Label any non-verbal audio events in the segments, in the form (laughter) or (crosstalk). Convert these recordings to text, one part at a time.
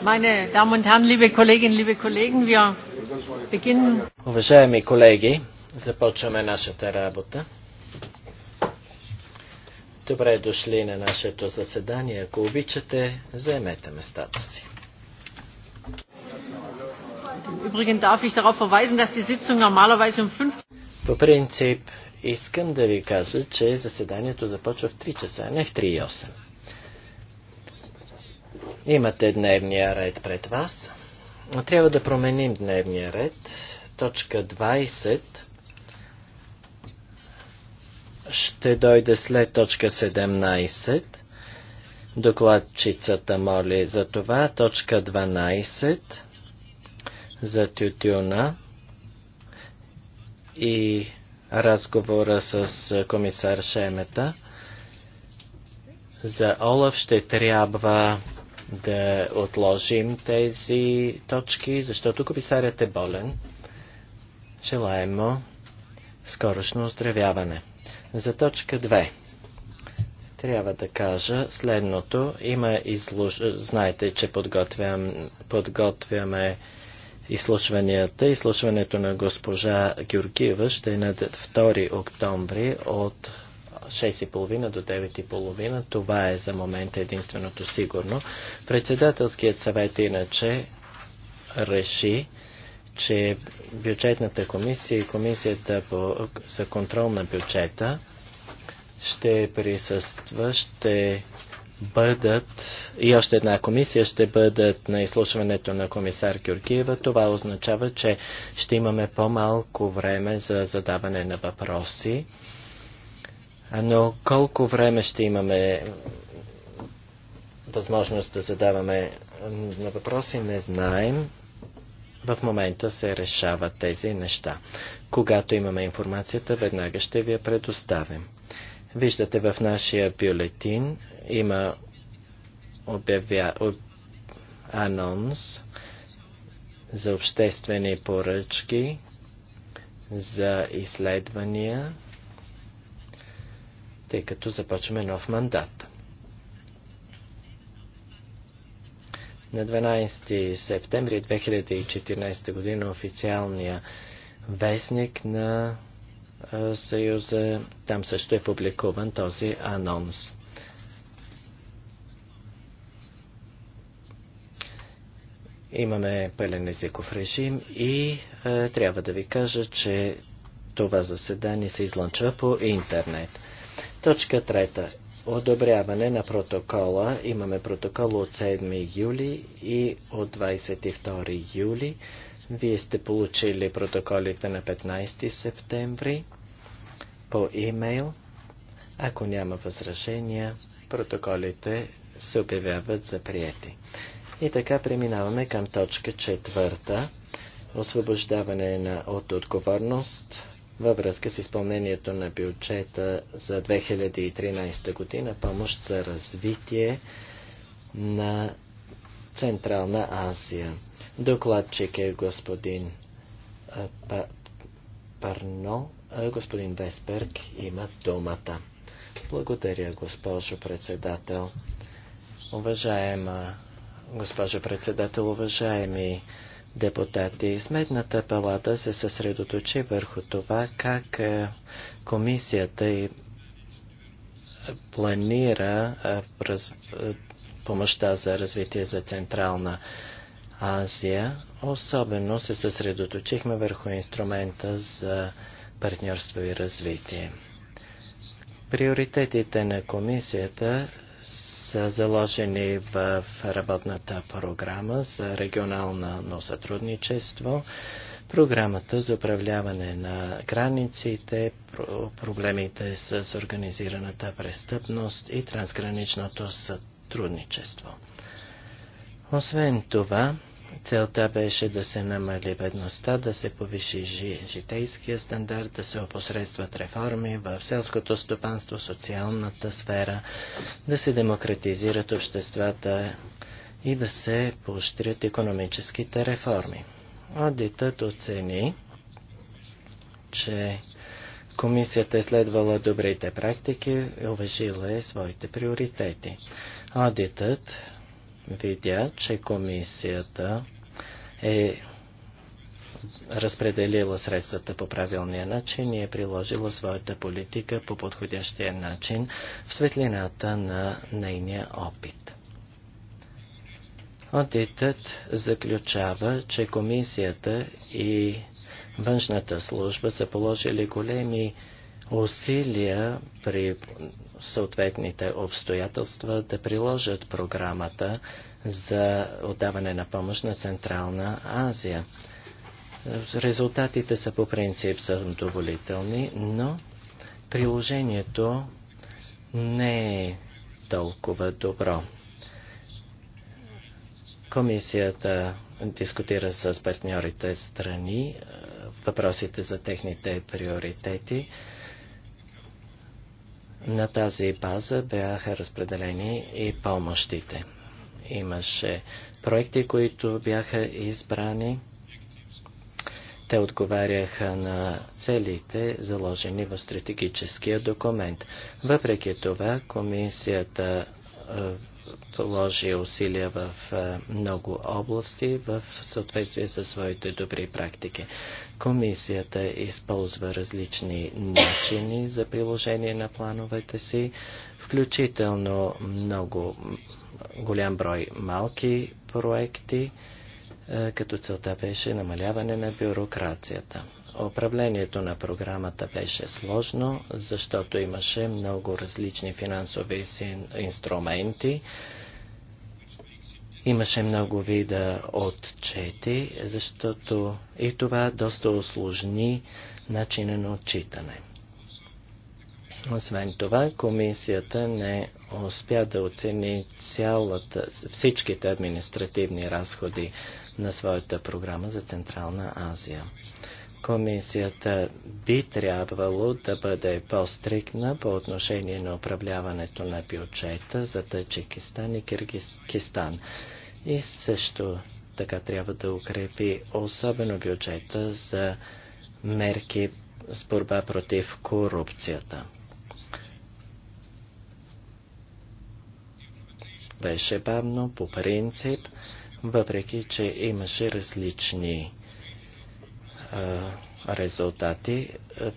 Meine Damen und Herren, liebe Kolleginnen, liebe Kollegen, wir beginnen. Уважаеми колеги, започваме нашата работа. Добре дошли на нашето заседание. Ако обичате, заемете местата си. Übrigens darf ich darauf verweisen, dass die Sitzung normalerweise um 5 По принцип, искам да ви кажа, че заседанието започва в 3 часа, а не в 3 и 8. Имате дневния ред пред вас. Трябва да променим дневния ред. Точка 20 ще дойде след точка 17. Докладчицата моли за това. Точка 12 за тютюна и разговора с комисар Шемета за Олаф ще трябва да отложим тези точки, защото комисарят е болен. Желаем му скорошно оздравяване. За точка 2 трябва да кажа следното. Има излуш... Знаете, че подготвям... подготвяме изслушванията. Изслушването на госпожа Георгиева ще е на 2 октомври от 6.30 до 9.30. Това е за момента единственото сигурно. Председателският съвет иначе реши, че бюджетната комисия и комисията по, за контрол на бюджета ще присъства, ще бъдат и още една комисия ще бъдат на изслушването на комисар Георгиева. Това означава, че ще имаме по-малко време за задаване на въпроси. Но колко време ще имаме възможност да задаваме на въпроси, не знаем. В момента се решават тези неща. Когато имаме информацията, веднага ще ви я предоставим. Виждате в нашия бюлетин има обявя, об, анонс за обществени поръчки, за изследвания тъй като започваме нов мандат. На 12 септември 2014 година официалния вестник на Съюза, там също е публикуван този анонс. Имаме пълен езиков режим и е, трябва да ви кажа, че това заседание се излънчва по интернет. Точка трета. Одобряване на протокола. Имаме протокол от 7 юли и от 22 юли. Вие сте получили протоколите на 15 септември по имейл. Ако няма възражения, протоколите се обявяват за приети. И така преминаваме към точка четвърта. Освобождаване на, от отговорност във връзка с изпълнението на бюджета за 2013 година помощ за развитие на Централна Азия. Докладчик е господин Парно, господин Весберг има думата. Благодаря, госпожо председател. Уважаема госпожо председател, уважаеми депутати. Сметната палата се съсредоточи върху това как е, комисията и е, планира е, помощта за развитие за Централна Азия. Особено се съсредоточихме върху инструмента за партньорство и развитие. Приоритетите на комисията са заложени в работната програма за регионално сътрудничество, програмата за управляване на границите, проблемите с организираната престъпност и трансграничното сътрудничество. Освен това, Целта беше да се намали бедността, да се повиши житейския стандарт, да се опосредстват реформи в селското стопанство, социалната сфера, да се демократизират обществата и да се поощрят економическите реформи. Одитът оцени, че комисията е следвала добрите практики, е уважила е своите приоритети. Одитът видя, че комисията е разпределила средствата по правилния начин и е приложила своята политика по подходящия начин в светлината на нейния опит. Одитът заключава, че комисията и външната служба са положили големи усилия при съответните обстоятелства да приложат програмата за отдаване на помощ на Централна Азия. Резултатите са по принцип доволителни, но приложението не е толкова добро. Комисията дискутира с партньорите страни въпросите за техните приоритети. На тази база бяха разпределени и помощите. Имаше проекти, които бяха избрани. Те отговаряха на целите, заложени в стратегическия документ. Въпреки това, комисията е, положи усилия в е, много области в съответствие със своите добри практики. Комисията използва различни начини за приложение на плановете си, включително много голям брой малки проекти, е, като целта беше намаляване на бюрокрацията. Управлението на програмата беше сложно, защото имаше много различни финансови инструменти, Имаше много вида отчети, защото и това доста осложни начина на отчитане. Освен това, комисията не успя да оцени цялата, всичките административни разходи на своята програма за Централна Азия. Комисията би трябвало да бъде по-стрикна по отношение на управляването на бюджета за Таджикистан и Киргизстан и също така трябва да укрепи особено бюджета за мерки с борба против корупцията. Беше бавно по принцип, въпреки че имаше различни а, резултати.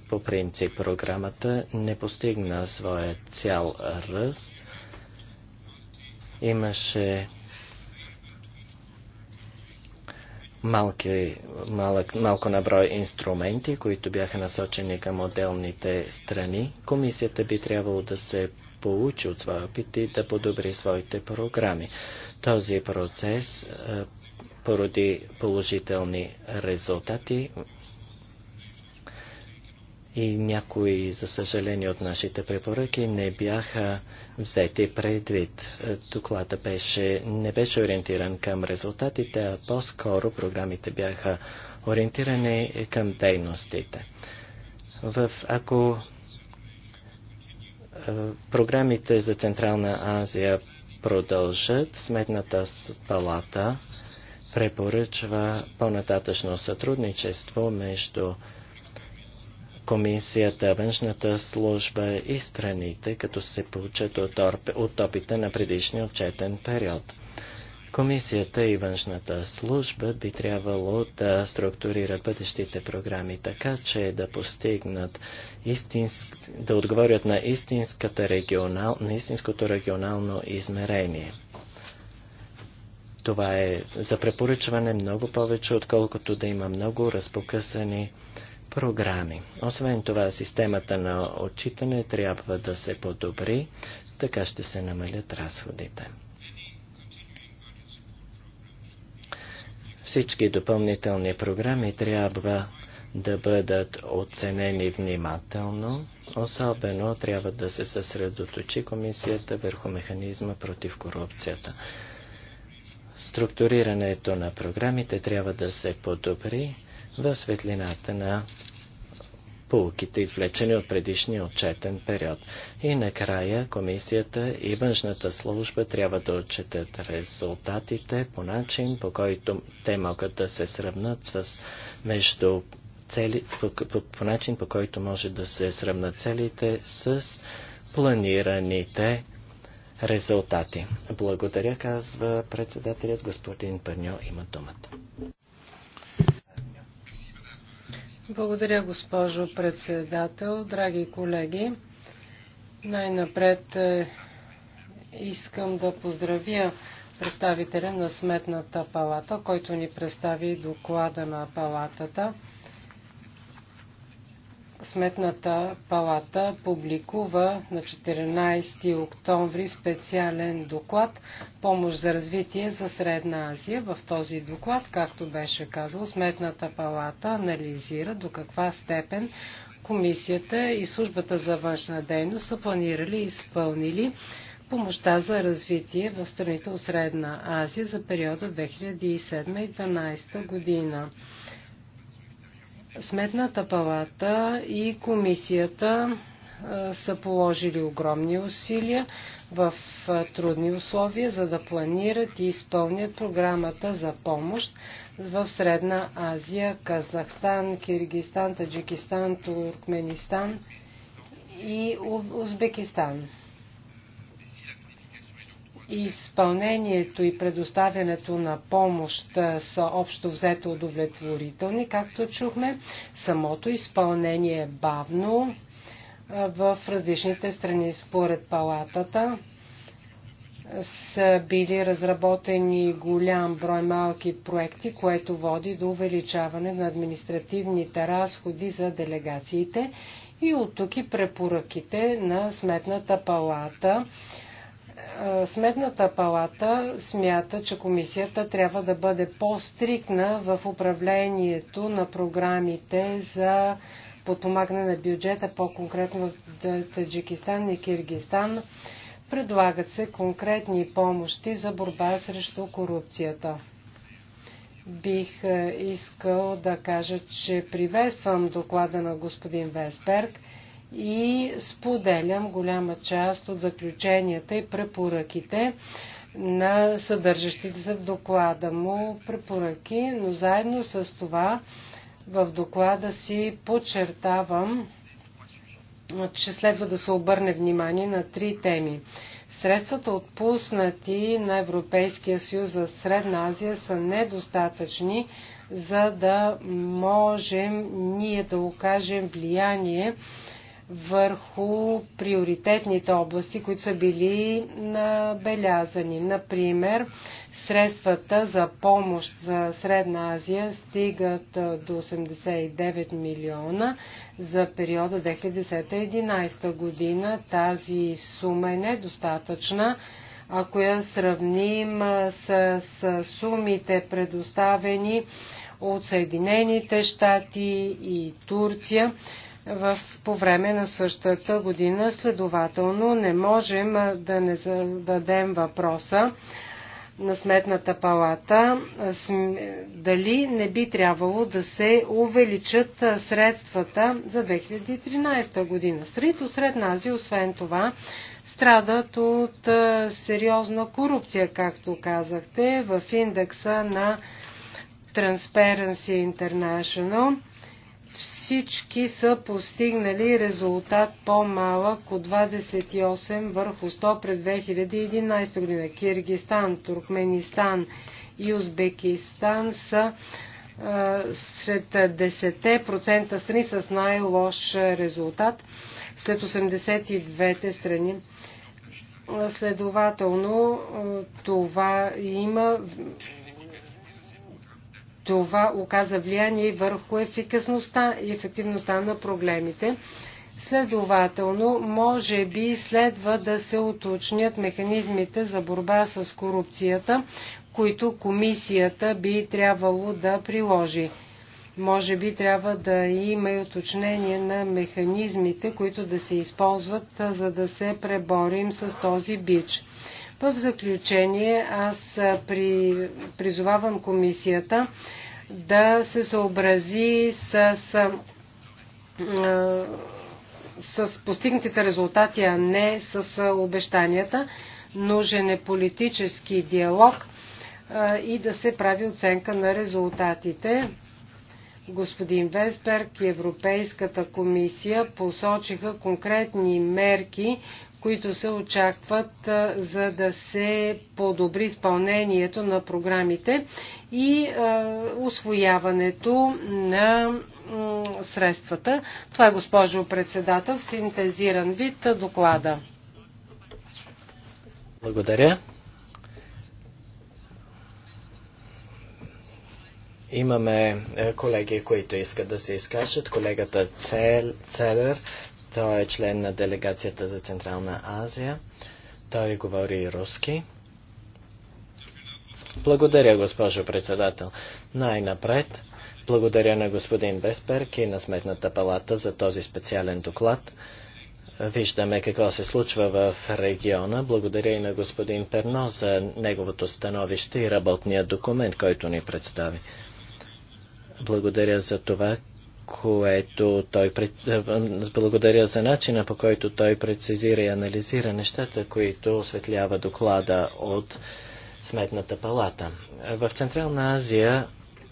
По принцип програмата не постигна своя цял ръст. Имаше малки, малък, малко наброй инструменти, които бяха насочени към отделните страни. Комисията би трябвало да се получи от своя опит и да подобри своите програми. Този процес е, породи положителни резултати и някои, за съжаление, от нашите препоръки не бяха взети предвид. Е, доклада беше, не беше ориентиран към резултатите, а по-скоро програмите бяха ориентирани към дейностите. В, ако е, програмите за Централна Азия продължат, Сметната палата препоръчва по-нататъчно сътрудничество между комисията, външната служба и страните, като се получат от, от опита на предишния отчетен период. Комисията и външната служба би трябвало да структурират бъдещите програми така, че да постигнат истинск... да отговорят на, истинската регионал... на истинското регионално измерение. Това е за препоръчване много повече, отколкото да има много разпокъсани програми. Освен това, системата на отчитане трябва да се подобри, така ще се намалят разходите. Всички допълнителни програми трябва да бъдат оценени внимателно. Особено трябва да се съсредоточи комисията върху механизма против корупцията. Структурирането на програмите трябва да се подобри, в светлината на полуките, извлечени от предишния отчетен период. И накрая комисията и външната служба трябва да отчетат резултатите по начин, по който те могат да се сравнат с между цели, по, по, по, по начин, по който може да се сравнат целите с планираните резултати. Благодаря, казва председателят господин Пърньо, има думата. Благодаря, госпожо председател. Драги колеги, най-напред е, искам да поздравя представителя на Сметната палата, който ни представи доклада на палатата. Сметната палата публикува на 14 октомври специален доклад Помощ за развитие за Средна Азия. В този доклад, както беше казал, Сметната палата анализира до каква степен Комисията и Службата за външна дейност са планирали и изпълнили помощта за развитие в страните от Средна Азия за периода 2007-2012 година. Сметната палата и комисията са положили огромни усилия в трудни условия, за да планират и изпълнят програмата за помощ в Средна Азия, Казахстан, Киргистан, Таджикистан, Туркменистан и Узбекистан изпълнението и предоставянето на помощ са общо взето удовлетворителни. Както чухме, самото изпълнение е бавно в различните страни. Според палатата са били разработени голям брой малки проекти, което води до увеличаване на административните разходи за делегациите и от тук и препоръките на Сметната палата Сметната палата смята, че комисията трябва да бъде по-стрикна в управлението на програмите за подпомагане на бюджета, по-конкретно в Таджикистан и Киргистан. Предлагат се конкретни помощи за борба срещу корупцията. Бих искал да кажа, че приветствам доклада на господин Весберг – и споделям голяма част от заключенията и препоръките на съдържащите се в доклада му препоръки, но заедно с това в доклада си подчертавам, че следва да се обърне внимание на три теми. Средствата отпуснати на Европейския съюз за Средна Азия са недостатъчни, за да можем ние да окажем влияние върху приоритетните области, които са били набелязани. Например, средствата за помощ за Средна Азия стигат до 89 милиона за периода 2010-2011 година. Тази сума е недостатъчна, ако я сравним с, с сумите предоставени от Съединените щати и Турция в, по време на същата година. Следователно не можем да не зададем въпроса на Сметната палата дали не би трябвало да се увеличат средствата за 2013 година. Страните сред нази, освен това страдат от сериозна корупция, както казахте, в индекса на Transparency International – всички са постигнали резултат по-малък от 28 върху 100 през 2011 година. Киргистан, Туркменистан и Узбекистан са сред 10% страни с най-лош резултат след 82-те страни. Следователно, това има това оказа влияние върху ефикасността и ефективността на проблемите. Следователно, може би следва да се уточнят механизмите за борба с корупцията, които комисията би трябвало да приложи. Може би трябва да има и уточнение на механизмите, които да се използват, за да се преборим с този бич. В заключение аз при, призовавам комисията да се съобрази с, с, с постигнатите резултати, а не с обещанията. Нужен е политически диалог и да се прави оценка на резултатите. Господин Весберг и Европейската комисия посочиха конкретни мерки, които се очакват за да се подобри изпълнението на програмите и освояването на средствата. Това е, госпожо председател, в синтезиран вид доклада. Благодаря. Имаме е, колеги, които искат да се изкажат. Колегата Цел, Целер, той е член на делегацията за Централна Азия. Той говори и руски. Благодаря, госпожо председател. Най-напред, благодаря на господин Бесперк и на Сметната палата за този специален доклад. Виждаме какво се случва в региона. Благодаря и на господин Перно за неговото становище и работния документ, който ни представи. Благодаря за това, което той е, благодаря за начина по който той прецизира и анализира нещата, които осветлява доклада от Сметната палата. В Централна Азия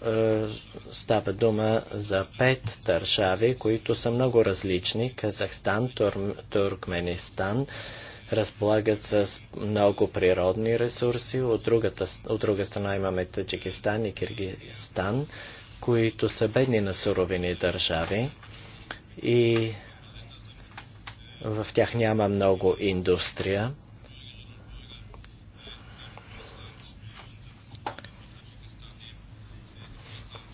е, става дума за пет държави, които са много различни. Казахстан, Тур... Туркменистан разполагат с много природни ресурси. От, другата, от друга страна имаме Таджикистан и Киргизстан. Е, които са бедни на суровини държави и в тях няма много индустрия.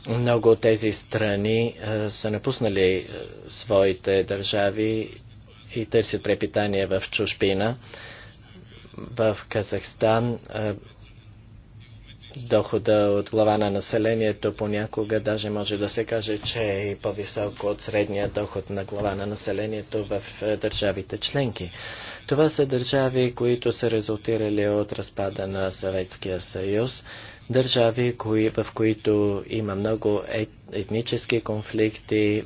Много от тези страни а, са напуснали а, своите държави и търсят препитание в чужбина. В Казахстан а, дохода от глава на населението понякога даже може да се каже, че е и по-висок от средния доход на глава на населението в е, държавите членки. Това са държави, които са резултирали от разпада на Съветския съюз, държави, кои, в които има много ет, етнически конфликти,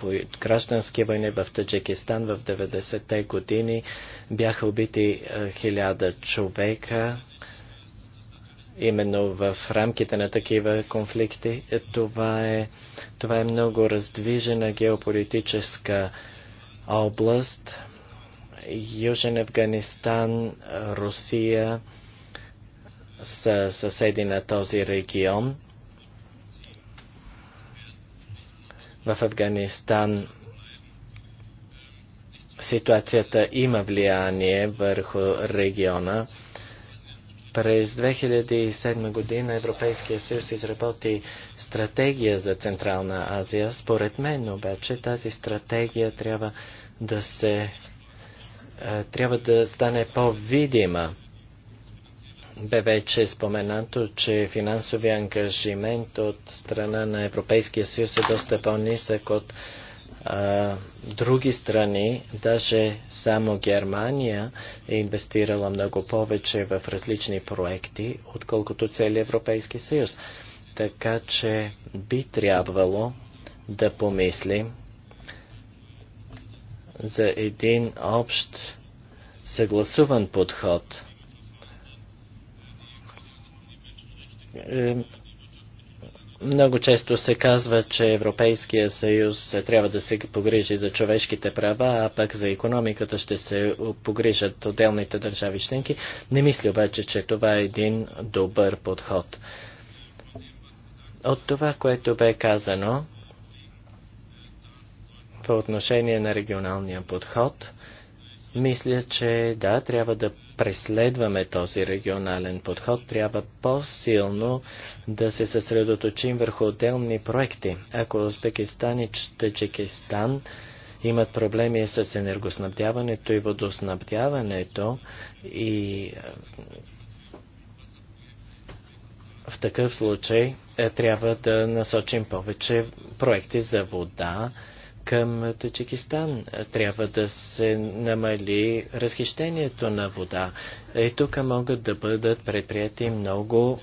вой, граждански войни в Таджикистан в 90-те години бяха убити е, хиляда човека, именно в рамките на такива конфликти. Е, това е, това е много раздвижена геополитическа област. Южен Афганистан, Русия са съседи на този регион. В Афганистан ситуацията има влияние върху региона. През 2007 година Европейския съюз изработи стратегия за Централна Азия. Според мен обаче тази стратегия трябва да се е, трябва да стане по-видима. Бе вече споменато, че финансовия ангажимент от страна на Европейския съюз е доста по-нисък от а, други страни, даже само Германия е инвестирала много повече в различни проекти, отколкото целият Европейски съюз. Така че би трябвало да помислим за един общ съгласуван подход – много често се казва, че Европейския съюз трябва да се погрижи за човешките права, а пък за економиката ще се погрижат отделните държави членки. Не мисля обаче, че това е един добър подход. От това, което бе казано по отношение на регионалния подход, мисля, че да, трябва да преследваме този регионален подход, трябва по-силно да се съсредоточим върху отделни проекти. Ако Узбекистан и Таджикистан имат проблеми с енергоснабдяването и водоснабдяването и в такъв случай е, трябва да насочим повече проекти за вода, към Таджикистан. Трябва да се намали разхищението на вода. И тук могат да бъдат предприяти много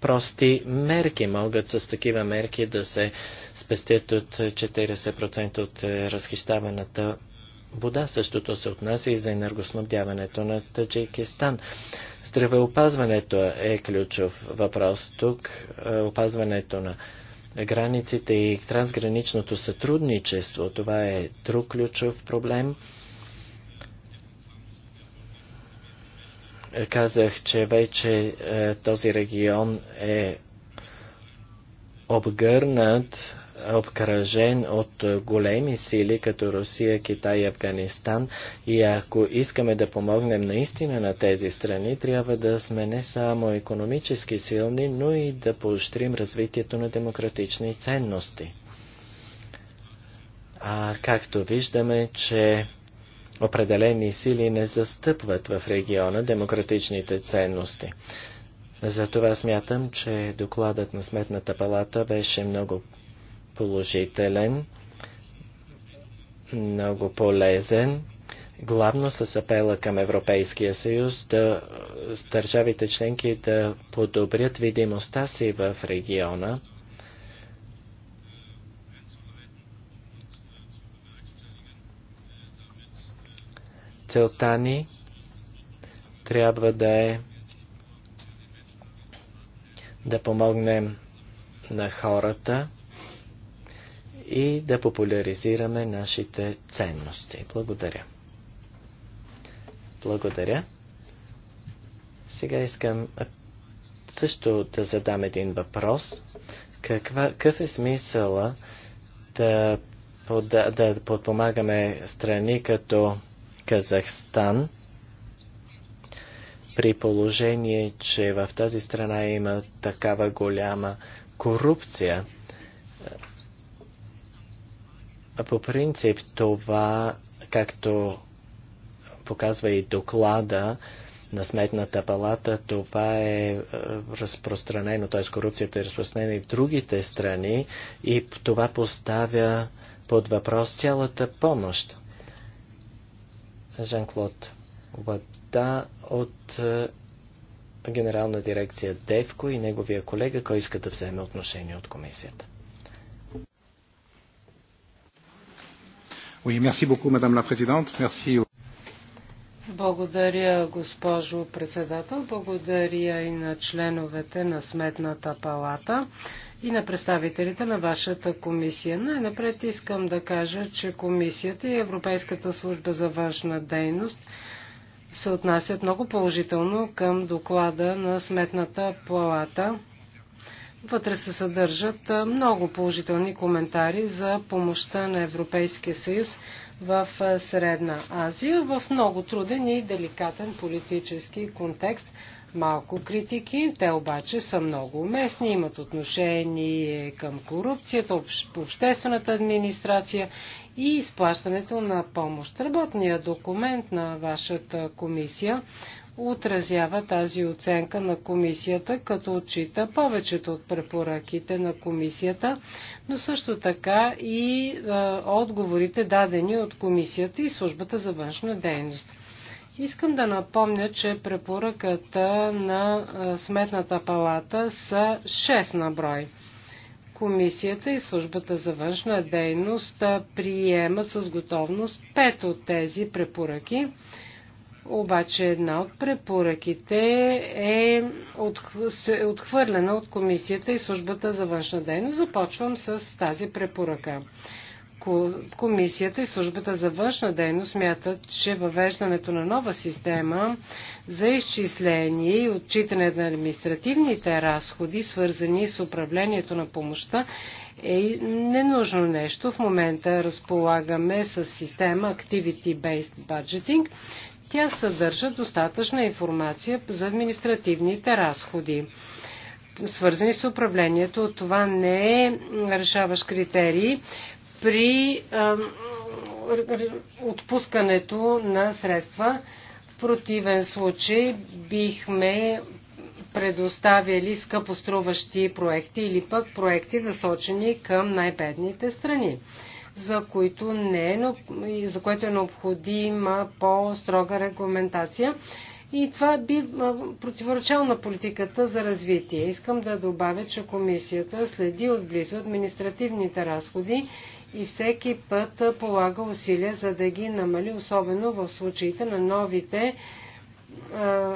прости мерки. Могат с такива мерки да се спестят от 40% от разхищаваната вода. Същото се отнася и за енергоснабдяването на Таджикистан. Здравеопазването е ключов въпрос тук. Е, опазването на границите и трансграничното сътрудничество. Това е друг ключов проблем. Казах, че вече е, този регион е обгърнат обкръжен от големи сили, като Русия, Китай и Афганистан. И ако искаме да помогнем наистина на тези страни, трябва да сме не само економически силни, но и да поощрим развитието на демократични ценности. А както виждаме, че определени сили не застъпват в региона демократичните ценности. Затова смятам, че докладът на Сметната палата беше много положителен, много полезен, главно с апела към Европейския съюз да с държавите членки да подобрят видимостта си в региона. Целта ни трябва да е да помогнем на хората, и да популяризираме нашите ценности. Благодаря. Благодаря. Сега искам също да задам един въпрос. Каква, какъв е смисъла да, да, да подпомагаме страни като Казахстан, при положение, че в тази страна има такава голяма корупция? По принцип това, както показва и доклада на Сметната палата, това е, е разпространено, т.е. корупцията е разпространена и в другите страни и това поставя под въпрос цялата помощ. Жан-Клод Вата от е, генерална дирекция Девко и неговия колега, кой иска да вземе отношение от комисията. Благодаря, госпожо председател. Благодаря и на членовете на Сметната палата и на представителите на вашата комисия. Най-напред искам да кажа, че комисията и Европейската служба за външна дейност се отнасят много положително към доклада на Сметната палата Вътре се съдържат много положителни коментари за помощта на Европейския съюз в Средна Азия в много труден и деликатен политически контекст. Малко критики, те обаче са много уместни, имат отношение към корупцията, обществената администрация и изплащането на помощ. Работният документ на вашата комисия отразява тази оценка на комисията, като отчита повечето от препоръките на комисията, но също така и е, отговорите дадени от комисията и службата за външна дейност. Искам да напомня, че препоръката на е, Сметната палата са 6 на брой. Комисията и службата за външна дейност е, приемат с готовност 5 от тези препоръки обаче една от препоръките е, е отхвърлена от комисията и службата за външна дейност. Започвам с тази препоръка. Комисията и службата за външна дейност смятат, че въвеждането на нова система за изчисление и отчитане на административните разходи, свързани с управлението на помощта, е ненужно нещо. В момента разполагаме с система Activity Based Budgeting, тя съдържа достатъчна информация за административните разходи, свързани с управлението. Това не е решаващ критерий при а, отпускането на средства. В противен случай бихме предоставили скъпоструващи проекти или пък проекти насочени към най-бедните страни за, които не е, за което е необходима по-строга регламентация. И това би противоречало на политиката за развитие. Искам да добавя, че комисията следи отблизо административните разходи и всеки път полага усилия, за да ги намали, особено в случаите на новите а,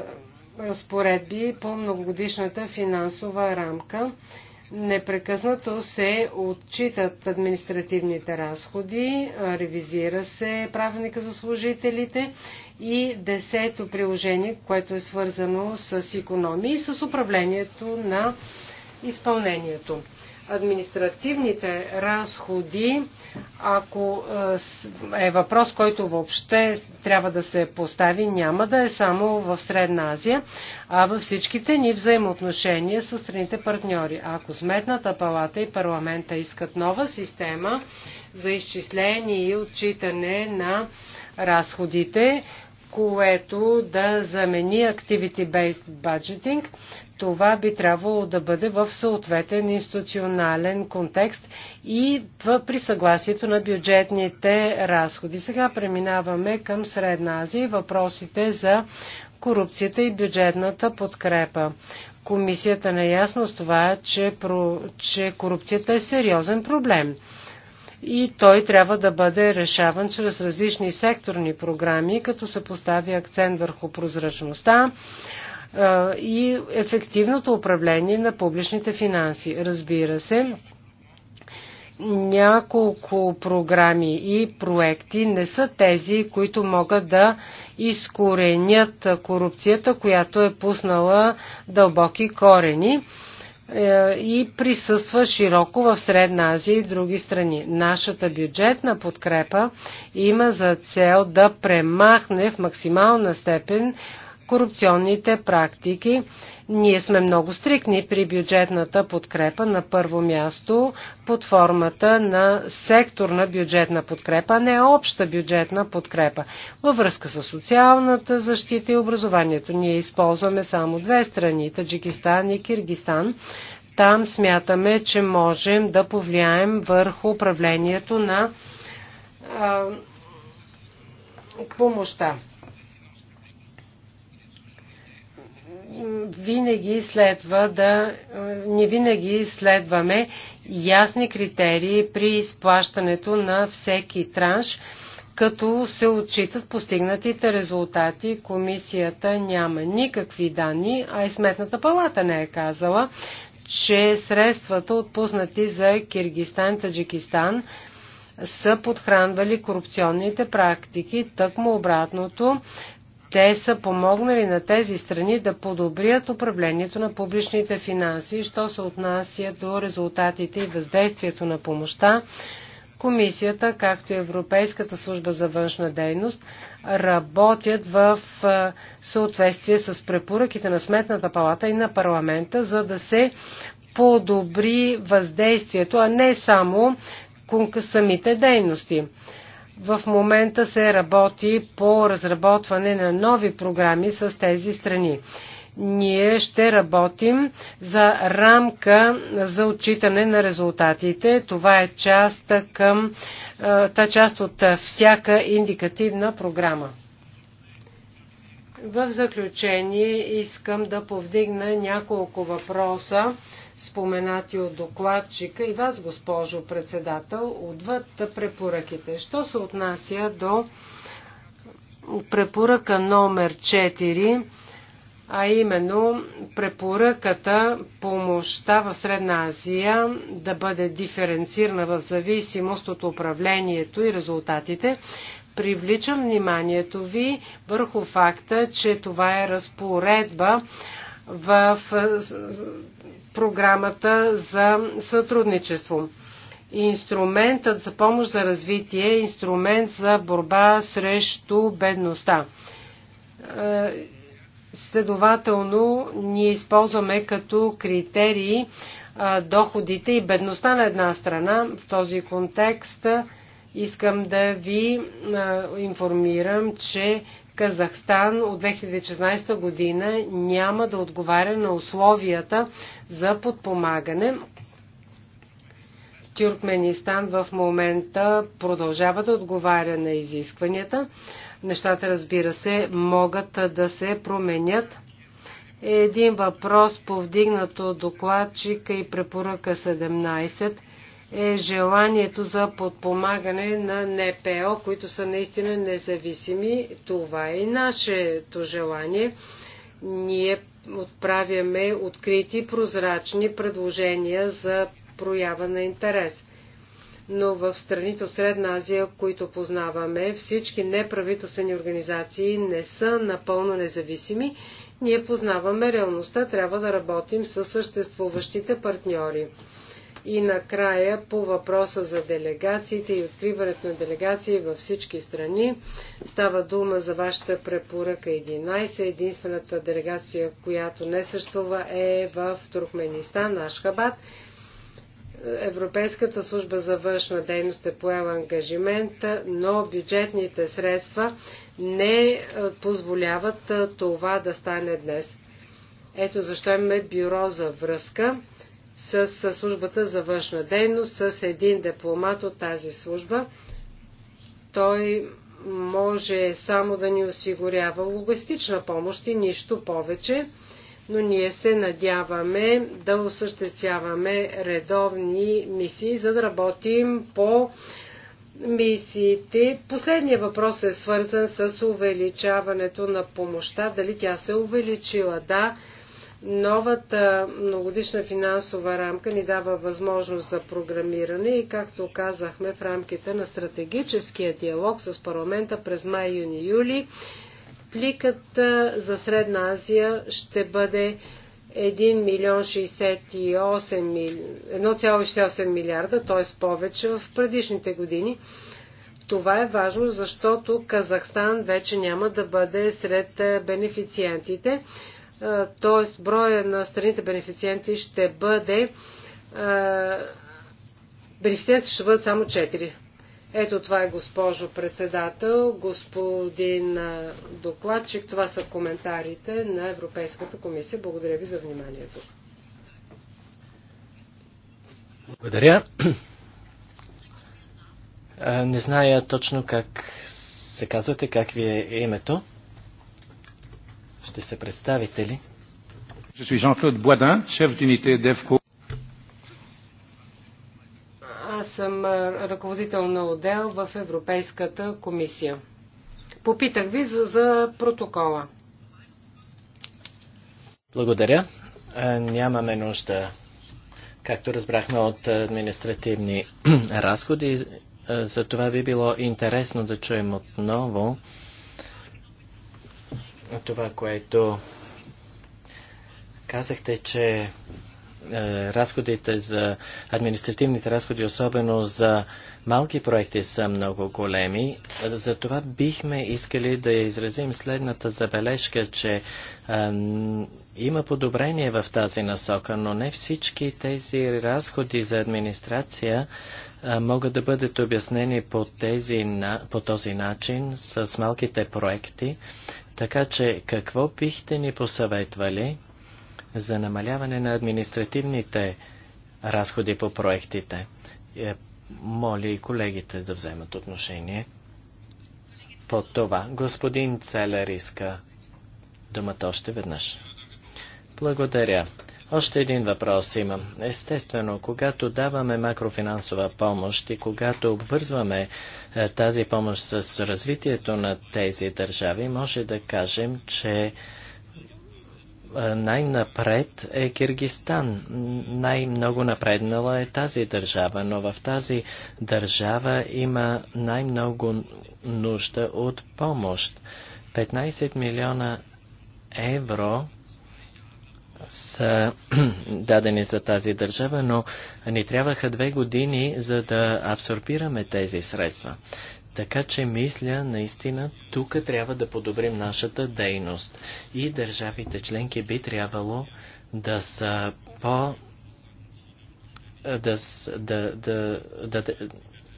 разпоредби по многогодишната финансова рамка. Непрекъснато се отчитат административните разходи, ревизира се правилника за служителите и десето приложение, което е свързано с економии и с управлението на изпълнението административните разходи, ако е, е въпрос, който въобще трябва да се постави, няма да е само в Средна Азия, а във всичките ни взаимоотношения с страните партньори. Ако Сметната палата и парламента искат нова система за изчисление и отчитане на разходите, което да замени Activity-Based Budgeting. Това би трябвало да бъде в съответен институционален контекст и при съгласието на бюджетните разходи. Сега преминаваме към Средна Азия и въпросите за корупцията и бюджетната подкрепа. Комисията е наясно с това, че, про... че корупцията е сериозен проблем и той трябва да бъде решаван чрез различни секторни програми, като се постави акцент върху прозрачността и ефективното управление на публичните финанси. Разбира се, няколко програми и проекти не са тези, които могат да изкоренят корупцията, която е пуснала дълбоки корени. Е, и присъства широко в Средна Азия и други страни. Нашата бюджетна подкрепа има за цел да премахне в максимална степен корупционните практики. Ние сме много стрикни при бюджетната подкрепа на първо място под формата на секторна бюджетна подкрепа, а не обща бюджетна подкрепа. Във връзка с социалната защита и образованието ние използваме само две страни – Таджикистан и Киргистан. Там смятаме, че можем да повлияем върху управлението на а, помощта. винаги следва да, Не винаги следваме ясни критерии при изплащането на всеки транш, като се отчитат постигнатите резултати. Комисията няма никакви данни, а и Сметната палата не е казала, че средствата отпуснати за Киргистан и Таджикистан са подхранвали корупционните практики, тъкмо обратното. Те са помогнали на тези страни да подобрят управлението на публичните финанси, що се отнася до резултатите и въздействието на помощта. Комисията, както и Европейската служба за външна дейност, работят в съответствие с препоръките на Сметната палата и на парламента, за да се подобри въздействието, а не само самите дейности. В момента се работи по разработване на нови програми с тези страни. Ние ще работим за рамка за отчитане на резултатите. Това е част, към, та част от всяка индикативна програма. В заключение искам да повдигна няколко въпроса споменати от докладчика и вас, госпожо председател, отвъд препоръките. Що се отнася до препоръка номер 4, а именно препоръката помощта в Средна Азия да бъде диференцирана в зависимост от управлението и резултатите, привличам вниманието ви върху факта, че това е разпоредба в програмата за сътрудничество. Инструментът за помощ за развитие е инструмент за борба срещу бедността. Е, следователно, ние използваме като критерии е, доходите и бедността на една страна. В този контекст е, искам да ви информирам, че Казахстан от 2016 година няма да отговаря на условията за подпомагане. Тюркменистан в момента продължава да отговаря на изискванията. Нещата, разбира се, могат да се променят. Един въпрос, повдигнато докладчика и препоръка 17 е желанието за подпомагане на НПО, които са наистина независими. Това е и нашето желание. Ние отправяме открити, прозрачни предложения за проява на интерес. Но в страните от Средна Азия, които познаваме, всички неправителствени организации не са напълно независими. Ние познаваме реалността, трябва да работим с съществуващите партньори. И накрая по въпроса за делегациите и откриването на делегации във всички страни. Става дума за вашата препоръка 11. Единствената делегация, която не съществува е в Туркменистан, Ашхабад. Европейската служба за външна дейност е поела ангажимент, но бюджетните средства не е, позволяват е, това да стане днес. Ето защо имаме бюро за връзка с службата за външна дейност, с един дипломат от тази служба. Той може само да ни осигурява логистична помощ и нищо повече, но ние се надяваме да осъществяваме редовни мисии, за да работим по мисиите. Последният въпрос е свързан с увеличаването на помощта. Дали тя се е увеличила? Да, Новата многодишна финансова рамка ни дава възможност за програмиране и, както казахме, в рамките на стратегическия диалог с парламента през май, юни, юли, пликът за Средна Азия ще бъде 1 милион 1,68 милиарда, т.е. повече в предишните години. Това е важно, защото Казахстан вече няма да бъде сред бенефициентите т.е. броя на страните бенефициенти ще бъде е, бенефициенти ще бъдат само 4. Ето това е госпожо председател, господин е, докладчик. Това са коментарите на Европейската комисия. Благодаря ви за вниманието. Благодаря. Е, не зная точно как се казвате, как ви е името. Ще се представите ли? Je suis Jean-Claude Boisdin, шеф d'unité DEFCO. Аз съм ръководител на отдел в Европейската комисия. Попитах ви за, за протокола. Благодаря. Нямаме нужда, както разбрахме, от административни (clears throat) разходи. За това би било интересно да чуем отново това, което казахте, че е, разходите за административните разходи, особено за малки проекти, са много големи. Затова бихме искали да изразим следната забележка, че е, има подобрение в тази насока, но не всички тези разходи за администрация е, могат да бъдат обяснени по, тези, по този начин с малките проекти. Така че какво бихте ни посъветвали за намаляване на административните разходи по проектите? Е, моля и колегите да вземат отношение по това. Господин Целер иска думата още веднъж. Благодаря. Още един въпрос имам. Естествено, когато даваме макрофинансова помощ и когато обвързваме е, тази помощ с развитието на тези държави, може да кажем, че е, най-напред е Киргистан. Най-много напреднала е тази държава, но в тази държава има най-много нужда от помощ. 15 милиона евро са (clears throat) дадени за тази държава, но ни трябваха две години, за да абсорбираме тези средства. Така че мисля, наистина, тук трябва да подобрим нашата дейност. И държавите членки би трябвало да са по... да, да, да, да,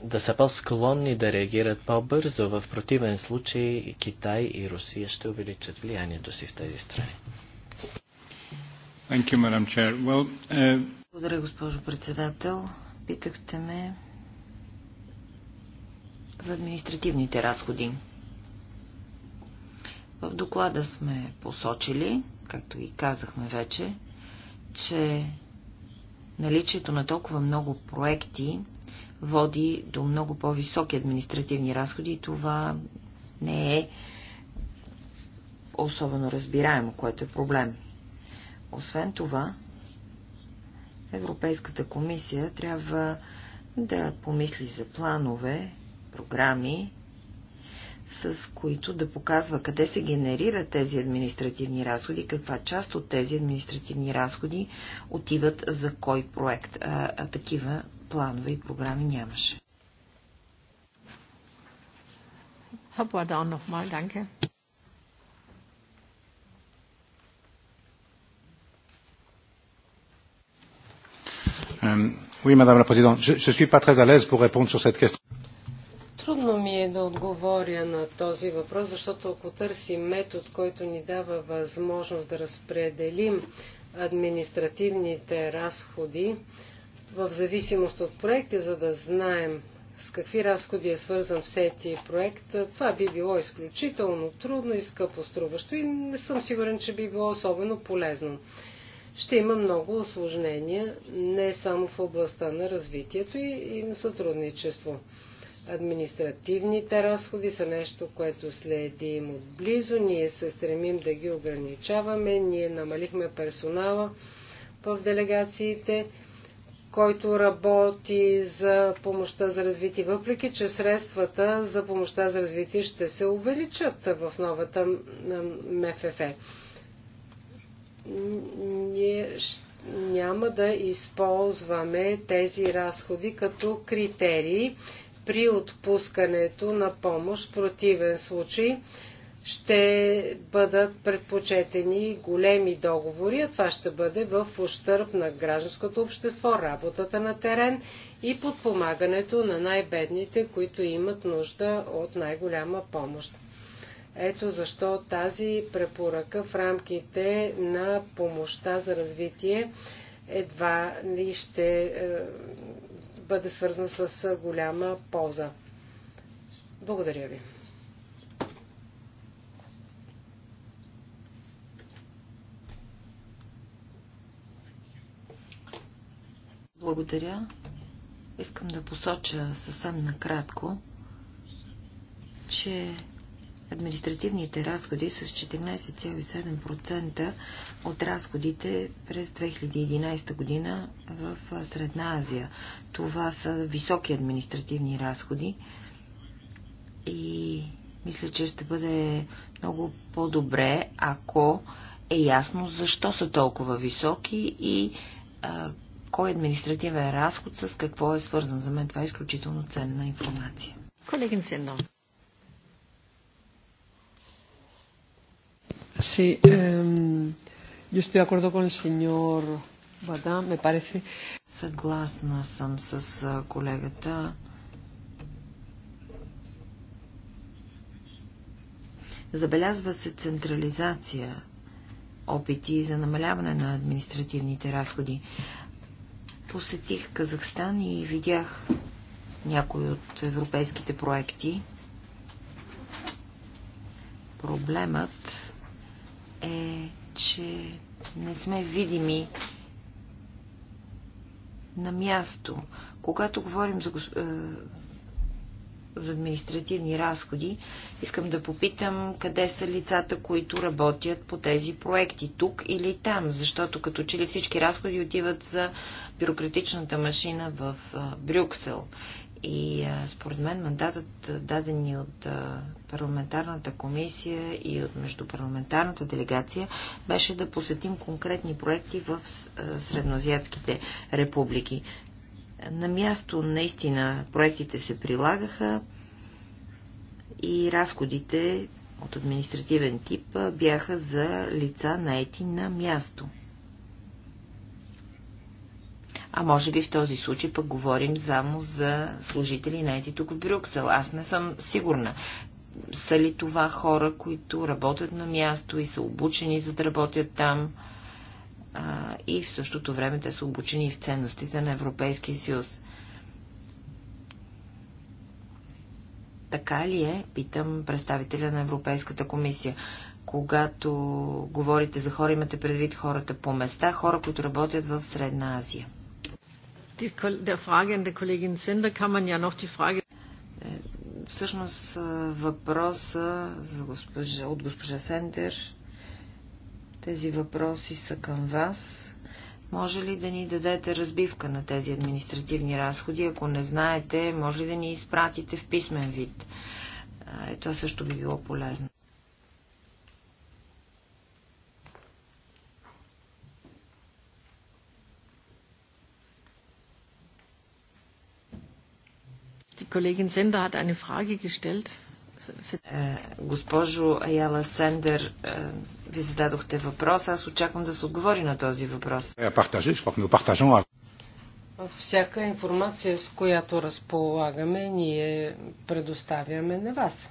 да са по-склонни да реагират по-бързо. В противен случай Китай и Русия ще увеличат влиянието си в тези страни. Thank you, Madam Chair. Well, uh... Благодаря, госпожо председател. Питахте ме за административните разходи. В доклада сме посочили, както и казахме вече, че наличието на толкова много проекти води до много по-високи административни разходи и това не е особено разбираемо, което е проблем. Освен това, Европейската комисия трябва да помисли за планове, програми, с които да показва къде се генерират тези административни разходи, каква част от тези административни разходи отиват за кой проект. А, а такива планове и програми нямаше. Herr nochmal, danke. Euh, oui, Madame la Présidente, je ne suis pas très à l'aise pour répondre sur cette question. Трудно ми е да отговоря на този въпрос, защото ако търсим метод, който ни дава възможност да разпределим административните разходи в зависимост от проекти, за да знаем с какви разходи е свързан всеки проект, това би било изключително трудно и скъпо струващо, и не съм сигурен, че би било особено полезно ще има много осложнения, не само в областта на развитието и, и на сътрудничество. Административните разходи са нещо, което следим отблизо. Ние се стремим да ги ограничаваме. Ние намалихме персонала в делегациите, който работи за помощта за развитие, въпреки че средствата за помощта за развитие ще се увеличат в новата МФФ ние няма да използваме тези разходи като критерии при отпускането на помощ. В противен случай ще бъдат предпочетени големи договори, а това ще бъде в ущърп на гражданското общество, работата на терен и подпомагането на най-бедните, които имат нужда от най-голяма помощ. Ето защо тази препоръка в рамките на помощта за развитие едва ли ще е, бъде свързана с голяма полза. Благодаря ви. Благодаря. Искам да посоча съвсем накратко, че административните разходи с 14,7% от разходите през 2011 година в Средна Азия. Това са високи административни разходи и мисля, че ще бъде много по-добре, ако е ясно защо са толкова високи и а, кой административен разход с какво е свързан. За мен това е изключително ценна информация. Колегин Сендон. Sí, eh, yo estoy de acuerdo con el señor Бада, ме парece. Съгласна съм с колегата. Забелязва се централизация, опити за намаляване на административните разходи. Посетих Казахстан и видях някои от европейските проекти. Проблемът е, че не сме видими на място. Когато говорим за, е, за административни разходи, искам да попитам къде са лицата, които работят по тези проекти, тук или там, защото като че ли всички разходи отиват за бюрократичната машина в е, Брюксел. И а, според мен мандатът, даден и от а, парламентарната комисия и от междупарламентарната делегация, беше да посетим конкретни проекти в а, средноазиатските републики. На място наистина проектите се прилагаха и разходите от административен тип бяха за лица наети на място – а може би в този случай пък говорим само за служители на ети тук в Брюксел. Аз не съм сигурна. Са ли това хора, които работят на място и са обучени за да работят там? а, и в същото време те са обучени в ценностите на Европейския съюз. Така ли е, питам представителя на Европейската комисия, когато говорите за хора, имате предвид хората по места, хора, които работят в Средна Азия die, der Frage der Kollegin Sender kann man ja noch die Frage е, всъщност е, въпроса за госпожа, от госпожа Сендер, тези въпроси са към вас. Може ли да ни дадете разбивка на тези административни разходи? Ако не знаете, може ли да ни изпратите в писмен вид? Е, това също би било полезно. Kollegin Sender hat eine Frage gestellt. Е, госпожо Аяла Сендер, е, ви зададохте въпрос. Аз очаквам да се отговори на този въпрос. Е, Всяка информация, с която разполагаме, ние предоставяме на вас.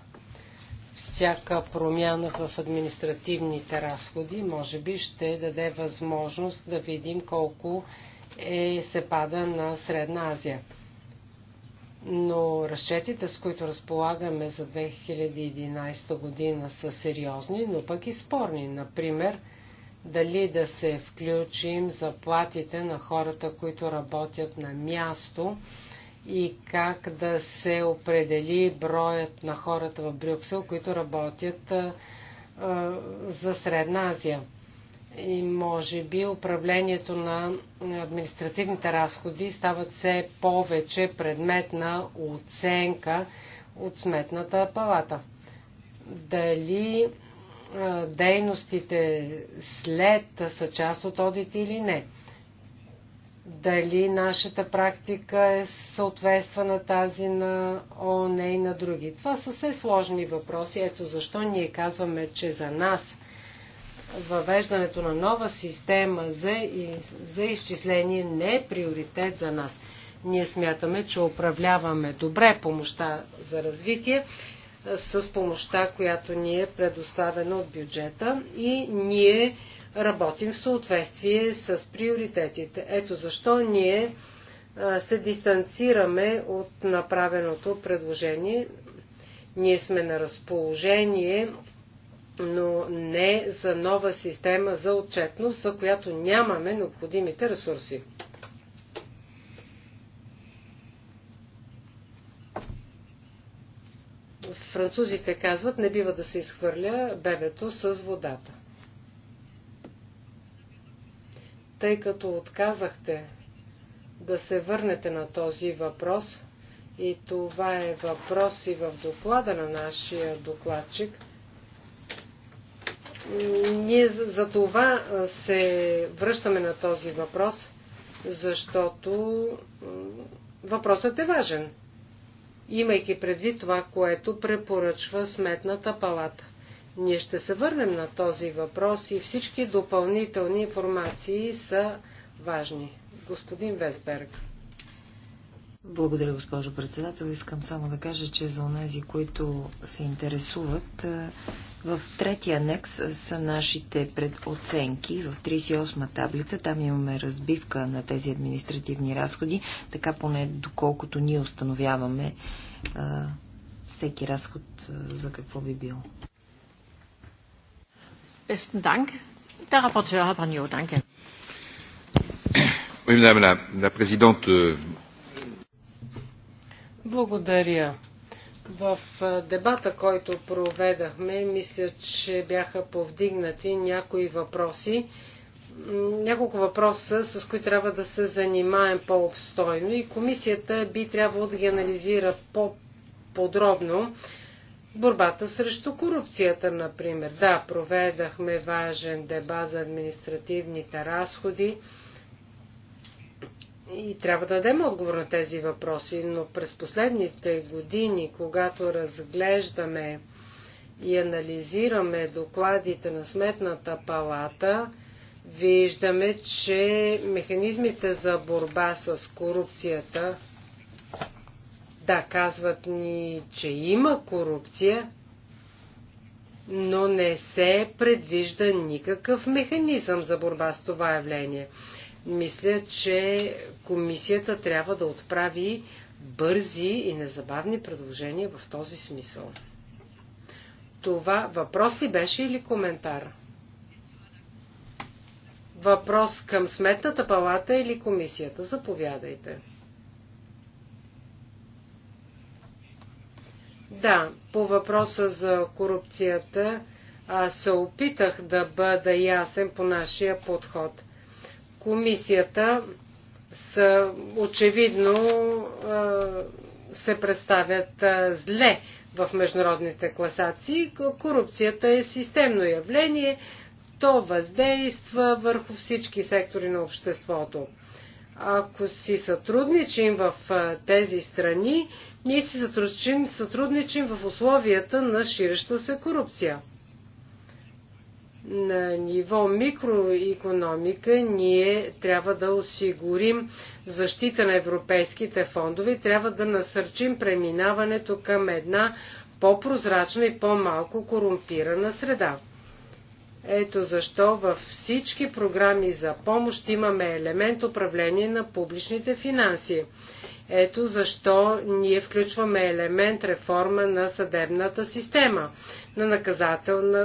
Всяка промяна в административните разходи, може би, ще даде възможност да видим колко е, се пада на Средна Азия но разчетите, с които разполагаме за 2011 година, са сериозни, но пък и спорни. Например, дали да се включим заплатите на хората, които работят на място и как да се определи броят на хората в Брюксел, които работят а, а, за Средна Азия и може би управлението на административните разходи стават все повече предмет на оценка от сметната палата. Дали дейностите след са част от одити или не. Дали нашата практика е съответства на тази на ООН и на други. Това са все сложни въпроси. Ето защо ние казваме, че за нас – въвеждането на нова система за, за изчисление не е приоритет за нас. Ние смятаме, че управляваме добре помощта за развитие с помощта, която ни е предоставена от бюджета и ние работим в съответствие с приоритетите. Ето защо ние се дистанцираме от направеното предложение. Ние сме на разположение но не за нова система за отчетност, за която нямаме необходимите ресурси. Французите казват, не бива да се изхвърля бебето с водата. Тъй като отказахте да се върнете на този въпрос, и това е въпрос и в доклада на нашия докладчик – ние за това се връщаме на този въпрос, защото въпросът е важен, имайки предвид това, което препоръчва Сметната палата. Ние ще се върнем на този въпрос и всички допълнителни информации са важни. Господин Весберг. Благодаря, госпожо председател. Искам само да кажа, че за онези, които се интересуват, в третия анекс са нашите предоценки. В 38-ма таблица там имаме разбивка на тези административни разходи, така поне доколкото ние установяваме а, всеки разход а, за какво би бил. Euh, Благодаря, в дебата, който проведахме, мисля, че бяха повдигнати някои въпроси, няколко въпроса, с които трябва да се занимаем по-обстойно и комисията би трябвало да ги анализира по-подробно. Борбата срещу корупцията, например. Да, проведахме важен дебат за административните разходи. И трябва да дадем отговор на тези въпроси, но през последните години, когато разглеждаме и анализираме докладите на Сметната палата, виждаме, че механизмите за борба с корупцията, да, казват ни, че има корупция, но не се предвижда никакъв механизъм за борба с това явление. Мисля, че комисията трябва да отправи бързи и незабавни предложения в този смисъл. Това въпрос ли беше или коментар? Въпрос към сметната палата или комисията? Заповядайте. Да, по въпроса за корупцията аз се опитах да бъда ясен по нашия подход комисията са очевидно се представят зле в международните класации. Корупцията е системно явление, то въздейства върху всички сектори на обществото. Ако си сътрудничим в тези страни, ние си сътрудничим в условията на ширеща се корупция на ниво микроекономика ние трябва да осигурим защита на европейските фондове трябва да насърчим преминаването към една по-прозрачна и по-малко корумпирана среда. Ето защо във всички програми за помощ имаме елемент управление на публичните финанси. Ето защо ние включваме елемент реформа на съдебната система на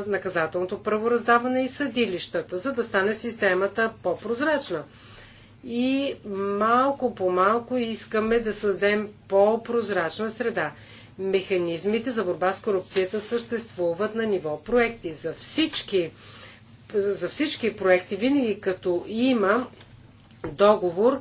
наказателното правораздаване и съдилищата, за да стане системата по-прозрачна. И малко по малко искаме да създадем по-прозрачна среда. Механизмите за борба с корупцията съществуват на ниво проекти. За всички, за всички проекти, винаги като има договор,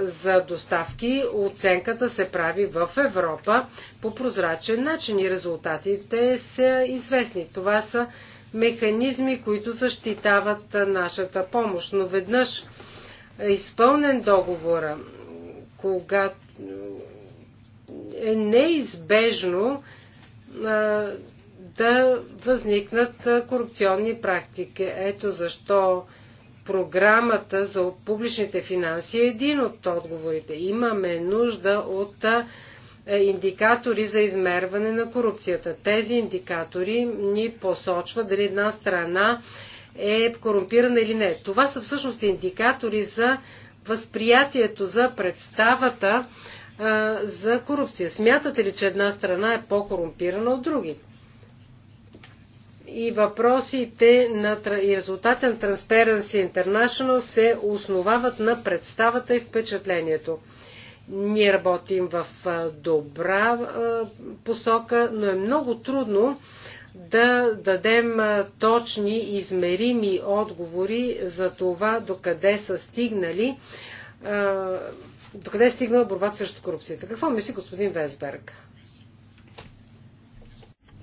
за доставки, оценката се прави в Европа по прозрачен начин и резултатите са известни. Това са механизми, които защитават нашата помощ. Но веднъж изпълнен договора, когато е неизбежно да възникнат корупционни практики. Ето защо програмата за публичните финанси е един от отговорите. Имаме нужда от е, индикатори за измерване на корупцията. Тези индикатори ни посочват дали една страна е корумпирана или не. Това са всъщност индикатори за възприятието, за представата а, за корупция. Смятате ли, че една страна е по-корумпирана от другите? и въпросите на, и резултата на Transparency International се основават на представата и впечатлението. Ние работим в добра посока, но е много трудно да дадем точни, измерими отговори за това докъде са стигнали докъде е стигнала борбата срещу корупцията. Какво мисли господин Весберг?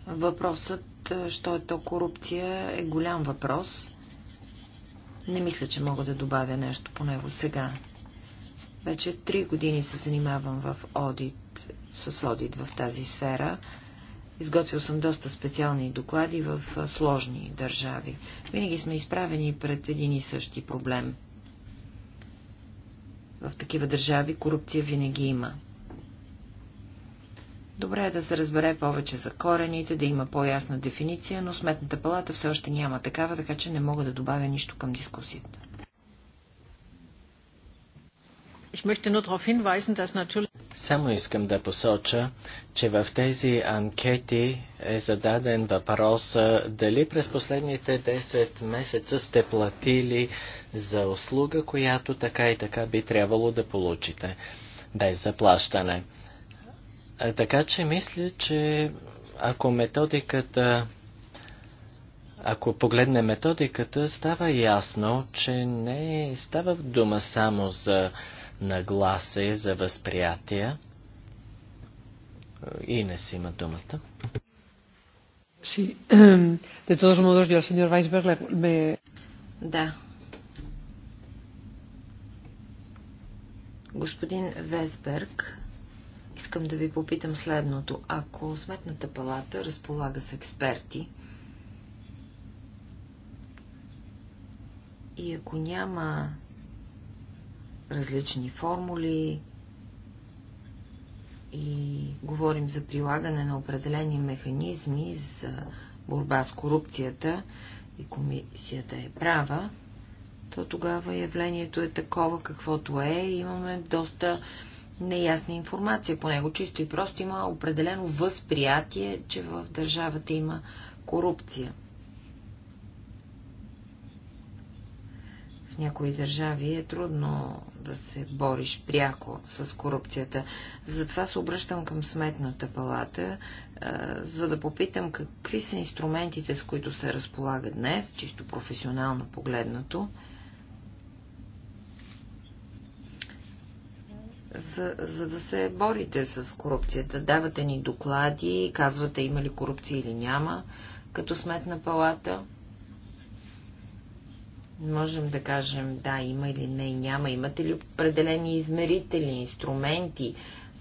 Въпросът, е, що е то корупция, е голям въпрос. Не мисля, че мога да добавя нещо по него сега. Вече три години се занимавам в одит, с одит в тази сфера. Изготвил съм доста специални доклади в е, сложни държави. Винаги сме изправени пред един и същи проблем. В такива държави корупция винаги има. Добре е да се разбере повече за корените, да има по-ясна дефиниция, но сметната палата все още няма такава, така че не мога да добавя нищо към дискусията. Само искам да посоча, че в тези анкети е зададен въпрос дали през последните 10 месеца сте платили за услуга, която така и така би трябвало да получите без заплащане. Така че мисля, че ако методиката, ако погледне методиката, става ясно, че не става дума само за нагласи, за възприятия. И не си има думата. Sí. Ehm, de todos modos, yo al señor Weisberg me... Да. Господин Весберг, Искам да ви попитам следното. Ако Сметната палата разполага с експерти и ако няма различни формули и говорим за прилагане на определени механизми за борба с корупцията и комисията е права, то тогава явлението е такова каквото е. Имаме доста неясна информация по него. Чисто и просто има определено възприятие, че в държавата има корупция. В някои държави е трудно да се бориш пряко с корупцията. Затова се обръщам към сметната палата, за да попитам какви са инструментите, с които се разполага днес, чисто професионално погледнато, за, за да се борите с корупцията. Давате ни доклади, казвате има ли корупция или няма, като сметна палата. Можем да кажем да, има или не, няма. Имате ли определени измерители, инструменти?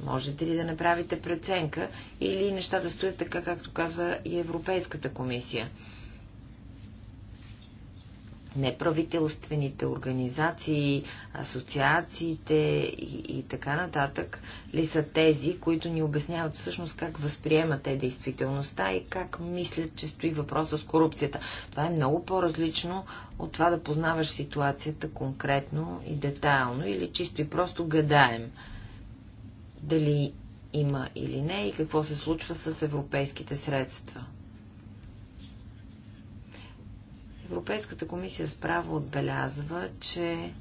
Можете ли да направите преценка или нещата да стоят така, както казва и Европейската комисия? неправителствените организации, асоциациите и, и така нататък ли са тези, които ни обясняват всъщност как възприемат те действителността и как мислят, че стои въпроса с корупцията. Това е много по-различно от това да познаваш ситуацията конкретно и детайлно или чисто и просто гадаем дали има или не и какво се случва с европейските средства. Европейската комисия справо отбелязва, че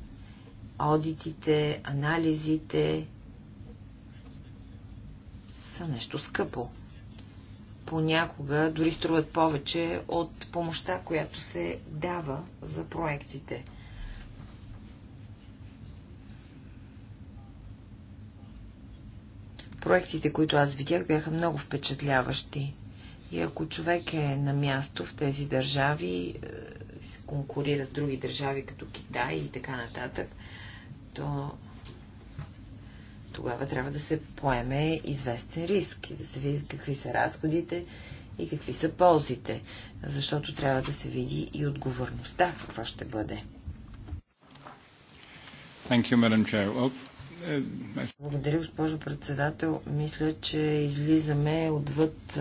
аудитите, анализите са нещо скъпо. Понякога дори струват повече от помощта, която се дава за проектите. Проектите, които аз видях, бяха много впечатляващи. И ако човек е на място в тези държави, е, се конкурира с други държави, като Китай и така нататък, то тогава трябва да се поеме известен риск и да се види какви са разходите и какви са ползите, защото трябва да се види и отговорността, каква ще бъде. Uh, Благодаря, госпожо председател. Мисля, че излизаме отвъд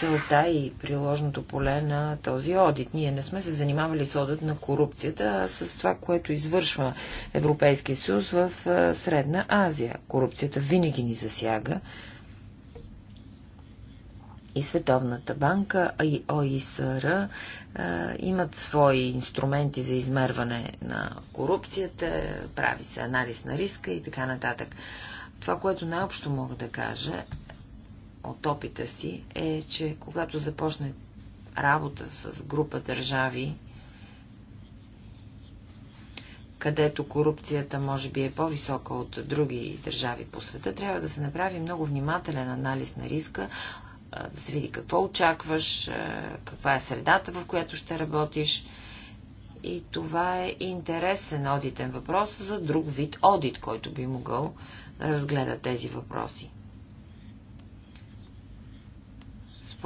целта и приложното поле на този одит. Ние не сме се занимавали с одит на корупцията, а с това, което извършва Европейския съюз в Средна Азия. Корупцията винаги ни засяга. И Световната банка, и ОИСР имат свои инструменти за измерване на корупцията, прави се анализ на риска и така нататък. Това, което най-общо мога да кажа от опита си е, че когато започне работа с група държави, където корупцията може би е по-висока от други държави по света, трябва да се направи много внимателен анализ на риска, да се види какво очакваш, каква е средата, в която ще работиш. И това е интересен одитен въпрос за друг вид одит, който би могъл да разгледа тези въпроси.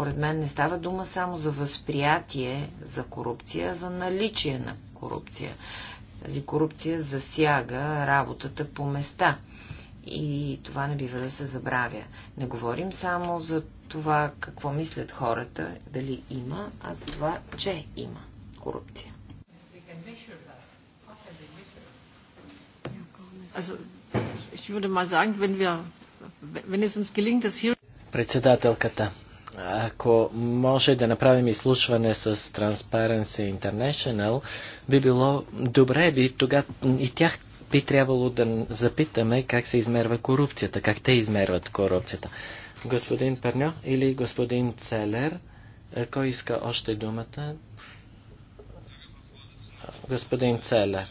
Според мен не става дума само за възприятие за корупция, а за наличие на корупция. Тази корупция засяга работата по места. И това не бива да се забравя. Не говорим само за това какво мислят хората, дали има, а за това, че има корупция. Председателката ако може да направим изслушване с Transparency International, би било добре, би тогава и тях би трябвало да запитаме как се измерва корупцията, как те измерват корупцията. Господин Перньо или господин Целер, е, кой иска още думата? Господин Целер.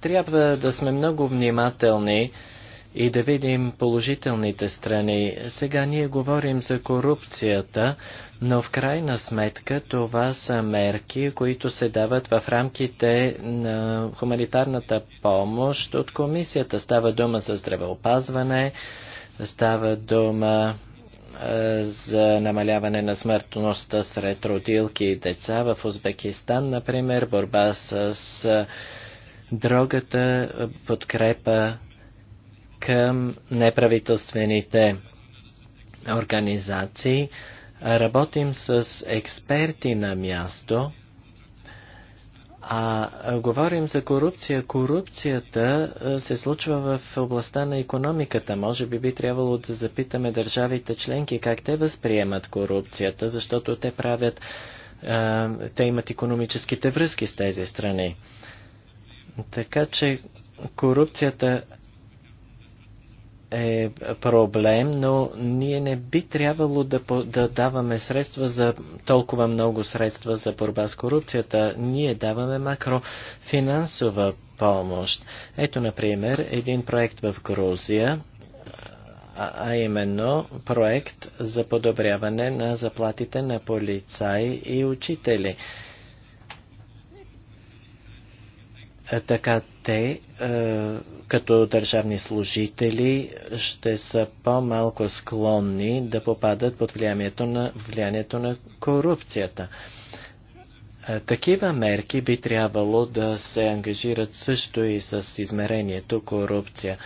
Трябва да сме много внимателни и да видим положителните страни. Сега ние говорим за корупцията, но в крайна сметка това са мерки, които се дават в рамките на хуманитарната помощ от комисията. Става дума за здравеопазване, става дума за намаляване на смъртността сред родилки и деца в Узбекистан, например, борба с дрогата, подкрепа към неправителствените организации. Работим с експерти на място. А говорим за корупция. Корупцията се случва в областта на економиката. Може би би трябвало да запитаме държавите членки как те възприемат корупцията, защото те правят, те имат економическите връзки с тези страни. Така че корупцията е проблем, но ние не би трябвало да, да даваме средства за толкова много средства за борба с корупцията. Ние даваме макрофинансова помощ. Ето, например, един проект в Грузия, а, а именно проект за подобряване на заплатите на полицаи и учители. Е, така те е, като държавни служители ще са по-малко склонни да попадат под влиянието на, влиянието на корупцията. Е, такива мерки би трябвало да се ангажират също и с измерението корупция.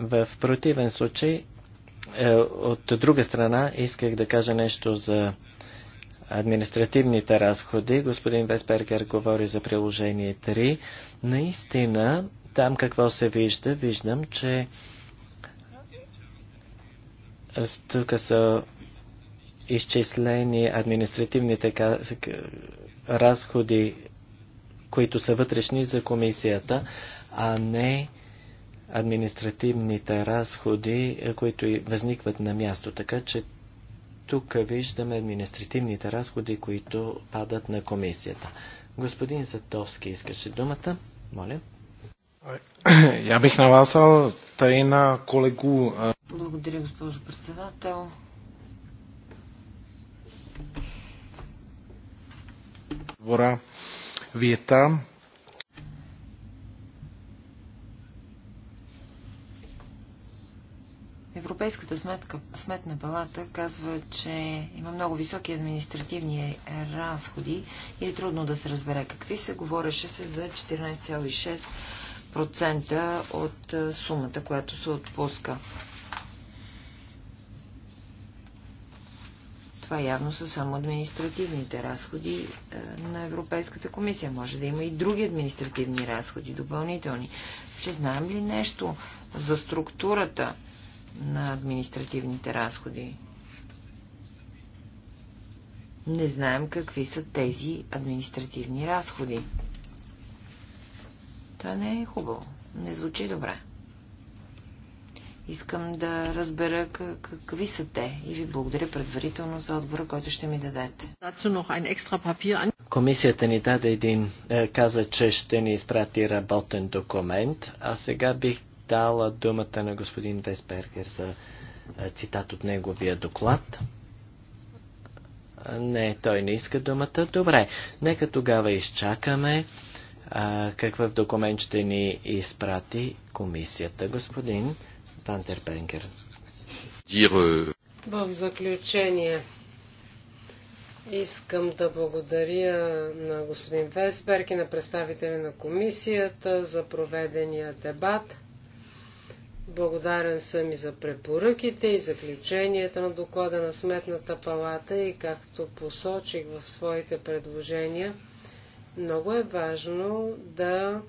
В противен случай, е, от друга страна, исках да кажа нещо за административните разходи, господин Веспергер говори за приложение 3. Наистина, там какво се вижда? Виждам, че тук са изчислени административните разходи, които са вътрешни за комисията, а не административните разходи, които възникват на място. Така че тук виждаме административните разходи, които падат на комисията. Господин Затовски искаше думата. Моля. Я бих навасал тъй на колегу. Благодаря, госпожо председател. вие там. Европейската сметка, сметна палата казва, че има много високи административни разходи и е трудно да се разбере какви се. Говореше се за 14,6% от е, сумата, която се отпуска. Това явно са само административните разходи е, на Европейската комисия. Може да има и други административни разходи, допълнителни. Че знаем ли нещо за структурата на административните разходи. Не знаем какви са тези административни разходи. Това не е хубаво. Не звучи добре. Искам да разбера какви са те и ви благодаря предварително за отговора, който ще ми дадете. Комисията ни даде един, е, каза, че ще ни изпрати работен документ, а сега бих дала думата на господин Весбергер за цитат от неговия доклад. Не, той не иска думата. Добре, нека тогава изчакаме а, какъв документ ще ни изпрати комисията. Господин Бенгер. Е, в заключение искам да благодаря на господин Весберг и на представители на комисията за проведения дебат. Благодарен съм и за препоръките и заключенията на доклада на Сметната палата и както посочих в своите предложения, много е важно да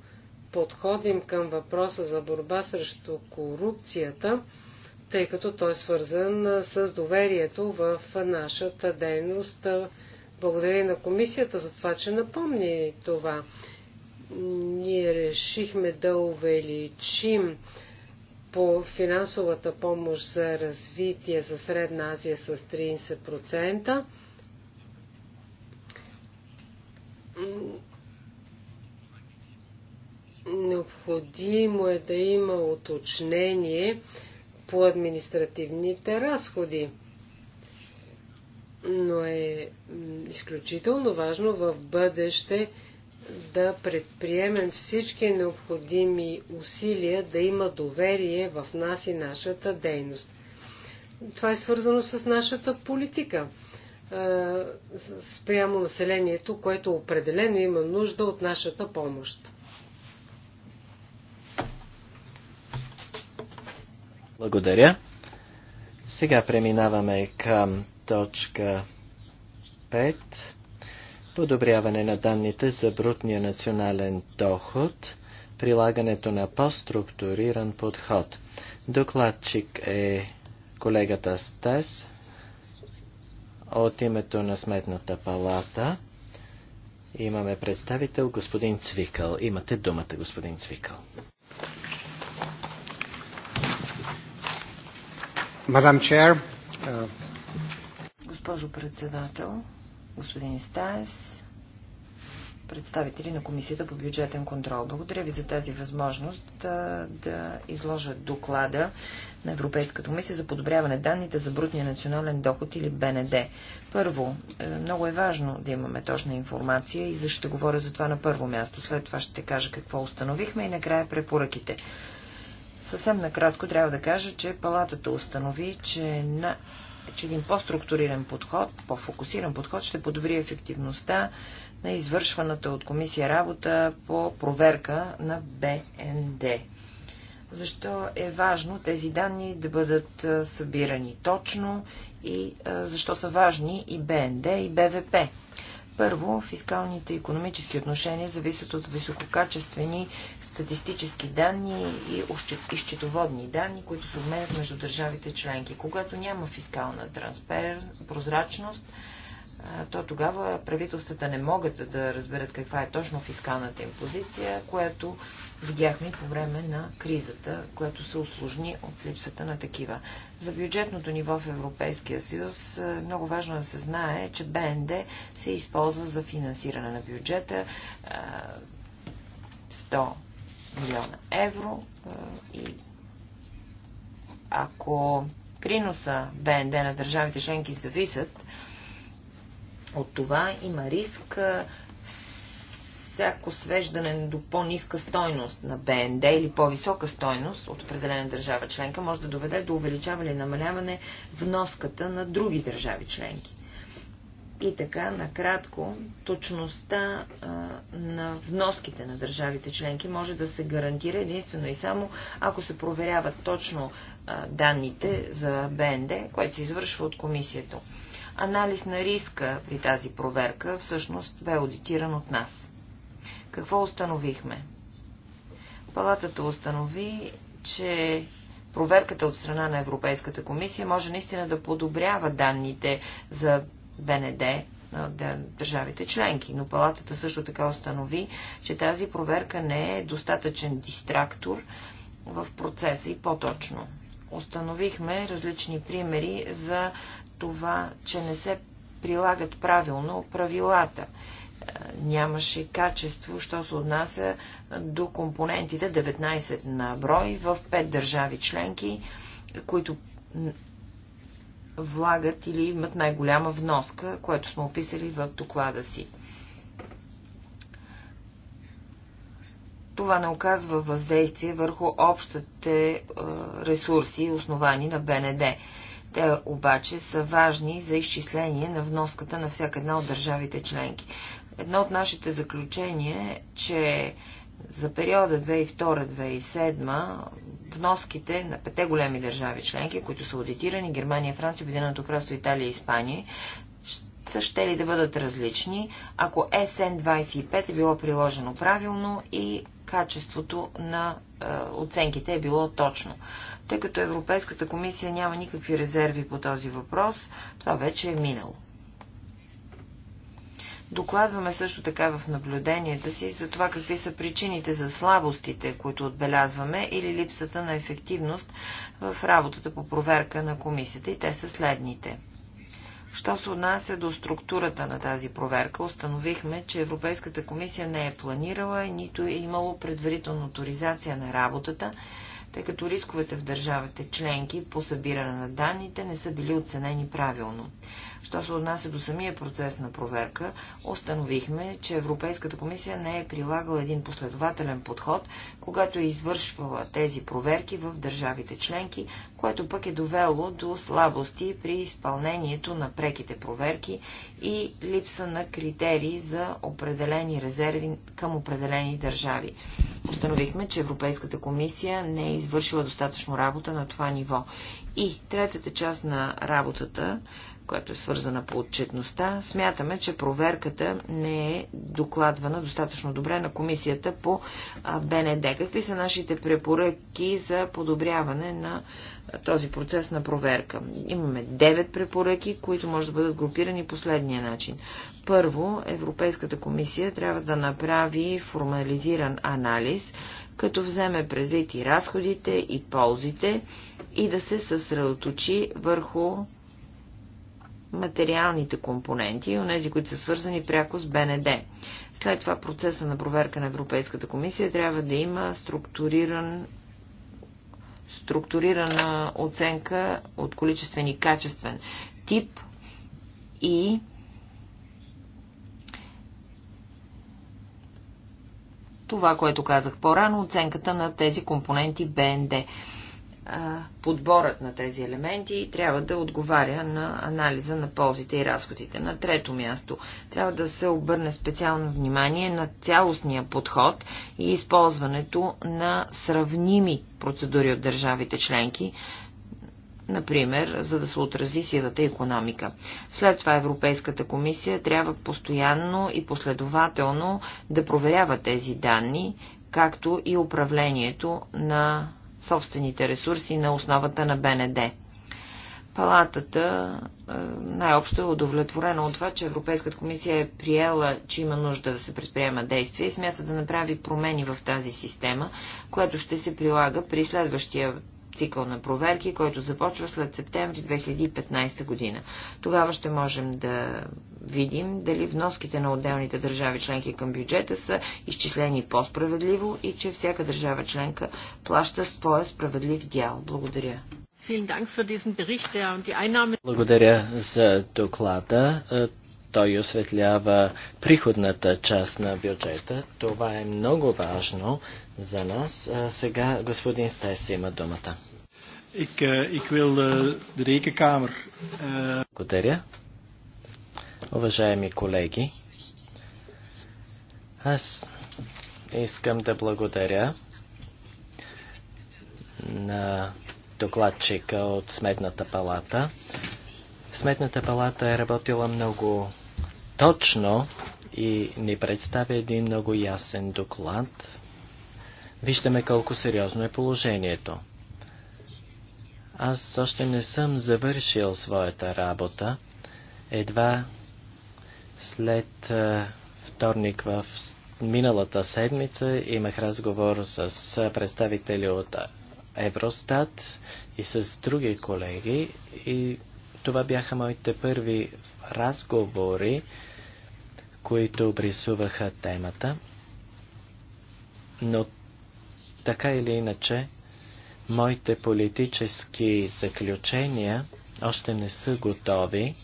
подходим към въпроса за борба срещу корупцията, тъй като той е свързан с доверието в нашата дейност. Благодаря на комисията за това, че напомни това. Ние решихме да увеличим по финансовата помощ за развитие за Средна Азия с 30%. Необходимо е да има уточнение по административните разходи. Но е изключително важно в бъдеще да предприемем всички необходими усилия да има доверие в нас и нашата дейност. Това е свързано с нашата политика спрямо населението, което определено има нужда от нашата помощ. Благодаря. Сега преминаваме към точка 5 подобряване на данните за брутния национален доход, прилагането на по-структуриран подход. Докладчик е колегата Стес от името на Сметната палата. Имаме представител господин Цвикъл. Имате думата, господин Цвикъл. Мадам Чер. Госпожо председател, господин Стаес, представители на Комисията по бюджетен контрол. Благодаря ви за тази възможност да, да изложа доклада на Европейската комисия за подобряване данните за брутния национален доход или БНД. Първо, е, много е важно да имаме точна информация и защо ще говоря за това на първо място. След това ще кажа какво установихме и накрая препоръките. Съвсем накратко трябва да кажа, че палатата установи, че на че един по-структуриран подход, по-фокусиран подход ще подобри ефективността на извършваната от комисия работа по проверка на БНД. Защо е важно тези данни да бъдат събирани точно и защо са важни и БНД и БВП. Първо, фискалните и економически отношения зависят от висококачествени статистически данни и изчетоводни данни, които се обменят между държавите членки. Когато няма фискална транспер, прозрачност, то тогава правителствата не могат да разберат каква е точно фискалната им позиция, което видяхме по време на кризата, която се осложни от липсата на такива. За бюджетното ниво в Европейския съюз е, много важно да се знае, че БНД се използва за финансиране на бюджета 100 е, милиона евро е, и ако приноса БНД на държавите членки зависят от това, има риск всяко свеждане до по-ниска стойност на БНД или по-висока стойност от определена държава членка може да доведе до увеличаване и намаляване вноската на други държави членки. И така, накратко, точността а, на вноските на държавите членки може да се гарантира единствено и само ако се проверяват точно а, данните за БНД, което се извършва от комисията. Анализ на риска при тази проверка всъщност бе аудитиран от нас. Какво установихме? Палатата установи, че проверката от страна на Европейската комисия може наистина да подобрява данните за БНД на държавите членки. Но палатата също така установи, че тази проверка не е достатъчен дистрактор в процеса и по-точно. Установихме различни примери за това, че не се прилагат правилно правилата нямаше качество, що се отнася до компонентите 19 на брой в 5 държави членки, които влагат или имат най-голяма вноска, което сме описали в доклада си. Това не оказва въздействие върху общите е, ресурси, основани на БНД. Те обаче са важни за изчисление на вноската на всяка една от държавите членки. Едно от нашите заключения е, че за периода 2002-2007 вноските на пете големи държави членки, които са аудитирани, Германия, Франция, Обединеното кралство, Италия и Испания, са ще ли да бъдат различни, ако СН-25 е било приложено правилно и качеството на е, оценките е било точно. Тъй като Европейската комисия няма никакви резерви по този въпрос, това вече е минало. Докладваме също така в наблюденията си за това какви са причините за слабостите, които отбелязваме или липсата на ефективност в работата по проверка на комисията и те са следните. Що се отнася до структурата на тази проверка, установихме, че Европейската комисия не е планирала и нито е имало предварителна авторизация на работата, тъй като рисковете в държавите членки по събиране на данните не са били оценени правилно. Що се отнася до самия процес на проверка, установихме, че Европейската комисия не е прилагала един последователен подход, когато е извършвала тези проверки в държавите членки, което пък е довело до слабости при изпълнението на преките проверки и липса на критерии за определени резерви към определени държави. Установихме, че Европейската комисия не е извършила достатъчно работа на това ниво. И третата част на работата която е свързана по отчетността, смятаме, че проверката не е докладвана достатъчно добре на комисията по БНД. Какви са нашите препоръки за подобряване на този процес на проверка? Имаме 9 препоръки, които може да бъдат групирани последния начин. Първо, Европейската комисия трябва да направи формализиран анализ, като вземе предвид и разходите, и ползите, и да се съсредоточи върху материалните компоненти и онези, които са свързани пряко с БНД. След това процеса на проверка на Европейската комисия трябва да има структуриран структурирана оценка от количествен и качествен тип и това, което казах по-рано, оценката на тези компоненти БНД подборът на тези елементи трябва да отговаря на анализа на ползите и разходите. На трето място трябва да се обърне специално внимание на цялостния подход и използването на сравними процедури от държавите членки, например, за да се отрази сивата економика. След това Европейската комисия трябва постоянно и последователно да проверява тези данни, както и управлението на собствените ресурси на основата на БНД. Палатата е, най-общо е удовлетворена от това, че Европейската комисия е приела, че има нужда да се предприема действия и смята да направи промени в тази система, което ще се прилага при следващия цикъл на проверки, който започва след септември 2015 година. Тогава ще можем да видим дали вноските на отделните държави членки към бюджета са изчислени по-справедливо и че всяка държава членка плаща своя справедлив дял. Благодаря. Благодаря за доклада. Е, той осветлява приходната част на бюджета. Това е много важно за нас. Е, сега господин Стес има думата. Ik, uh, ik wil uh, de rekenkamer. Uh... Благодаря. Уважаеми колеги, аз искам да благодаря на докладчика от Сметната палата. Сметната палата е работила много точно и ни представя един много ясен доклад. Виждаме колко сериозно е положението. Аз още не съм завършил своята работа. Едва след е, вторник в миналата седмица имах разговор с е, представители от е, Евростат и с други колеги и това бяха моите първи разговори, които обрисуваха темата. Но така или иначе, Моите политически заключения още не са готови.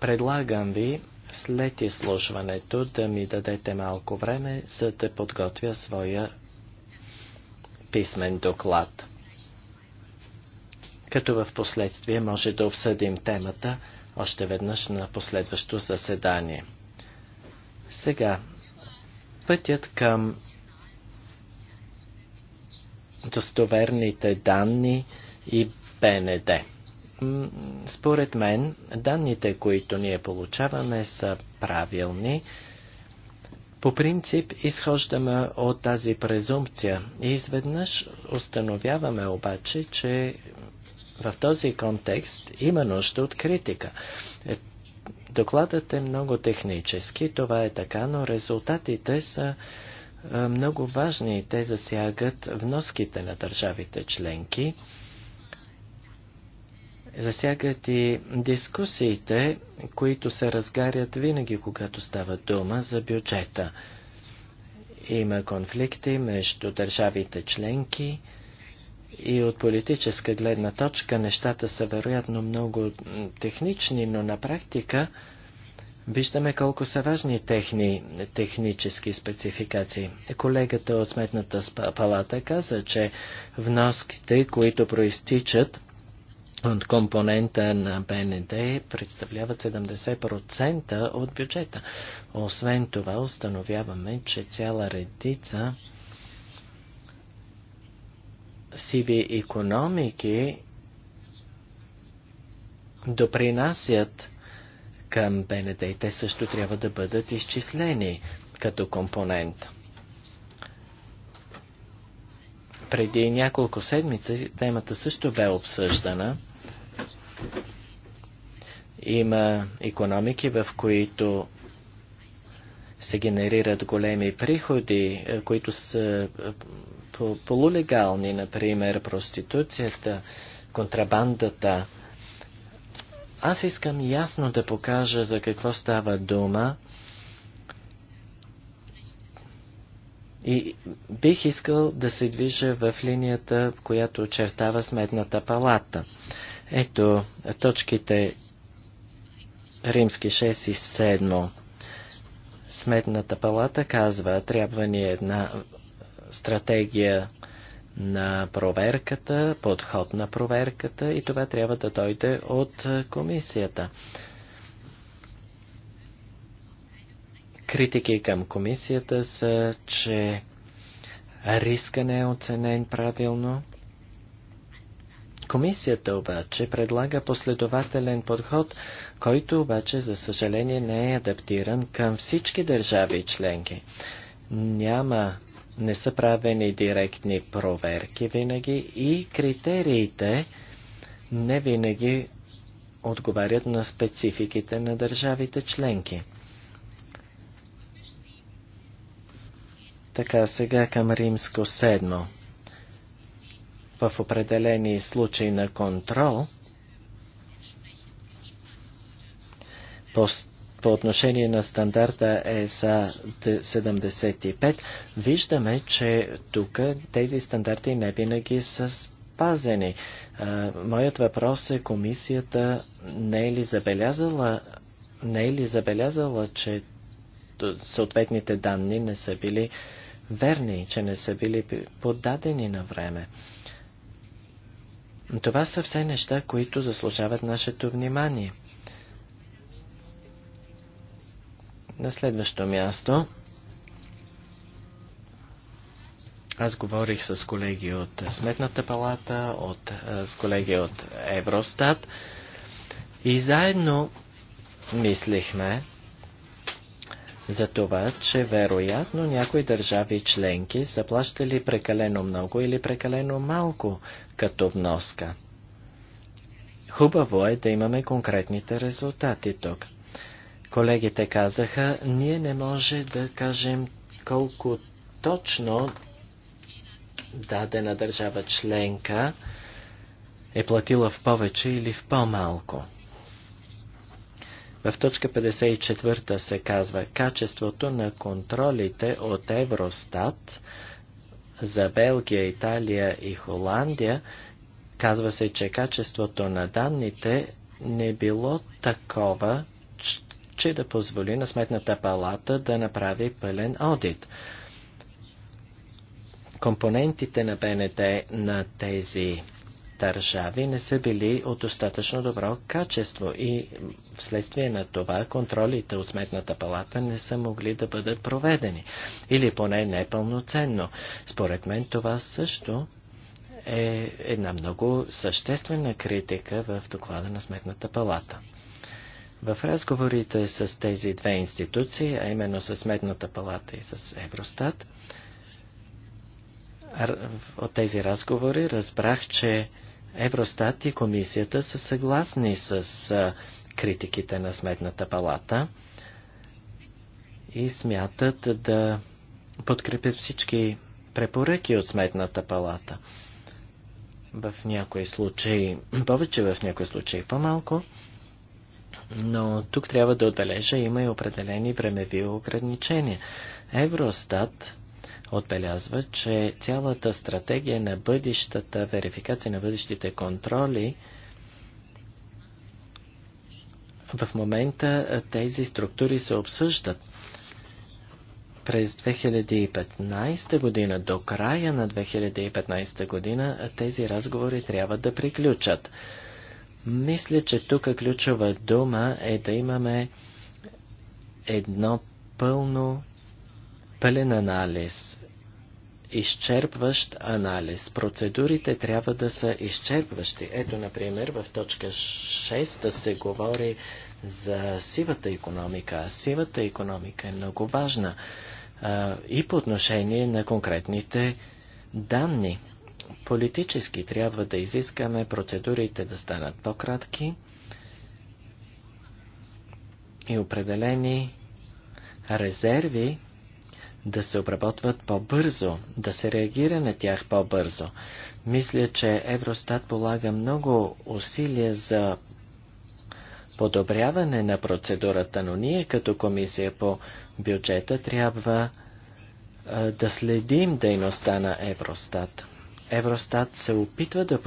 Предлагам ви след изслушването да ми дадете малко време, за да подготвя своя писмен доклад. Като в последствие може да обсъдим темата още веднъж на последващо заседание. Сега, пътят към достоверните данни и БНД. Според мен, данните, които ние получаваме, са правилни. По принцип, изхождаме от тази презумпция и изведнъж установяваме обаче, че в този контекст има нужда от критика. Е, докладът е много технически, това е така, но резултатите са много важни и те засягат вноските на държавите членки. Засягат и дискусиите, които се разгарят винаги, когато става дума за бюджета. Има конфликти между държавите членки и от политическа гледна точка нещата са вероятно много технични, но на практика Виждаме колко са важни техни, технически спецификации. Колегата от Сметната палата каза, че вноските, които проистичат от компонента на БНД, представляват 70% от бюджета. Освен това, установяваме, че цяла редица сиви економики допринасят към БНД и те също трябва да бъдат изчислени като компонент. Преди няколко седмици темата също бе обсъждана. Има економики, в които се генерират големи приходи, е, които са е, полулегални, например проституцията, контрабандата. Аз искам ясно да покажа за какво става дума. И бих искал да се движа в линията, която очертава сметната палата. Ето точките римски 6 и 7. Сметната палата казва, трябва ни една стратегия на проверката, подход на проверката и това трябва да дойде от комисията. Критики към комисията са, че риска не е оценен правилно. Комисията обаче предлага последователен подход, който обаче за съжаление не е адаптиран към всички държави членки. Няма не са правени директни проверки винаги и критериите не винаги отговарят на спецификите на държавите членки. Така сега към Римско седмо. В определени случаи на контрол, пост по отношение на стандарта ЕСА 75, виждаме, че тук тези стандарти не винаги са спазени. Моят въпрос е, комисията не е ли забелязала, не е ли забелязала че съответните данни не са били верни, че не са били подадени на време. Това са все неща, които заслужават нашето внимание. На следващо място аз говорих с колеги от Сметната палата, от, е, с колеги от Евростат и заедно мислихме за това, че вероятно някои държави членки са плащали прекалено много или прекалено малко като вноска. Хубаво е да имаме конкретните резултати тук. Колегите казаха, ние не може да кажем колко точно дадена държава членка е платила в повече или в по-малко. В точка 54 се казва качеството на контролите от Евростат за Белгия, Италия и Холандия. Казва се, че качеството на данните не било такова, че да позволи на Сметната палата да направи пълен одит. Компонентите на БНТ на тези държави не са били от достатъчно добро качество и вследствие на това контролите от Сметната палата не са могли да бъдат проведени или поне непълноценно. Според мен това също е една много съществена критика в доклада на Сметната палата. В разговорите с тези две институции, а именно с Сметната палата и с Евростат, от тези разговори разбрах, че Евростат и комисията са съгласни с критиките на Сметната палата и смятат да подкрепят всички препоръки от Сметната палата. В някои случаи повече, в някои случаи по-малко. Но тук трябва да отбележа, има и определени времеви ограничения. Евростат отбелязва, че цялата стратегия на бъдещата верификация на бъдещите контроли в момента тези структури се обсъждат. През 2015 година, до края на 2015 година, тези разговори трябва да приключат. Мисля, че тук ключова дума е да имаме едно пълно, пълен анализ, изчерпващ анализ. Процедурите трябва да са изчерпващи. Ето, например, в точка 6 да се говори за сивата економика. Сивата економика е много важна а, и по отношение на конкретните данни политически трябва да изискаме процедурите да станат по-кратки и определени резерви да се обработват по-бързо, да се реагира на тях по-бързо. Мисля, че Евростат полага много усилия за подобряване на процедурата, но ние като комисия по бюджета трябва да следим дейността на Евростат. Евростат се опитва да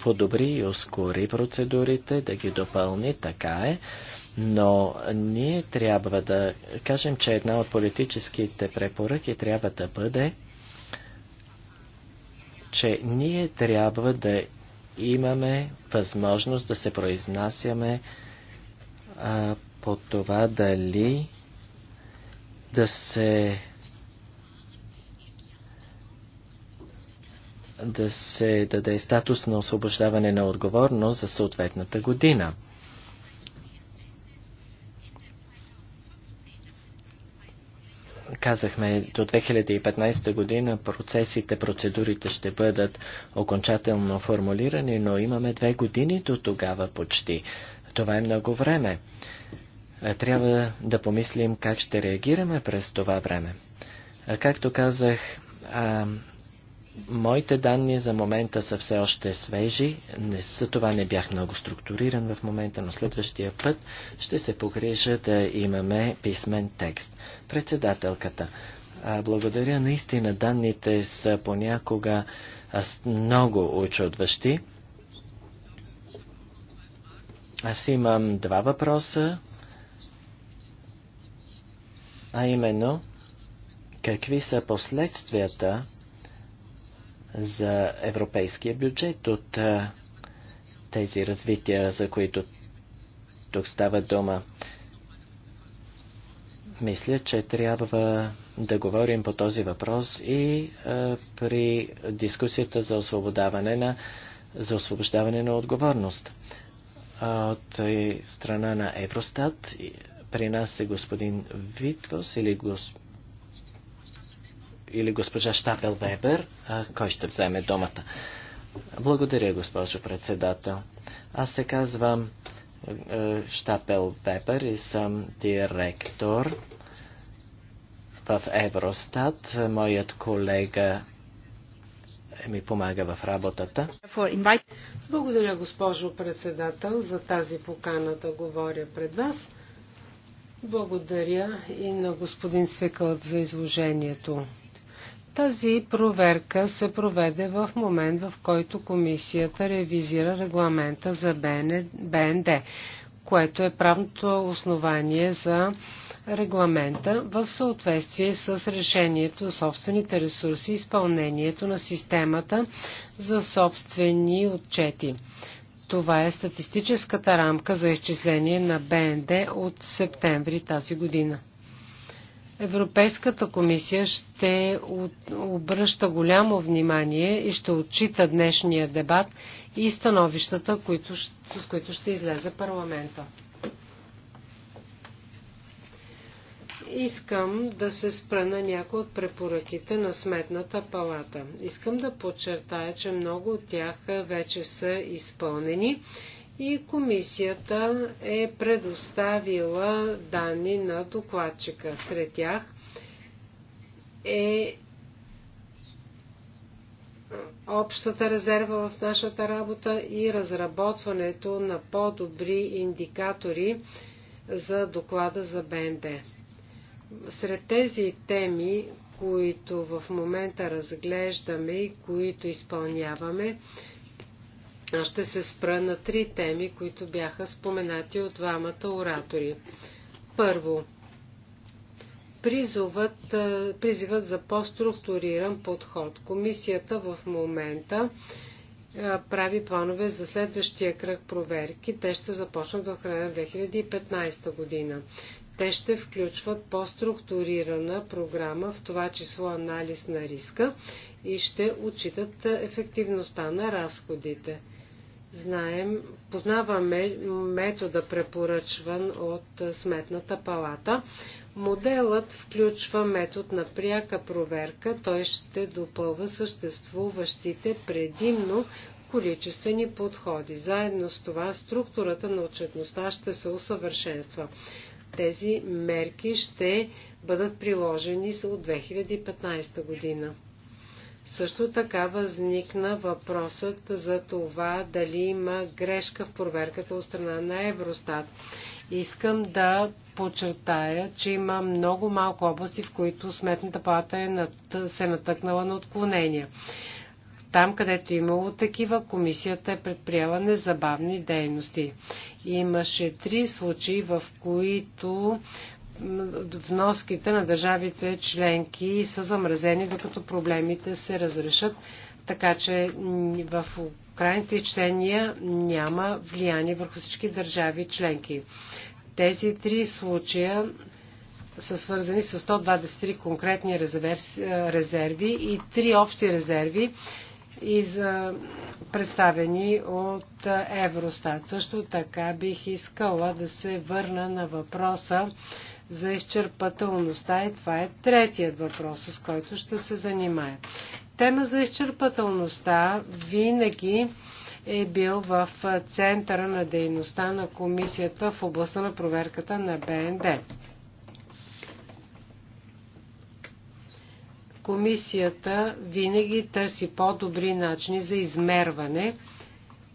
подобри и ускори процедурите, да ги допълни, така е, но ние трябва да кажем, че една от политическите препоръки трябва да бъде, че ние трябва да имаме възможност да се произнасяме а, по това дали да се да се даде статус на освобождаване на отговорност за съответната година. казахме, до 2015 година процесите, процедурите ще бъдат окончателно формулирани, но имаме две години до тогава почти. Това е много време. Трябва да помислим как ще реагираме през това време. Както казах, Моите данни за момента са все още свежи, не, за това не бях много структуриран в момента, но следващия път ще се погрежа да имаме писмен текст. Председателката, а, благодаря наистина, данните са понякога много очудващи. Аз имам два въпроса, а именно, какви са последствията за европейския бюджет от тези развития, за които тук става дума. Мисля, че трябва да говорим по този въпрос и а, при дискусията за освобождаване на, за освобождаване на отговорност. А, от страна на Евростат при нас е господин Витвос или господин или госпожа Штапел Вебер, а, кой ще вземе думата. Благодаря, госпожо председател. Аз се казвам е, Штапел Вебер и съм директор в Евростат. Моят колега ми помага в работата. Благодаря, госпожо председател, за тази покана да говоря пред вас. Благодаря и на господин Свекълт за изложението. Тази проверка се проведе в момент, в който комисията ревизира регламента за БНД, което е правното основание за регламента в съответствие с решението за собствените ресурси и изпълнението на системата за собствени отчети. Това е статистическата рамка за изчисление на БНД от септември тази година. Европейската комисия ще обръща голямо внимание и ще отчита днешния дебат и становищата, които, с които ще излезе парламента. Искам да се спра на някои от препоръките на Сметната палата. Искам да подчертая, че много от тях вече са изпълнени и комисията е предоставила данни на докладчика. Сред тях е общата резерва в нашата работа и разработването на по-добри индикатори за доклада за БНД. Сред тези теми, които в момента разглеждаме и които изпълняваме, аз ще се спра на три теми, които бяха споменати от двамата оратори. Първо, призовът, призивът за по-структуриран подход. Комисията в момента прави планове за следващия кръг проверки. Те ще започнат в края на 2015 година. Те ще включват по-структурирана програма, в това число анализ на риска и ще отчитат ефективността на разходите. Знаем, познаваме метода препоръчван от Сметната палата. Моделът включва метод на пряка проверка. Той ще допълва съществуващите предимно количествени подходи. Заедно с това структурата на отчетността ще се усъвършенства. Тези мерки ще бъдат приложени от 2015 година. Също така възникна въпросът за това дали има грешка в проверката от страна на Евростат. Искам да подчертая, че има много малко области, в които сметната плата е над... се е натъкнала на отклонения. Там, където е имало такива, комисията е предприела незабавни дейности. Имаше три случаи, в които вноските на държавите членки са замразени, докато проблемите се разрешат, така че в крайните изчисления няма влияние върху всички държави членки. Тези три случая са свързани с 123 конкретни резерви и три общи резерви, и за представени от Евростат. Също така бих искала да се върна на въпроса за изчерпателността и това е третият въпрос, с който ще се занимая. Тема за изчерпателността винаги е бил в центъра на дейността на комисията в областта на проверката на БНД. Комисията винаги търси по-добри начини за измерване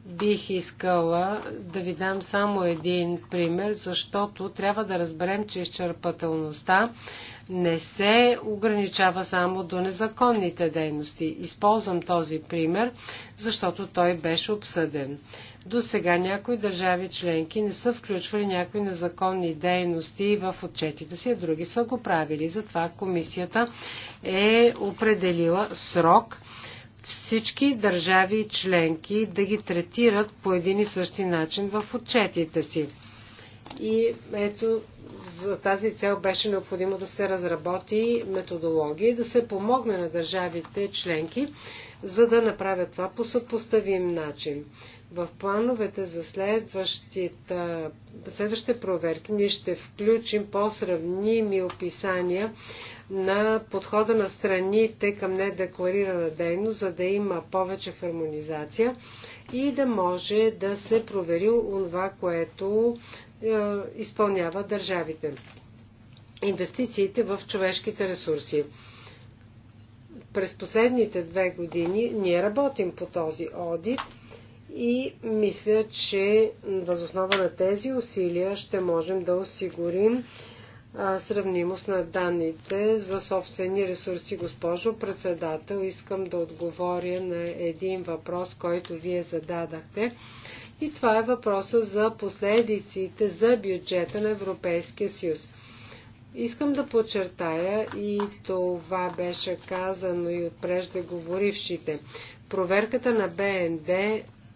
Бих искала да ви дам само един пример, защото трябва да разберем, че изчерпателността не се ограничава само до незаконните дейности. Използвам този пример, защото той беше обсъден. До сега някои държави членки не са включвали някои незаконни дейности в отчетите си, а други са го правили. Затова комисията е определила срок всички държави и членки да ги третират по един и същи начин в отчетите си. И ето, за тази цел беше необходимо да се разработи методология и да се помогне на държавите членки, за да направят това по съпоставим начин. В плановете за следващите проверки ние ще включим по-сравними описания на подхода на страните към недекларирана дейност, за да има повече хармонизация и да може да се провери това, което е, изпълнява държавите. Инвестициите в човешките ресурси. През последните две години ние работим по този одит и мисля, че възоснова на тези усилия ще можем да осигурим сравнимост на данните за собствени ресурси. Госпожо председател, искам да отговоря на един въпрос, който вие зададахте. И това е въпроса за последиците за бюджета на Европейския съюз. Искам да подчертая, и това беше казано и от преждеговорившите, проверката на БНД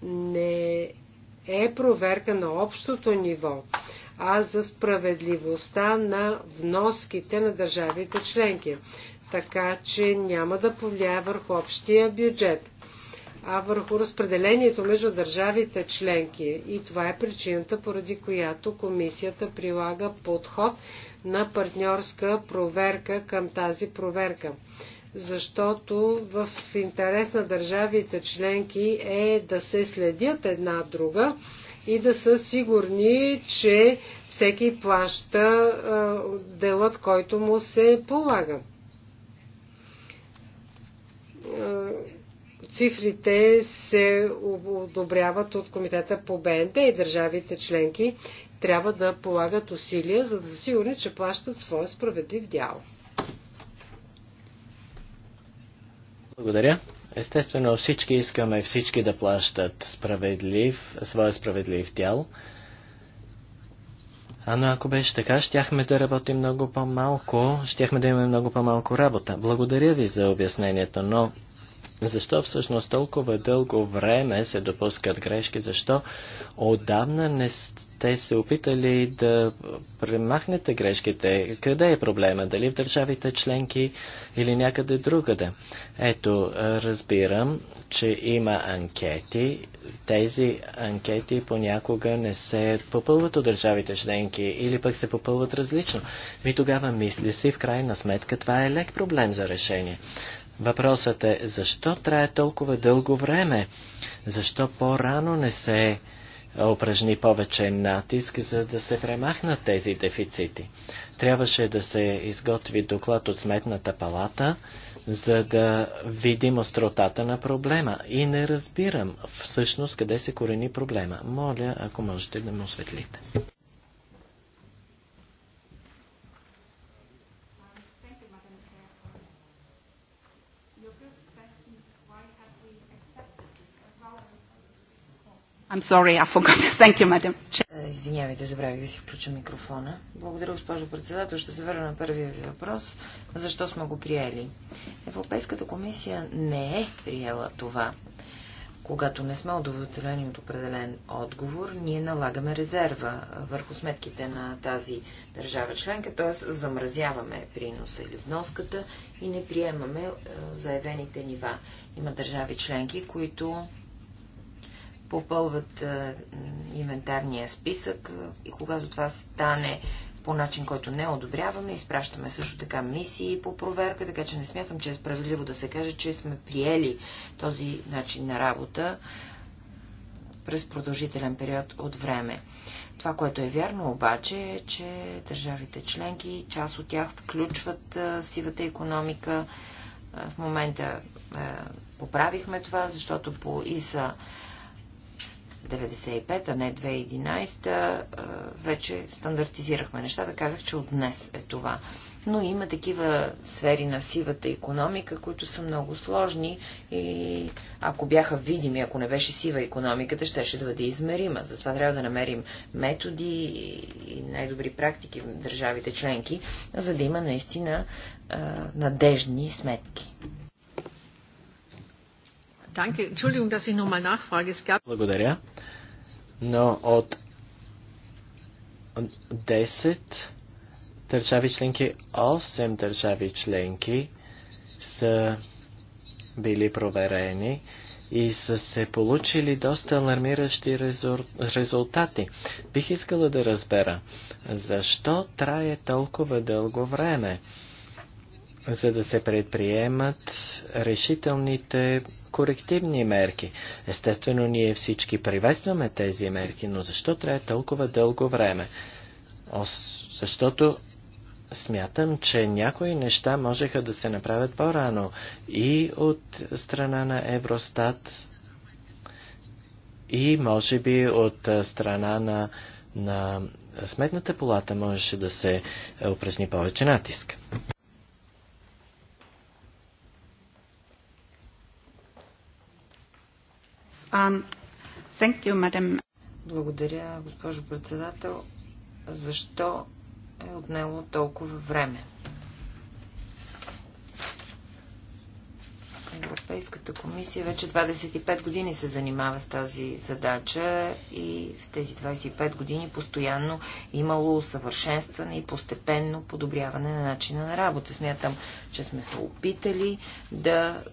не е проверка на общото ниво а за справедливостта на вноските на държавите членки. Така че няма да повлияе върху общия бюджет, а върху разпределението между държавите членки. И това е причината, поради която комисията прилага подход на партньорска проверка към тази проверка защото в интерес на държавите членки е да се следят една друга и да са сигурни, че всеки плаща делът, който му се полага. Цифрите се одобряват от Комитета по БНД и държавите членки трябва да полагат усилия, за да са сигурни, че плащат своя справедлив дял. Благодаря. Естествено, всички искаме всички да плащат справедлив, своя справедлив дял. А но ако беше така, щяхме да работим много по-малко, щяхме да имаме много по-малко работа. Благодаря ви за обяснението, но защо всъщност толкова дълго време се допускат грешки? Защо отдавна не сте се опитали да премахнете грешките? Къде е проблема? Дали в държавите членки или някъде другаде? Ето, разбирам, че има анкети. Тези анкети понякога не се попълват от държавите членки или пък се попълват различно. Ми тогава мисли си, в крайна сметка, това е лек проблем за решение. Въпросът е, защо трае толкова дълго време? Защо по-рано не се упражни повече натиск, за да се премахнат тези дефицити? Трябваше да се изготви доклад от Сметната палата, за да видим остротата на проблема. И не разбирам всъщност къде се корени проблема. Моля, ако можете да ме осветлите. I'm sorry, I forgot. (laughs) Thank you, madam. Е, извинявайте, забравих да си включа микрофона. Благодаря, госпожо председател. Ще се върна на първия ви въпрос. Защо сме го приели? Европейската комисия не е приела това. Когато не сме удовлетворени от определен отговор, ние налагаме резерва върху сметките на тази държава членка, т.е. замразяваме приноса или вноската и не приемаме е, заявените нива. Има държави членки, които попълват е, инвентарния списък и когато това стане по начин, който не одобряваме, изпращаме също така мисии по проверка, така че не смятам, че е справедливо да се каже, че сме приели този начин на работа през продължителен период от време. Това, което е вярно обаче е, че държавите членки, част от тях включват е, сивата економика. Е, в момента поправихме това, защото по ИСА 95, а не 2011, вече стандартизирахме нещата. Казах, че от днес е това. Но има такива сфери на сивата економика, които са много сложни и ако бяха видими, ако не беше сива економиката, щеше да бъде измерима. Затова трябва да намерим методи и най-добри практики в държавите членки, за да има наистина надежни сметки. Благодаря. Но от 10 държави членки, 8 държави членки са били проверени и са се получили доста алармиращи резултати. Бих искала да разбера, защо трае толкова дълго време, за да се предприемат решителните корективни мерки. Естествено, ние всички приветстваме тези мерки, но защо трябва толкова дълго време? защото смятам, че някои неща можеха да се направят по-рано и от страна на Евростат, и може би от страна на, на Сметната палата можеше да се упражни повече натиск. Um, thank you, madam. Благодаря, госпожо председател. Защо е отнело толкова време? Европейската комисия вече 25 години се занимава с тази задача и в тези 25 години постоянно имало усъвършенстване и постепенно подобряване на начина на работа. Смятам, че сме се опитали да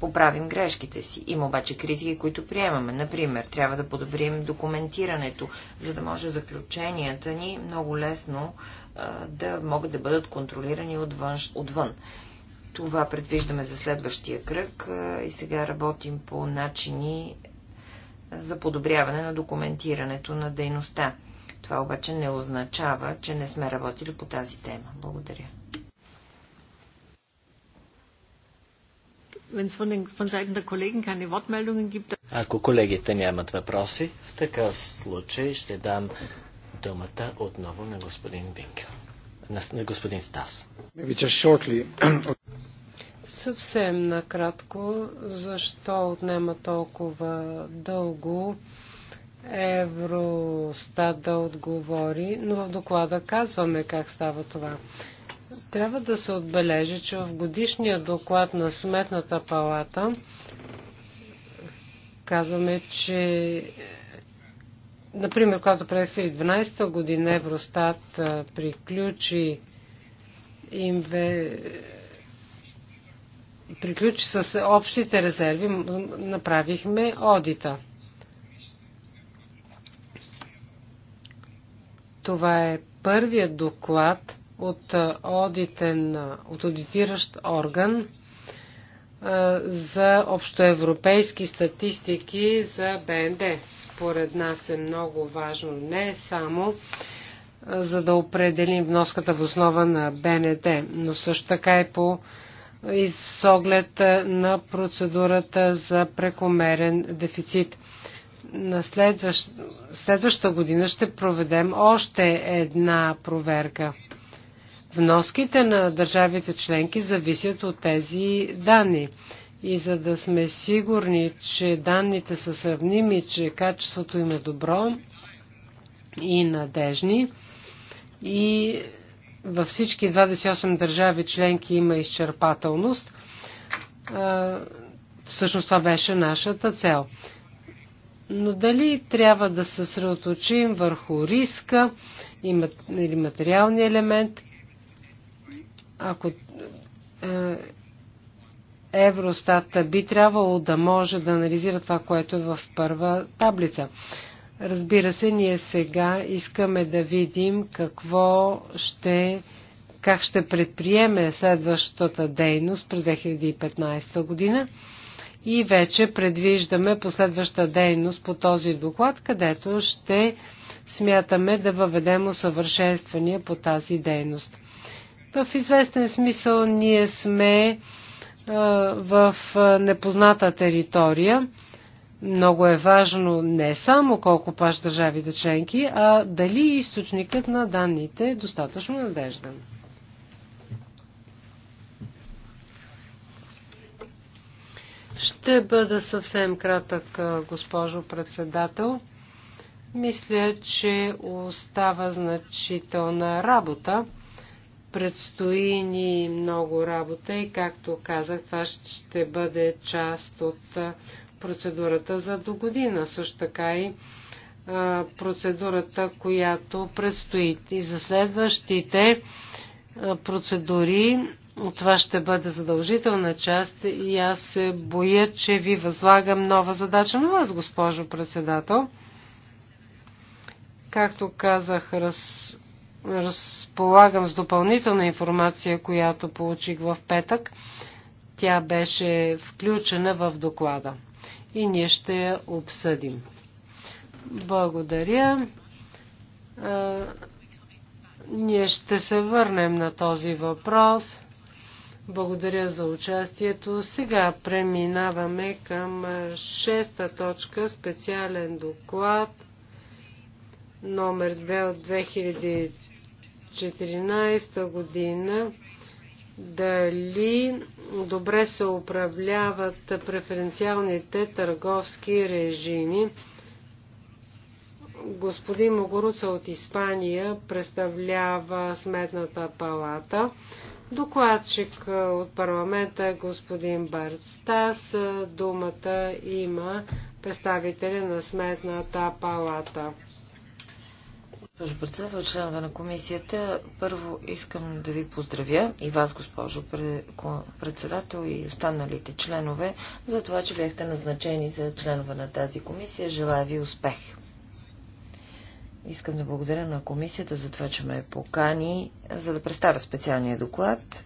поправим грешките си. Има обаче критики, които приемаме. Например, трябва да подобрим документирането, за да може заключенията ни много лесно а, да могат да бъдат контролирани отвън. отвън. Това предвиждаме за следващия кръг а, и сега работим по начини за подобряване на документирането на дейността. Това обаче не означава, че не сме работили по тази тема. Благодаря. Wenn es von, von Seiten der Kollegen keine Wortmeldungen gibt. Ако колегите нямат въпроси, в такъв случай ще дам думата отново на господин Бинкъл. На, на господин Стас. Съвсем накратко, защо отнема толкова дълго Евростат да отговори, но в доклада казваме как става това. Трябва да се отбележи, че в годишния доклад на Сметната палата казваме, че например, когато през 2012 година Евростат приключи инве... приключи с общите резерви, направихме одита. Това е първият доклад, от, одитен, от аудитиращ орган за общоевропейски статистики за БНД. Според нас е много важно не само за да определим вноската в основа на БНД, но също така и по и с оглед на процедурата за прекомерен дефицит. На следващ, следваща година ще проведем още една проверка – Вноските на държавите членки зависят от тези данни. И за да сме сигурни, че данните са сравними, че качеството им е добро и надежни, и във всички 28 държави членки има изчерпателност, всъщност това беше нашата цел. Но дали трябва да се съсредоточим върху риска или материалния елемент ако е, Евростат би трябвало да може да анализира това, което е в първа таблица. Разбира се, ние сега искаме да видим какво ще, как ще предприеме следващата дейност през 2015 година и вече предвиждаме последваща дейност по този доклад, където ще смятаме да въведем усъвършенствания по тази дейност. В известен смисъл ние сме в непозната територия. Много е важно не само колко паш държавите членки, а дали източникът на данните е достатъчно надежден. Ще бъда съвсем кратък, госпожо председател. Мисля, че остава значителна работа. Предстои ни много работа и, както казах, това ще бъде част от процедурата за до година. Също така и процедурата, която предстои. И за следващите процедури това ще бъде задължителна част и аз се боя, че ви възлагам нова задача на вас, госпожо председател. Както казах, раз разполагам с допълнителна информация, която получих в петък. Тя беше включена в доклада и ние ще я обсъдим. Благодаря. ние ще се върнем на този въпрос. Благодаря за участието. Сега преминаваме към шеста точка, специален доклад номер 2 от 2014 година дали добре се управляват преференциалните търговски режими. Господин Могоруца от Испания представлява Сметната палата. Докладчик от парламента е господин Барстас. Думата има представителя на Сметната палата. Госпожо председател, членове на комисията, първо искам да ви поздравя и вас, госпожо председател и останалите членове, за това, че бяхте назначени за членове на тази комисия. Желая ви успех! Искам да благодаря на комисията за това, че ме покани, за да представя специалния доклад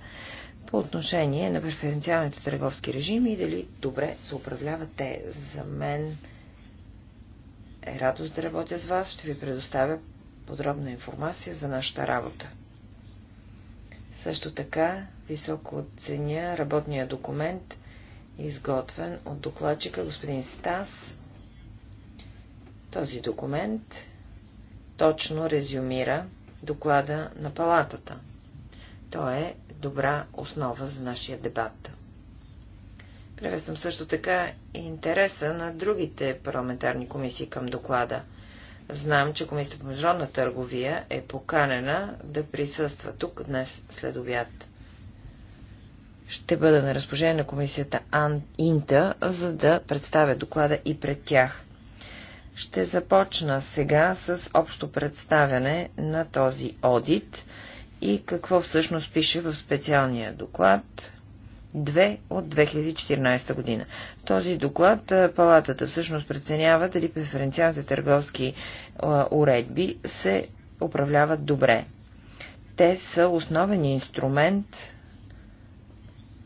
по отношение на преференциалните търговски режими и дали добре се управляват те. За мен е радост да работя с вас. Ще ви предоставя подробна информация за нашата работа. Също така високо ценя работния документ, изготвен от докладчика господин Стас. Този документ точно резюмира доклада на палатата. Той е добра основа за нашия дебат. Превесвам също така и интереса на другите парламентарни комисии към доклада – Знам, че Комисията по международна търговия е поканена да присъства тук днес след обяд. Ще бъда на разположение на комисията Инта, за да представя доклада и пред тях. Ще започна сега с общо представяне на този одит и какво всъщност пише в специалния доклад, 2 от 2014 година. В този доклад палатата всъщност преценява дали преференциалните търговски уредби се управляват добре. Те са основен инструмент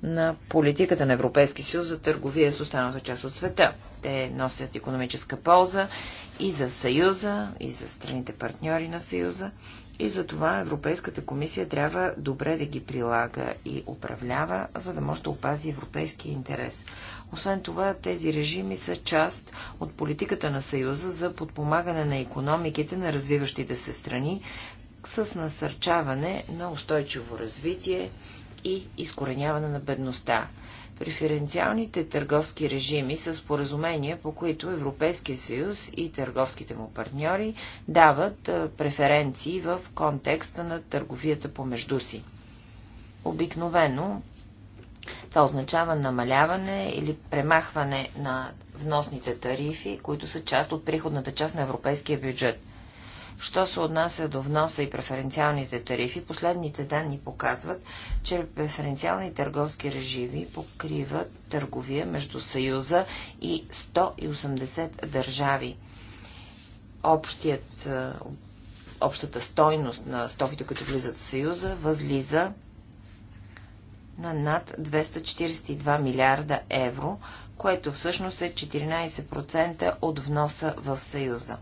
на политиката на Европейски съюз за търговия с останалата част от света. Те носят економическа полза и за Съюза, и за страните партньори на Съюза, и за това Европейската комисия трябва добре да ги прилага и управлява, за да може да опази европейския интерес. Освен това, тези режими са част от политиката на Съюза за подпомагане на економиките на развиващите се страни с насърчаване на устойчиво развитие и изкореняване на бедността. Преференциалните търговски режими са споразумения, по които Европейския съюз и търговските му партньори дават преференции в контекста на търговията помежду си. Обикновено това означава намаляване или премахване на вносните тарифи, които са част от приходната част на европейския бюджет – Що се отнася до вноса и преференциалните тарифи, последните данни показват, че преференциални търговски режими покриват търговия между Съюза и 180 държави. Общият, общата стойност на стоките, които влизат в Съюза, възлиза на над 242 милиарда евро, което всъщност е 14% от вноса в Съюза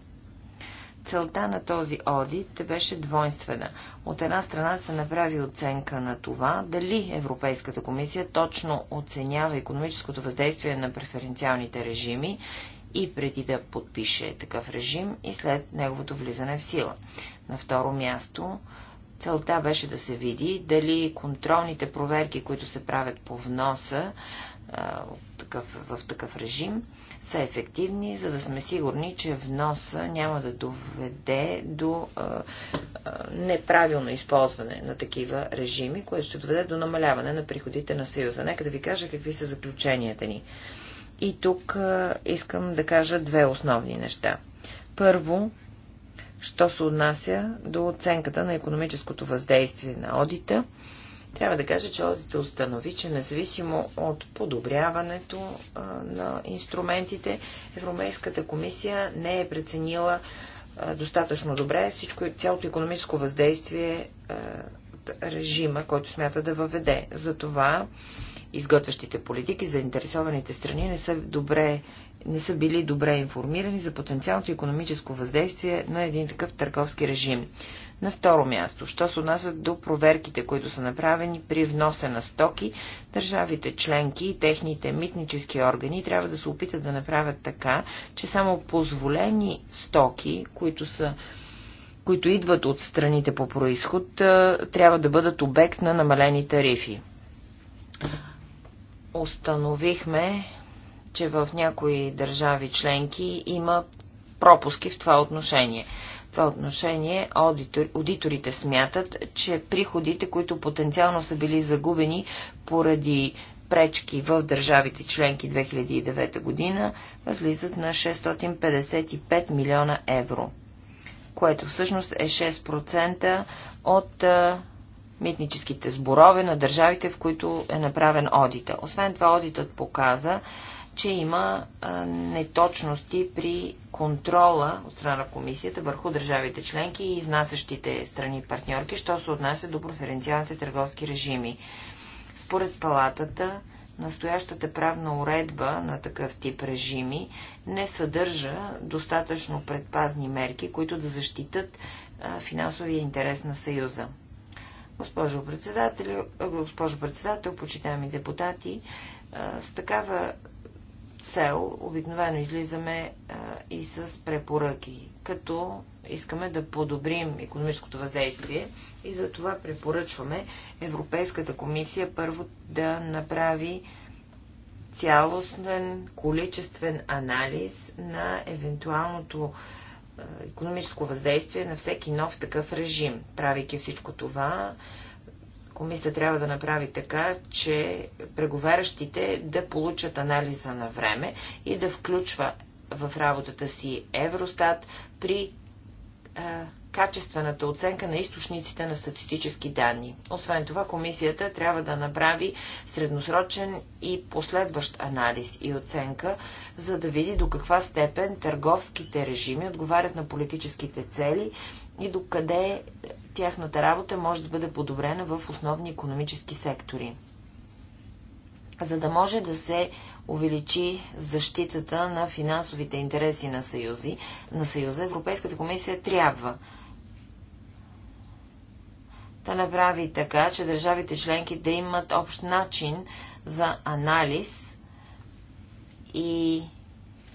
целта на този одит беше двойствена. От една страна се направи оценка на това, дали Европейската комисия точно оценява економическото въздействие на преференциалните режими и преди да подпише такъв режим и след неговото влизане в сила. На второ място Целта беше да се види дали контролните проверки, които се правят по вноса, такъв, в такъв режим, са ефективни, за да сме сигурни, че вноса няма да доведе до а, а, неправилно използване на такива режими, което ще доведе до намаляване на приходите на Съюза. Нека да ви кажа какви са заключенията ни. И тук а, искам да кажа две основни неща. Първо, що се отнася до оценката на економическото въздействие на одита – трябва да кажа, че одите установи, че независимо от подобряването на инструментите, Европейската комисия не е преценила достатъчно добре всичко, цялото економическо въздействие от режима, който смята да въведе. Затова изготвящите политики, заинтересованите страни не са, добре, не са били добре информирани за потенциалното економическо въздействие на един такъв търговски режим. На второ място, що се отнасят до проверките, които са направени при вноса на стоки, държавите членки и техните митнически органи трябва да се опитат да направят така, че само позволени стоки, които са които идват от страните по происход, трябва да бъдат обект на намалени тарифи. Установихме, че в някои държави членки има пропуски в това отношение това отношение аудитор, аудиторите смятат, че приходите, които потенциално са били загубени поради пречки в държавите членки 2009 година, възлизат на 655 милиона евро, което всъщност е 6% от митническите сборове на държавите, в които е направен одита. Освен това, одитът показа, че има неточности при контрола от страна на комисията върху държавите членки и изнасящите страни партньорки, що се отнася до преференциалните търговски режими. Според палатата, настоящата правна уредба на такъв тип режими не съдържа достатъчно предпазни мерки, които да защитат финансовия интерес на Съюза. Госпожо председател, госпожо председател почитаеми депутати, с такава цел обикновено излизаме а, и с препоръки, като искаме да подобрим економическото въздействие и за това препоръчваме Европейската комисия първо да направи цялостен количествен анализ на евентуалното економическо въздействие на всеки нов такъв режим. Правейки всичко това, Комисията трябва да направи така, че преговарящите да получат анализа на време и да включва в работата си Евростат при а, качествената оценка на източниците на статистически данни. Освен това, комисията трябва да направи средносрочен и последващ анализ и оценка, за да види до каква степен търговските режими отговарят на политическите цели и докъде тяхната работа може да бъде подобрена в основни економически сектори. За да може да се увеличи защитата на финансовите интереси на, съюзи, на Съюза, Европейската комисия трябва да направи така, че държавите членки да имат общ начин за анализ и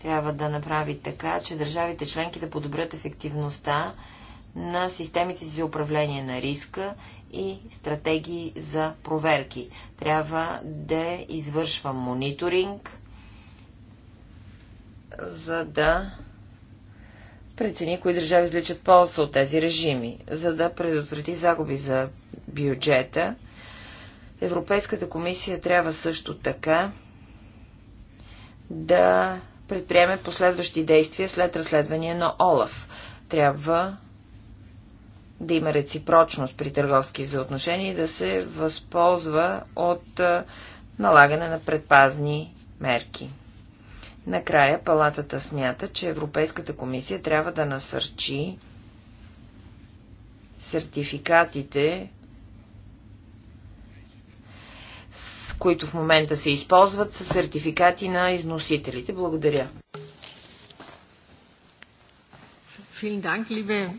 трябва да направи така, че държавите членки да подобрят ефективността на системите за управление на риска и стратегии за проверки. Трябва да извършва мониторинг, за да прецени кои държави изличат полза от тези режими, за да предотврати загуби за бюджета. Европейската комисия трябва също така да предприеме последващи действия след разследване на Олаф. Трябва да има реципрочност при търговски взаимоотношения и да се възползва от налагане на предпазни мерки. Накрая палатата смята, че Европейската комисия трябва да насърчи сертификатите, с които в момента се използват, са сертификати на износителите. Благодаря. Vielen Dank, liebe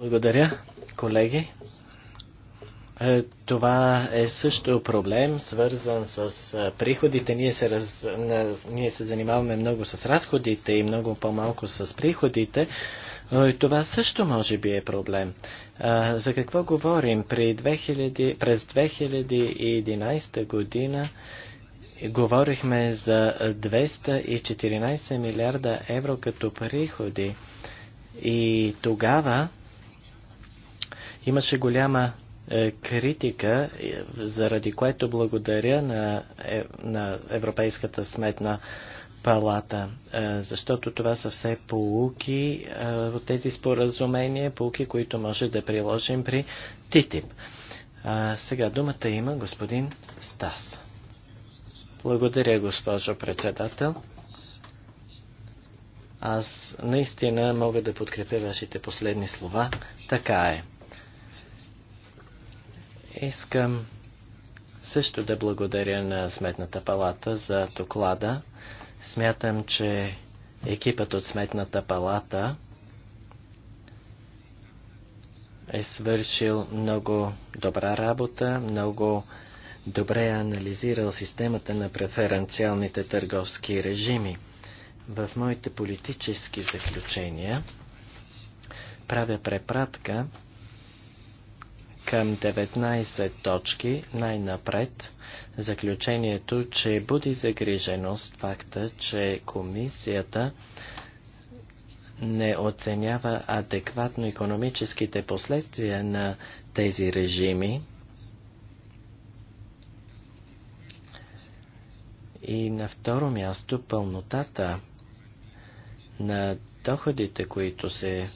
благодаря, колеги. Е, това е също проблем, свързан с е, приходите. Ние се, раз... Ние се занимаваме много с разходите и много по-малко с приходите. Но е, и това също може би е проблем. за какво говорим? При 2000... През 2011 година говорихме за 214 милиарда евро като приходи. И тогава имаше голяма е, критика, е, заради което благодаря на, е, на Европейската сметна палата, е, защото това са все полуки е, от тези споразумения, полуки, които може да приложим при ТИТИП. Сега думата има господин Стас. Благодаря, госпожо председател. Аз наистина мога да подкрепя вашите последни слова. Така е. Искам също да благодаря на Сметната палата за доклада. Смятам, че екипът от Сметната палата е свършил много добра работа, много добре е анализирал системата на преференциалните търговски режими в моите политически заключения правя препратка към 19 точки, най-напред заключението, че буди загриженост факта, че комисията не оценява адекватно економическите последствия на тези режими и на второ място пълнотата на доходите, които се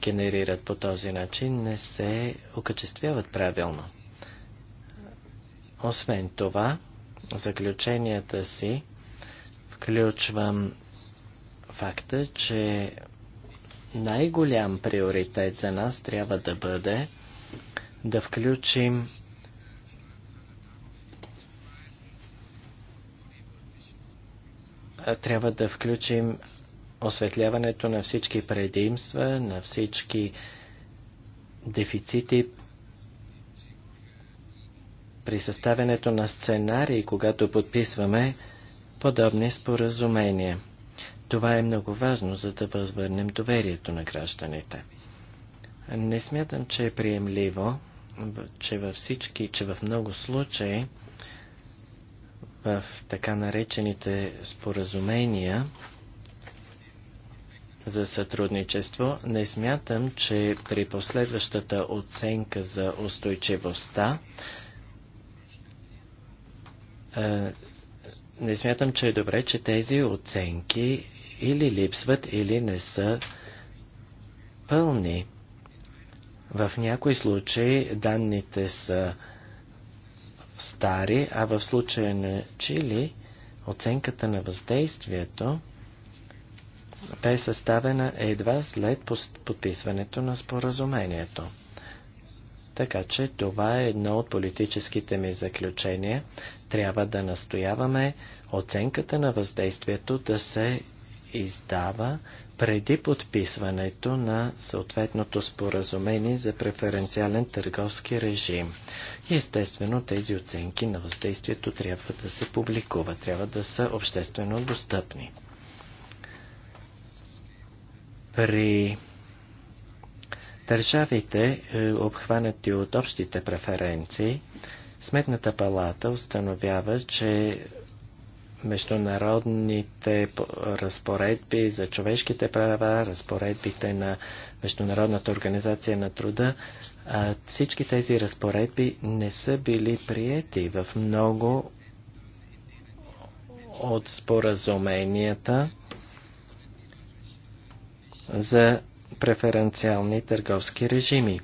генерират по този начин, не се окачествяват правилно. Освен това, заключенията си включвам факта, че най-голям приоритет за нас трябва да бъде да включим трябва да включим осветляването на всички предимства, на всички дефицити при съставянето на сценарии, когато подписваме подобни споразумения. Това е много важно, за да възвърнем доверието на гражданите. Не смятам, че е приемливо, че във всички, че в много случаи в така наречените споразумения за сътрудничество, не смятам, че при последващата оценка за устойчивостта не смятам, че е добре, че тези оценки или липсват, или не са пълни. В някои случаи данните са стари, а в случая на Чили оценката на въздействието бе съставена едва след подписването на споразумението. Така че това е едно от политическите ми заключения. Трябва да настояваме оценката на въздействието да се издава преди подписването на съответното споразумение за преференциален търговски режим. естествено тези оценки на въздействието трябва да се публикуват, трябва да са обществено достъпни при държавите, е, обхванати от общите преференции, Сметната палата установява, че международните разпоредби за човешките права, разпоредбите на Международната организация на труда, всички тези разпоредби не са били приети в много от споразуменията, за преференциални търговски режими.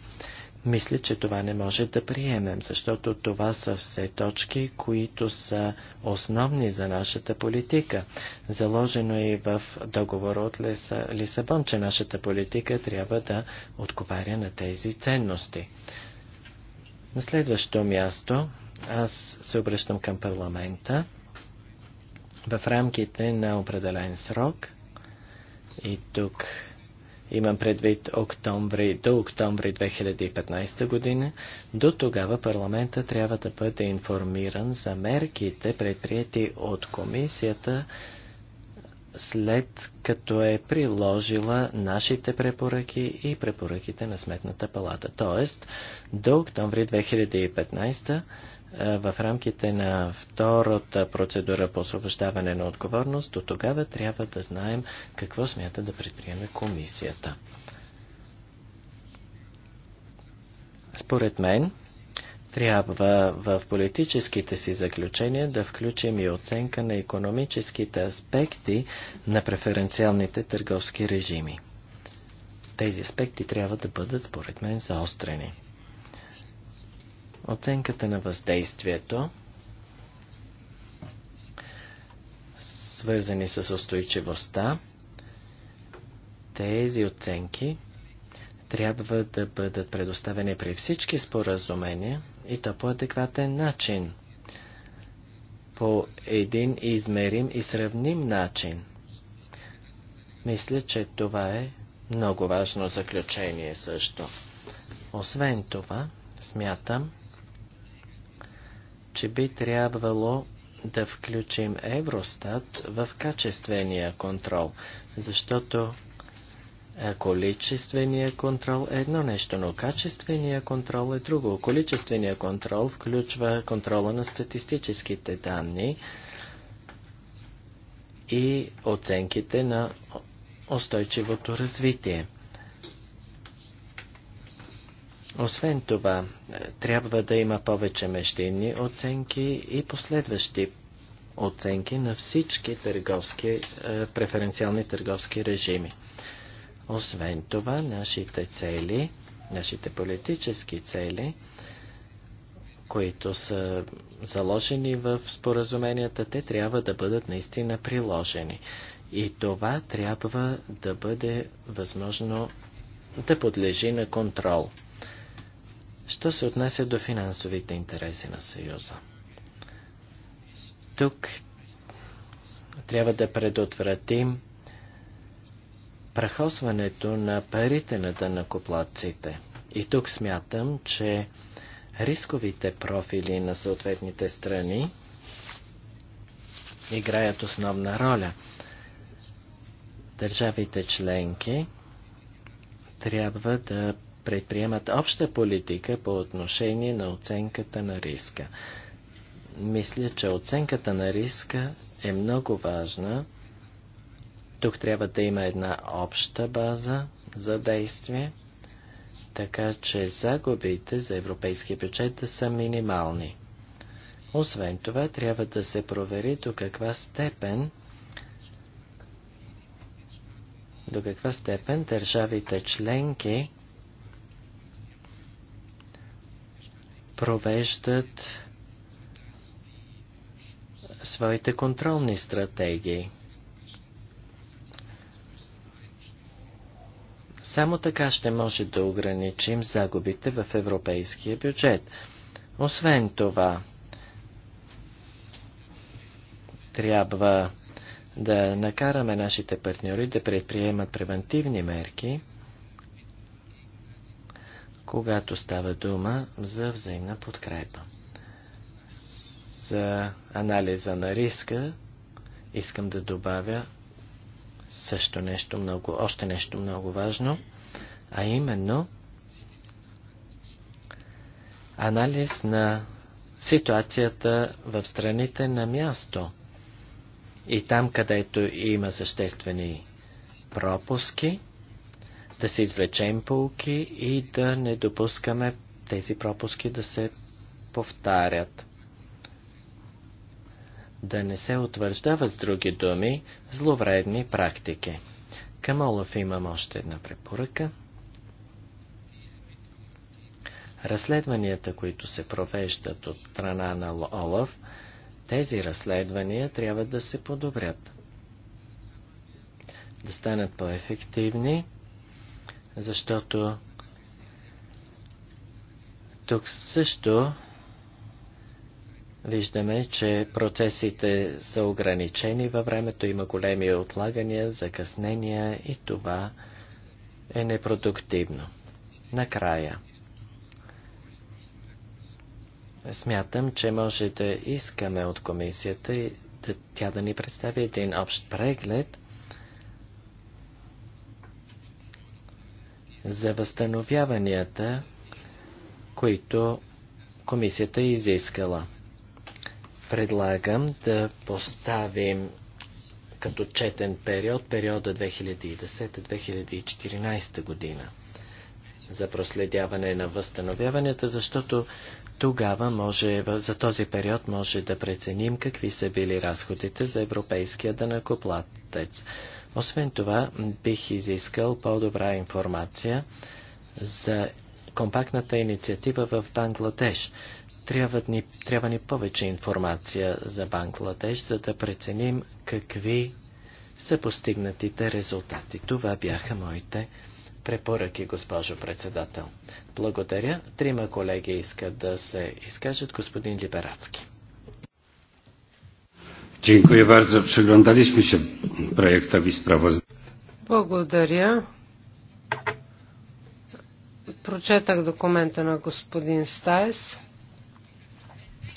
Мисля, че това не може да приемем, защото това са все точки, които са основни за нашата политика. Заложено е и в договора от Лиса, Лисабон, че нашата политика трябва да отговаря на тези ценности. На следващо място аз се обръщам към парламента в рамките на определен срок и тук Имам предвид октомври до октомври 2015 година. До тогава парламента трябва да бъде информиран за мерките, предприяти от комисията след като е приложила нашите препоръки и препоръките на Сметната палата. Тоест, до октомври 2015 в рамките на втората процедура по освобождаване на отговорност, до тогава трябва да знаем какво смята да предприеме комисията. Според мен, трябва в политическите си заключения да включим и оценка на економическите аспекти на преференциалните търговски режими. Тези аспекти трябва да бъдат, според мен, заострени. Оценката на въздействието, свързани с устойчивостта, тези оценки трябва да бъдат предоставени при всички споразумения и то по адекватен начин, по един измерим и сравним начин. Мисля, че това е много важно заключение също. Освен това, смятам, че би трябвало да включим Евростат в качествения контрол, защото е, количествения контрол е едно нещо, но качествения контрол е друго. Количествения контрол включва контрола на статистическите данни и оценките на устойчивото развитие. Освен това, е, трябва да има повече междинни оценки и последващи оценки на всички търговски, е, преференциални търговски режими. Освен това, нашите цели, нашите политически цели, които са заложени в споразуменията, те трябва да бъдат наистина приложени. И това трябва да бъде възможно да подлежи на контрол. Що се отнася до финансовите интереси на Съюза? Тук трябва да предотвратим прахосването на парите на дънакоплатците. И тук смятам, че рисковите профили на съответните страни играят основна роля. Държавите членки трябва да предприемат обща политика по отношение на оценката на риска. Мисля, че оценката на риска е много важна. Тук трябва да има една обща база за действие, така че загубите за европейски бюджет да са минимални. Освен това, трябва да се провери до каква степен до каква степен държавите членки провеждат своите контролни стратегии. Само така ще може да ограничим загубите в европейския бюджет. Освен това, трябва да накараме нашите партньори да предприемат превентивни мерки, когато става дума за взаимна подкрепа. За анализа на риска искам да добавя също нещо много, още нещо много важно, а именно анализ на ситуацията в страните на място и там, където има съществени пропуски, да се извлечем полки и да не допускаме тези пропуски да се повтарят. Да не се утвърждават с други думи зловредни практики. Към Олаф имам още една препоръка. Разследванията, които се провеждат от страна на Олаф, тези разследвания трябва да се подобрят, да станат по-ефективни защото тук също виждаме, че процесите са ограничени във времето, има големи отлагания, закъснения и това е непродуктивно. Накрая. Смятам, че може да искаме от комисията да тя да ни представи един общ преглед – за възстановяванията, които комисията е изискала. Предлагам да поставим като четен период периода 2010-2014 година за проследяване на възстановяванията, защото тогава може, за този период може да преценим какви са били разходите за европейския дънакоплатец. Освен това, бих изискал по-добра информация за компактната инициатива в Бангладеш. Трябва ни, трябва ни повече информация за Бангладеш, за да преценим какви са постигнатите резултати. Това бяха моите препоръки, госпожо председател. Благодаря. Трима колеги искат да се изкажат господин Либерацки. Dziękuję bardzo. Przyglądaliśmy się projektowi sprawozdania. Благодаря. Прочетах документа на господин Стайс.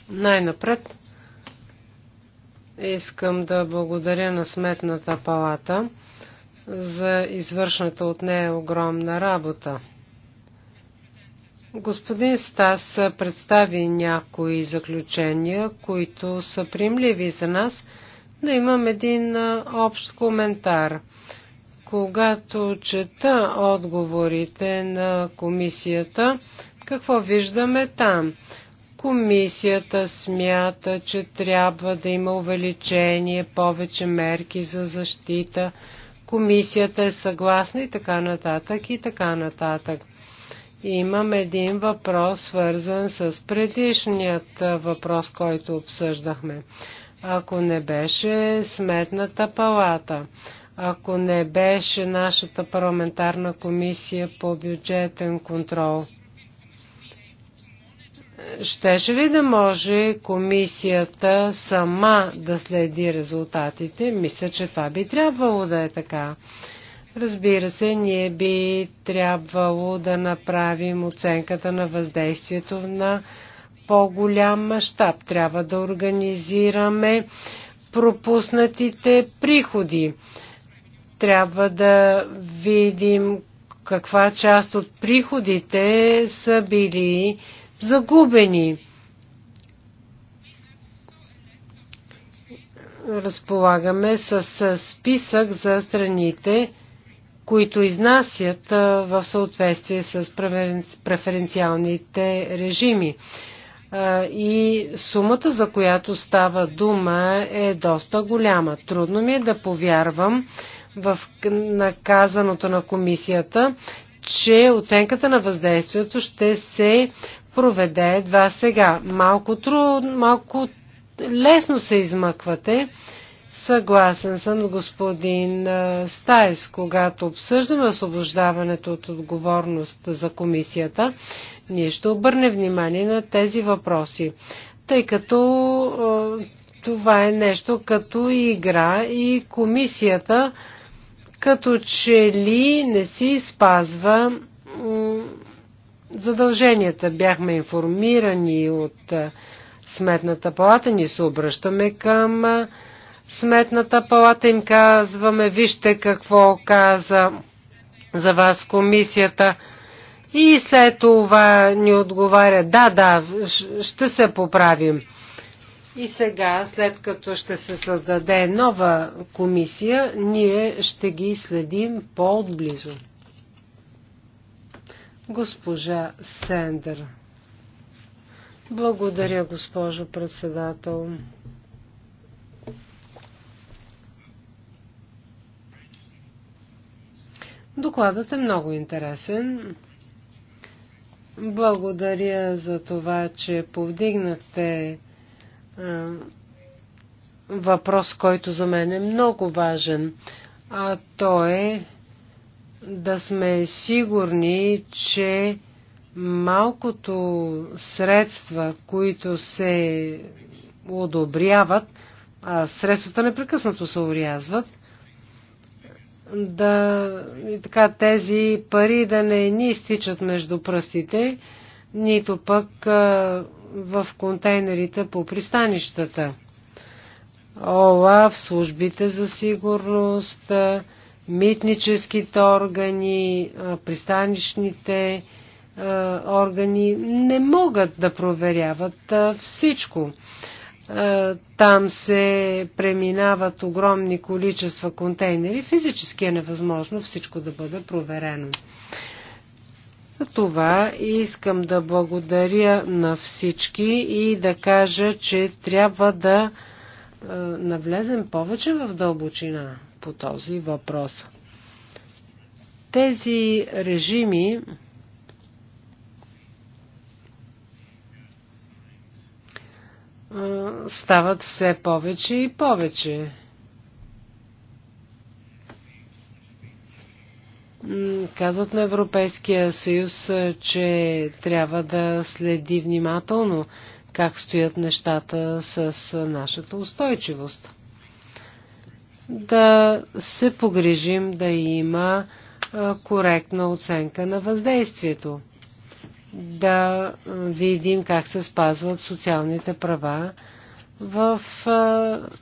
Най-напред искам да благодаря на Сметната палата за извършната от нея огромна работа. Господин Стас представи някои заключения, които са примливи за нас, но имам един общ коментар. Когато чета отговорите на комисията, какво виждаме там? Комисията смята, че трябва да има увеличение, повече мерки за защита. Комисията е съгласна и така нататък и така нататък. Имам един въпрос, свързан с предишният въпрос, който обсъждахме. Ако не беше сметната палата, ако не беше нашата парламентарна комисия по бюджетен контрол, щеше ли да може комисията сама да следи резултатите? Мисля, че това би трябвало да е така. Разбира се, ние би трябвало да направим оценката на въздействието на по-голям мащаб. Трябва да организираме пропуснатите приходи. Трябва да видим каква част от приходите са били загубени. Разполагаме с списък за страните, които изнасят в съответствие с преференциалните режими. И сумата, за която става дума, е доста голяма. Трудно ми е да повярвам в наказаното на комисията, че оценката на въздействието ще се проведе едва сега. Малко, труд, малко лесно се измъквате. Съгласен съм господин Стайс, когато обсъждаме освобождаването от отговорност за комисията, ние ще обърнем внимание на тези въпроси, тъй като това е нещо като игра и комисията като че ли не си спазва задълженията. Бяхме информирани от Сметната палата, ни се обръщаме към Сметната палата им казваме, вижте какво каза за вас комисията. И след това ни отговаря, да, да, ще се поправим. И сега, след като ще се създаде нова комисия, ние ще ги следим по-отблизо. Госпожа Сендер, Благодаря, госпожо председател. Докладът е много интересен. Благодаря за това, че повдигнахте въпрос, който за мен е много важен, а то е да сме сигурни, че малкото средства, които се одобряват, а средствата непрекъснато се урязват, да, така, тези пари да не ни изтичат между пръстите, нито пък а, в контейнерите по пристанищата. ОЛА, в службите за сигурност, а, митническите органи, а, пристанищните органи не могат да проверяват всичко. Е, там се преминават огромни количества контейнери. Физически е невъзможно всичко да бъде проверено. За това искам да благодаря на всички и да кажа, че трябва да е, навлезем повече в дълбочина по този въпрос. Тези режими стават все повече и повече. Казват на Европейския съюз, че трябва да следи внимателно как стоят нещата с нашата устойчивост. Да се погрижим да има коректна оценка на въздействието да видим как се спазват социалните права в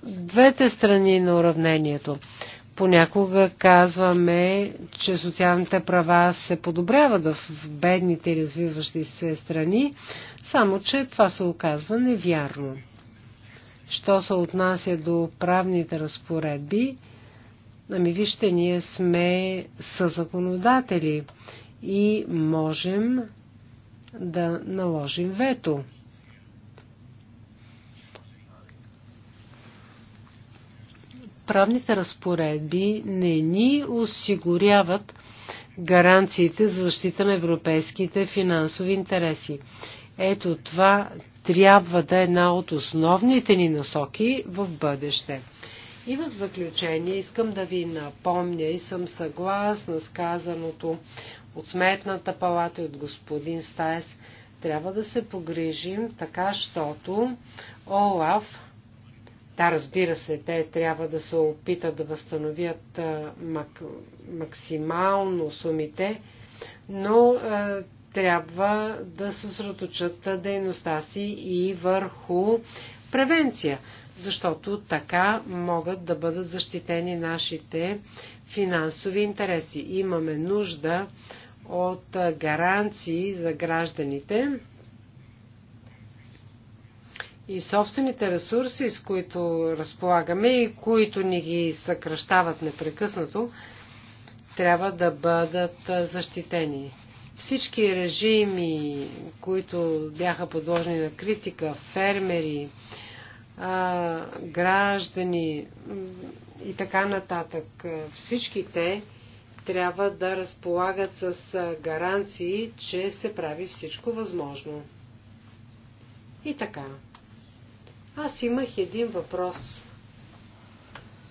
двете страни на уравнението. Понякога казваме, че социалните права се подобряват в бедните и развиващи се страни, само че това се оказва невярно. Що се отнася до правните разпоредби, ами вижте, ние сме съзаконодатели и можем да наложим вето. Правните разпоредби не ни осигуряват гаранциите за защита на европейските финансови интереси. Ето това трябва да е една от основните ни насоки в бъдеще. И в заключение искам да ви напомня и съм съгласна с казаното от Сметната палата и от господин Стаес, трябва да се погрижим така, щото ОЛАФ, да, разбира се, те трябва да се опитат да възстановят мак, максимално сумите, но е, трябва да съсредоточат дейността си и върху превенция защото така могат да бъдат защитени нашите финансови интереси. Имаме нужда от гаранции за гражданите и собствените ресурси, с които разполагаме и които ни ги съкръщават непрекъснато, трябва да бъдат защитени. Всички режими, които бяха подложени на критика, фермери, а, граждани и така нататък. Всички те трябва да разполагат с гаранции, че се прави всичко възможно. И така. Аз имах един въпрос.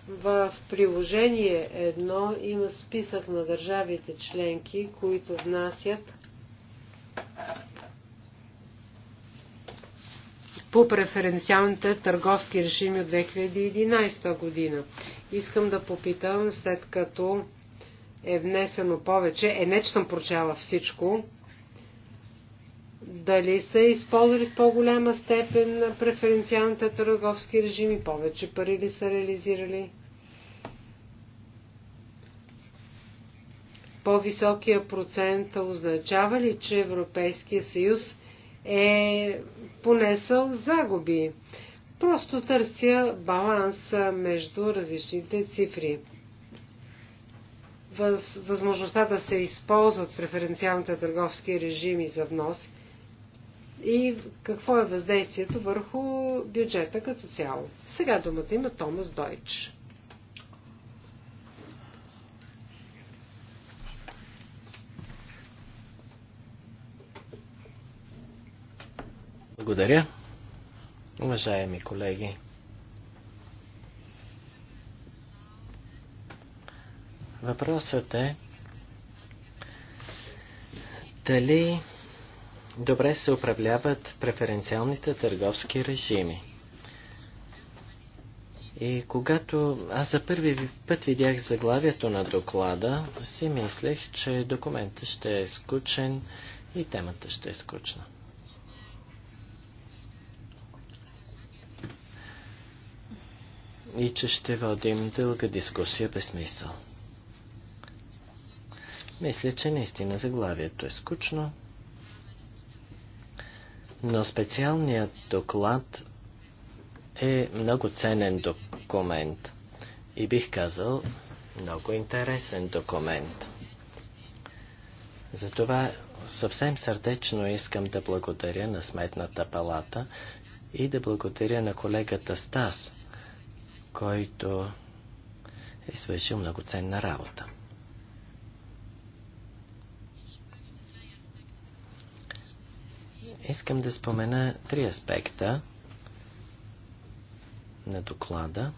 В приложение едно има списък на държавите членки, които внасят по преференциалните търговски режими от 2011 година. Искам да попитам, след като е внесено повече, е не, че съм прочела всичко, дали са използвали в по-голяма степен на преференциалните търговски режими, повече пари ли са реализирали? По-високия процент означава ли, че Европейския съюз е понесъл загуби. Просто търся баланс между различните цифри. Въз, възможността да се използват преференциалните търговски режими за внос и какво е въздействието върху бюджета като цяло. Сега думата има Томас Дойч. Благодаря. Уважаеми колеги, въпросът е дали добре се управляват преференциалните търговски режими. И когато аз за първи път видях заглавието на доклада, си мислех, че документът ще е скучен и темата ще е скучна. и че ще водим дълга дискусия без смисъл. Мисля, че наистина заглавието е скучно, но специалният доклад е много ценен документ и бих казал много интересен документ. Затова съвсем сърдечно искам да благодаря на Сметната палата и да благодаря на колегата Стас, който е свършил многоценна работа. Искам да спомена три аспекта на доклада.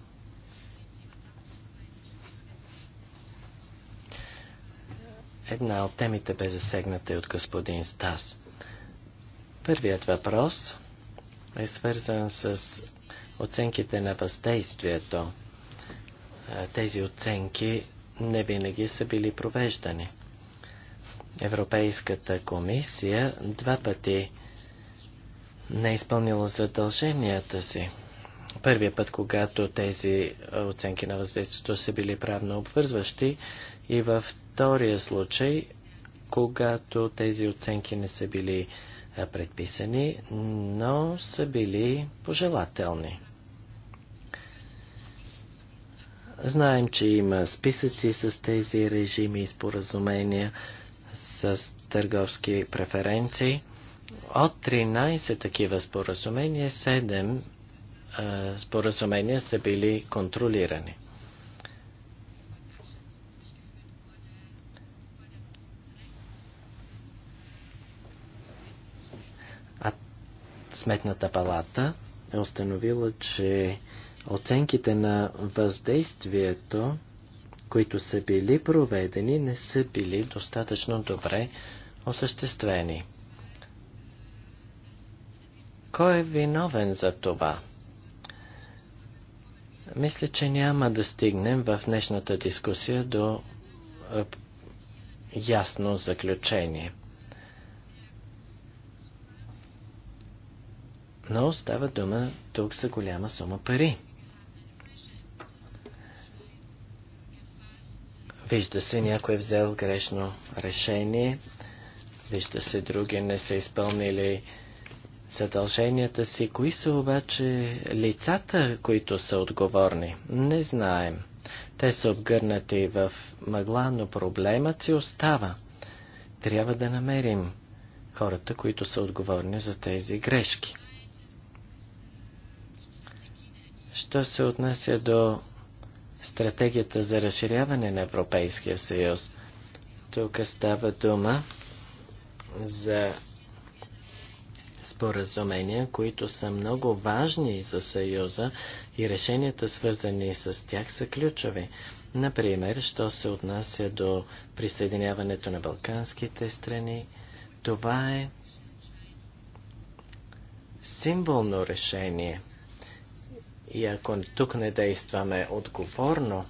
Една от темите бе засегната и от господин Стас. Първият въпрос е свързан с оценките на въздействието. Тези оценки не винаги са били провеждани. Европейската комисия два пъти не е изпълнила задълженията си. Първият път, когато тези оценки на въздействието са били правно обвързващи и във втория случай, когато тези оценки не са били предписани, но са били пожелателни. Знаем, че има списъци с тези режими и споразумения с търговски преференции. От 13 такива споразумения, 7 а, споразумения са били контролирани. А Сметната палата е установила, че Оценките на въздействието, които са били проведени, не са били достатъчно добре осъществени. Кой е виновен за това? Мисля, че няма да стигнем в днешната дискусия до е, ясно заключение. Но става дума тук за голяма сума пари. Вижда се, някой е взел грешно решение, вижда се, други не са изпълнили задълженията си. Кои са обаче лицата, които са отговорни? Не знаем. Те са обгърнати в мъгла, но проблемът си остава. Трябва да намерим хората, които са отговорни за тези грешки. Що се отнася до стратегията за разширяване на Европейския съюз. Тук става дума за споразумения, които са много важни за Съюза и решенията свързани с тях са ключови. Например, що се отнася до присъединяването на балканските страни, това е символно решение – и ако тук не действаме отговорно,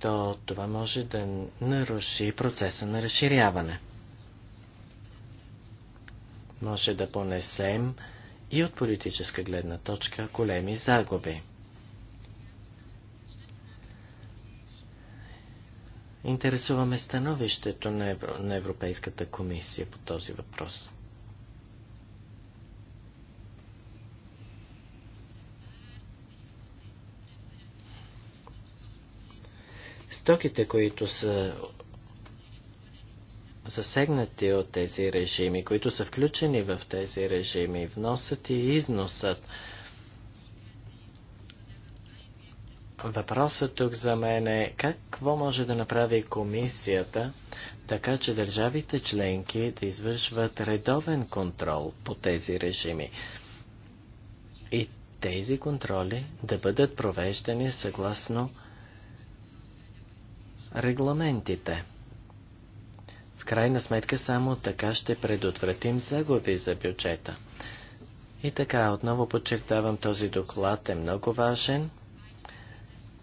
то това може да наруши процеса на разширяване. Може да понесем и от политическа гледна точка големи загуби. Интересуваме становището на, Евро... на Европейската комисия по този въпрос. стоките, които са засегнати от тези режими, които са включени в тези режими, вносът и износът. Въпросът тук за мен е какво може да направи комисията, така че държавите членки да извършват редовен контрол по тези режими и тези контроли да бъдат провеждани съгласно регламентите. В крайна сметка само така ще предотвратим загуби за бюджета. И така, отново подчертавам, този доклад е много важен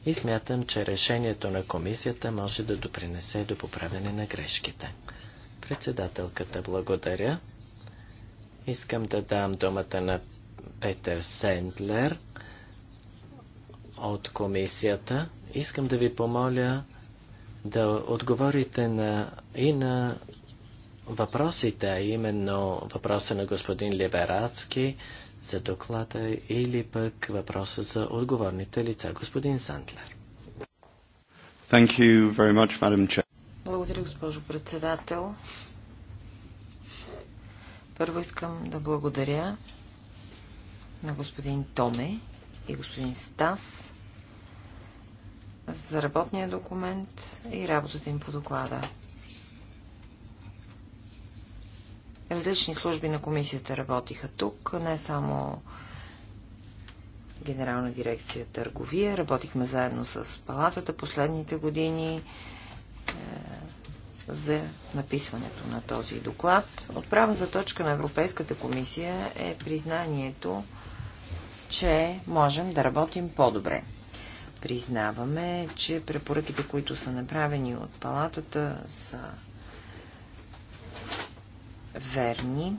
и смятам, че решението на комисията може да допринесе до поправяне на грешките. Председателката благодаря. Искам да дам думата на Петър Сендлер от комисията. Искам да ви помоля да отговорите на, и на въпросите, а именно въпроса на господин Либерацки за доклада или пък въпроса за отговорните лица, господин Сантлер. Thank you very much, Madam Chair. Благодаря, госпожо председател. Първо искам да благодаря на господин Томе и господин Стас за работния документ и работата им по доклада. Различни служби на комисията работиха тук, не само Генерална дирекция търговия. Работихме заедно с палатата последните години е, за написването на този доклад. за точка на Европейската комисия е признанието, че можем да работим по-добре признаваме, че препоръките, които са направени от палатата, са верни.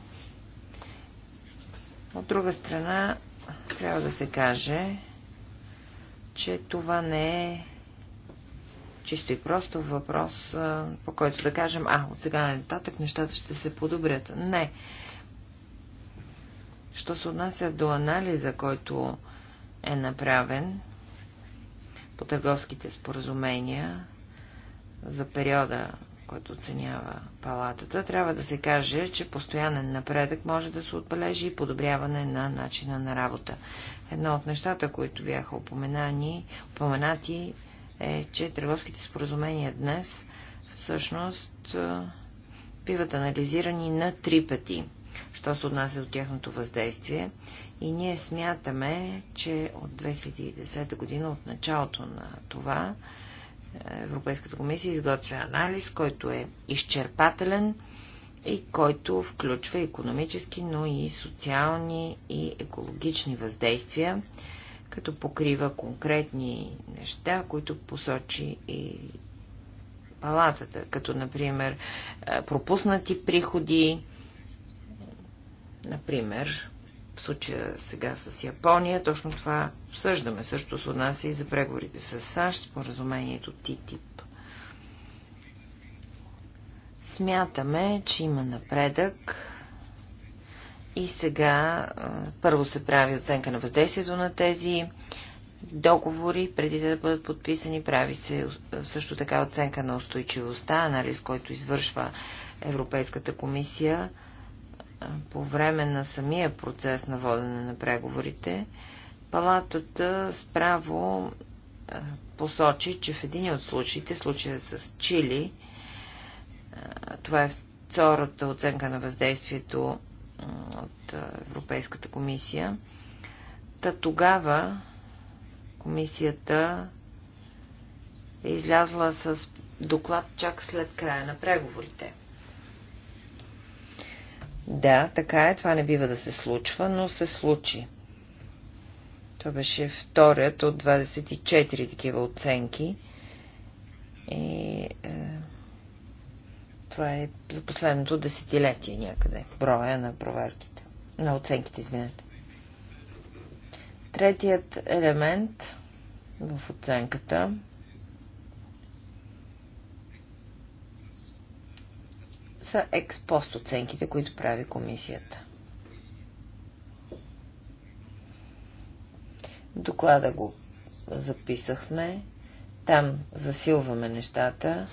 От друга страна, трябва да се каже, че това не е чисто и просто въпрос, по който да кажем, а, от сега нататък нещата ще се подобрят. Не. Що се отнася до анализа, който е направен, по търговските споразумения за периода, който оценява палатата, трябва да се каже, че постоянен напредък може да се отбележи и подобряване на начина на работа. Едно от нещата, които бяха упоменани, упоменати е, че търговските споразумения днес всъщност биват анализирани на три пъти – що се отнася до тяхното въздействие. И ние смятаме, че от 2010 година, от началото на това, е, Европейската комисия изготвя анализ, който е изчерпателен и който включва економически, но и социални и екологични въздействия, като покрива конкретни неща, които посочи и палатата, като например е, пропуснати приходи, Например, в случая сега с Япония, точно това обсъждаме. Също се отнася и за преговорите с САЩ, споразумението ТИТИП. Смятаме, че има напредък и сега първо се прави оценка на въздействието на тези договори, преди да бъдат подписани, прави се също така оценка на устойчивостта, анализ, който извършва Европейската комисия по време на самия процес на водене на преговорите, палатата справо посочи, че в един от случаите, случая с Чили, това е втората оценка на въздействието от Европейската комисия, та тогава комисията е излязла с доклад чак след края на преговорите – да, така е, това не бива да се случва, но се случи. Това беше вторият от 24 такива оценки. И е, това е за последното десетилетие някъде. Броя на проверките. На оценките, извинете. Третият елемент в оценката са експост оценките, които прави комисията. Доклада го записахме. Там засилваме нещата.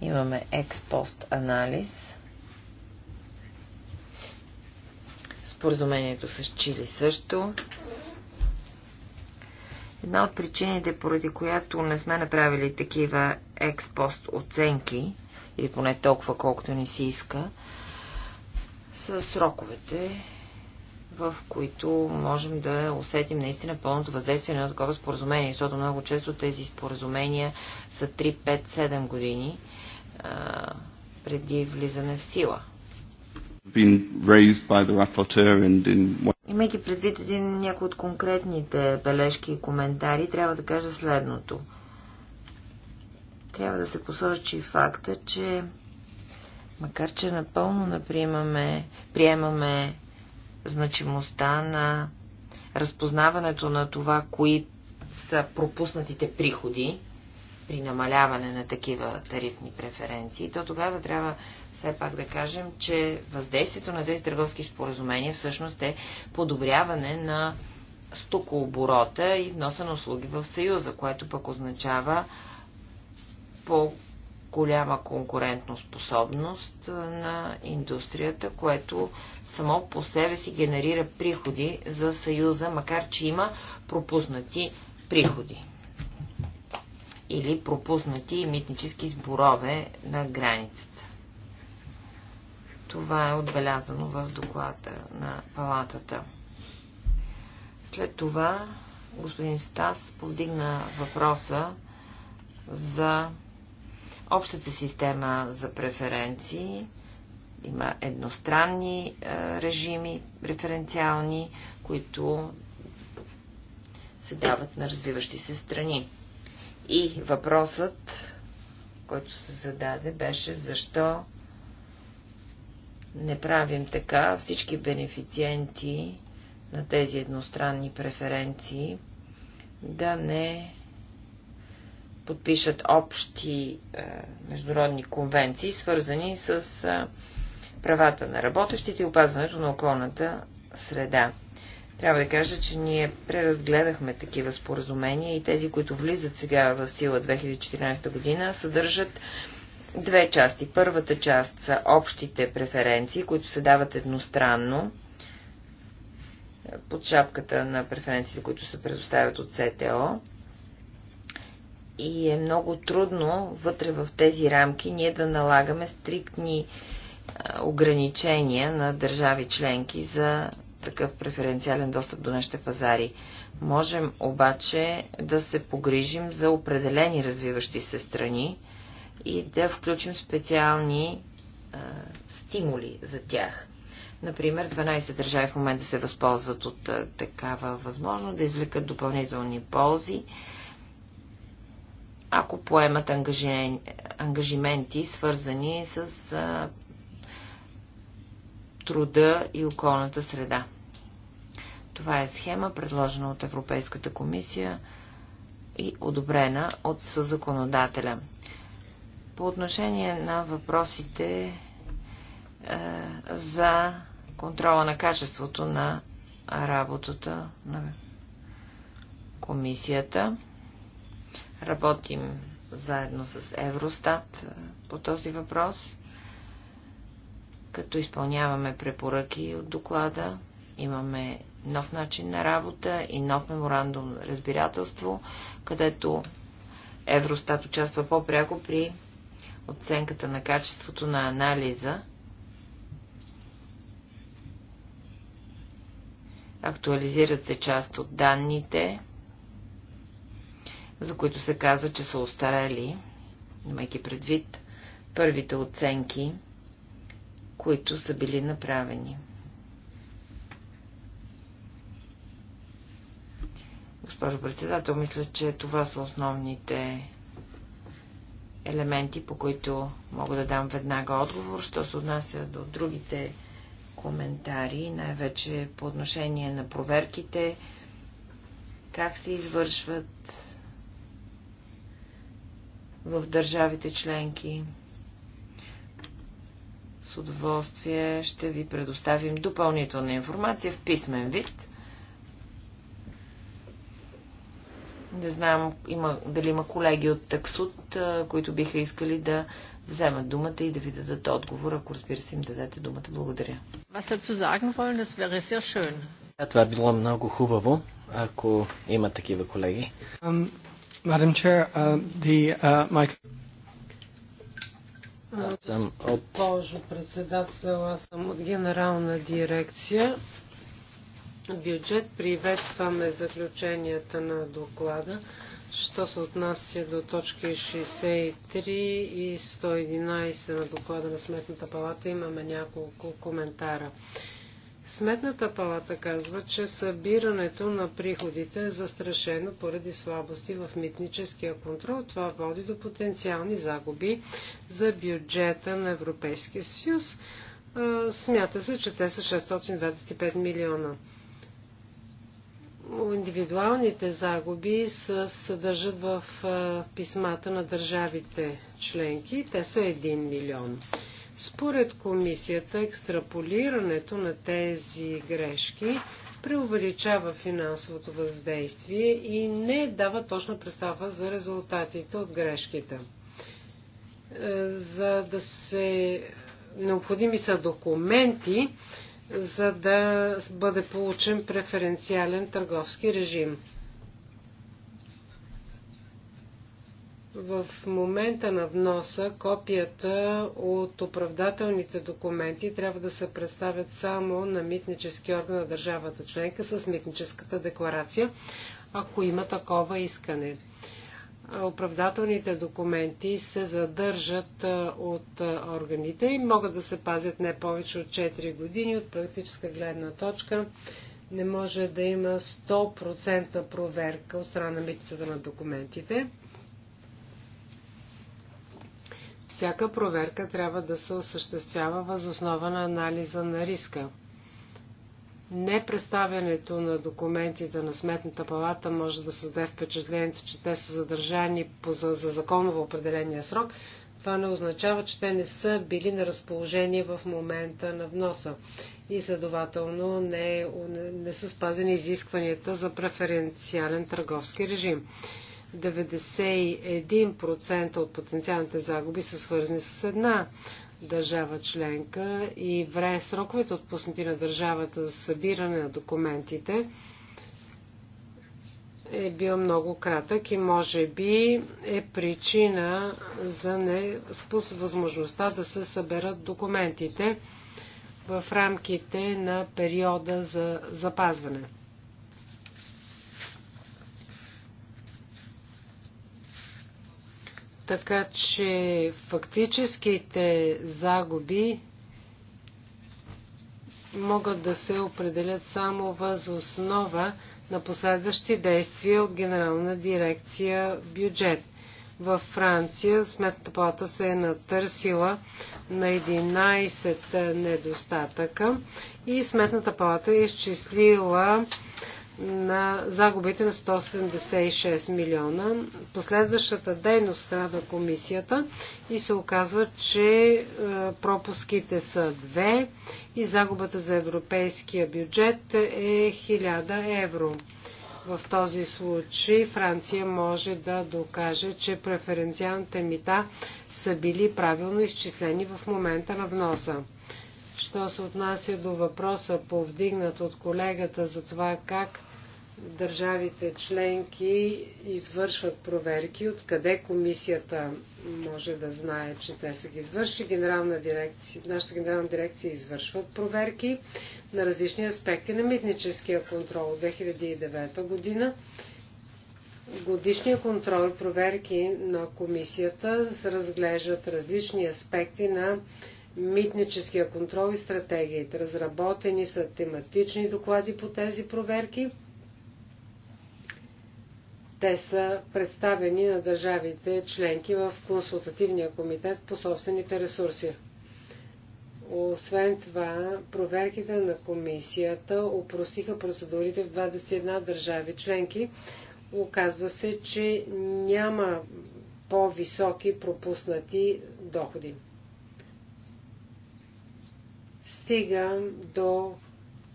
Имаме експост анализ. Споразумението с Чили също. Една от причините, поради която не сме направили такива експост оценки, или поне толкова, колкото ни се иска, са сроковете, в които можем да усетим наистина пълното въздействие на такова споразумение, защото много често тези споразумения са 3, 5, 7 години а, преди влизане в сила. Имайки предвид един някои от конкретните бележки и коментари, трябва да кажа следното – трябва да се посочи факта, че макар, че напълно наприемаме, приемаме значимостта на разпознаването на това, кои са пропуснатите приходи при намаляване на такива тарифни преференции, то тогава трябва все пак да кажем, че въздействието на тези търговски споразумения всъщност е подобряване на стокооборота и вноса на услуги в Съюза, което пък означава по-голяма конкурентно способност на индустрията, което само по себе си генерира приходи за Съюза, макар че има пропуснати приходи или пропуснати митнически сборове на границата. Това е отбелязано в доклада на палатата. След това господин Стас повдигна въпроса за общата система за преференции има едностранни е, режими, преференциални, които се дават на развиващи се страни. И въпросът, който се зададе, беше защо не правим така всички бенефициенти на тези едностранни преференции да не подпишат общи е, международни конвенции, свързани с е, правата на работещите и опазването на околната среда. Трябва да кажа, че ние преразгледахме такива споразумения и тези, които влизат сега в сила 2014 година, съдържат две части. Първата част са общите преференции, които се дават едностранно е, под шапката на преференциите, които се предоставят от СТО и е много трудно вътре в тези рамки ние да налагаме стриктни ограничения на държави членки за такъв преференциален достъп до нашите пазари. Можем обаче да се погрижим за определени развиващи се страни и да включим специални а, стимули за тях. Например, 12 държави в момента се възползват от а, такава възможност да извлекат допълнителни ползи. А, ако поемат ангажи... ангажименти, свързани с а, труда и околната среда. Това е схема, предложена от Европейската комисия и одобрена от съзаконодателя. По отношение на въпросите а, е, за контрола на качеството на работата на комисията, Работим заедно с Евростат е, по този въпрос, като изпълняваме препоръки от доклада. Имаме нов начин на работа и нов меморандум разбирателство, където Евростат участва по-пряко при оценката на качеството на анализа. Актуализират се част от данните за които се каза, че са устарели, имайки предвид първите оценки, които са били направени. Госпожо председател, мисля, че това са основните елементи, по които мога да дам веднага отговор, що се отнася до другите коментари, най-вече по отношение на проверките, как се извършват, в държавите членки. С удоволствие ще ви предоставим допълнителна информация в писмен вид. Не знам има, дали има колеги от таксут, които биха искали да вземат думата и да ви дадат отговор, ако разбира се им дадете думата. Благодаря. Това е било много хубаво, ако има такива колеги. Madam Chair, uh, the, uh, mic. Аз съм от... Госпожо председател, аз съм от генерална дирекция. Бюджет приветстваме заключенията на доклада. Що се отнася до точки 63 и 111 на доклада на Сметната палата, имаме няколко коментара. Сметната палата казва, че събирането на приходите е застрашено поради слабости в митническия контрол. Това води до потенциални загуби за бюджета на Европейския съюз. Смята се, че те са 625 милиона. Индивидуалните загуби се съдържат в писмата на държавите членки. Те са 1 милион. Според комисията, екстраполирането на тези грешки преувеличава финансовото въздействие и не дава точна представа за резултатите от грешките. Е, за да се... Необходими са документи, за да бъде получен преференциален търговски режим. В момента на вноса копията от оправдателните документи трябва да се представят само на митнически орган на държавата членка с митническата декларация, ако има такова искане. Оправдателните документи се задържат от органите и могат да се пазят не повече от 4 години. От практическа гледна точка не може да има 100% проверка от страна на митницата на документите. Всяка проверка трябва да се осъществява възоснова на анализа на риска. Непредставянето на документите на Сметната палата може да създаде впечатлението, че те са задържани по, за, за законово определения срок. Това не означава, че те не са били на разположение в момента на вноса и следователно не, е, не са спазени изискванията за преференциален търговски режим. 91% от потенциалните загуби са свързани с една държава членка и време сроковете отпуснати на държавата за събиране на документите е бил много кратък и може би е причина за не възможността да се съберат документите в рамките на периода за запазване. Така че фактическите загуби могат да се определят само въз основа на последващи действия от Генерална дирекция бюджет. Във Франция сметната плата се е натърсила на 11 недостатъка и сметната плата е изчислила на загубите на 176 милиона. Последващата дейност страда на комисията и се оказва, че е, пропуските са две и загубата за европейския бюджет е 1000 евро. В този случай Франция може да докаже, че преференциалните мита са били правилно изчислени в момента на вноса. Що се отнася до въпроса, повдигнат от колегата за това как държавите членки извършват проверки, откъде комисията може да знае, че те са ги извършили. Генерална дирекция, нашата генерална дирекция извършват проверки на различни аспекти на митническия контрол от 2009 година. Годишния контрол и проверки на комисията разглеждат различни аспекти на митническия контрол и стратегиите. Разработени са тематични доклади по тези проверки – те са представени на държавите членки в консултативния комитет по собствените ресурси. Освен това, проверките на комисията опростиха процедурите в 21 държави членки. Оказва се, че няма по-високи пропуснати доходи. Стига до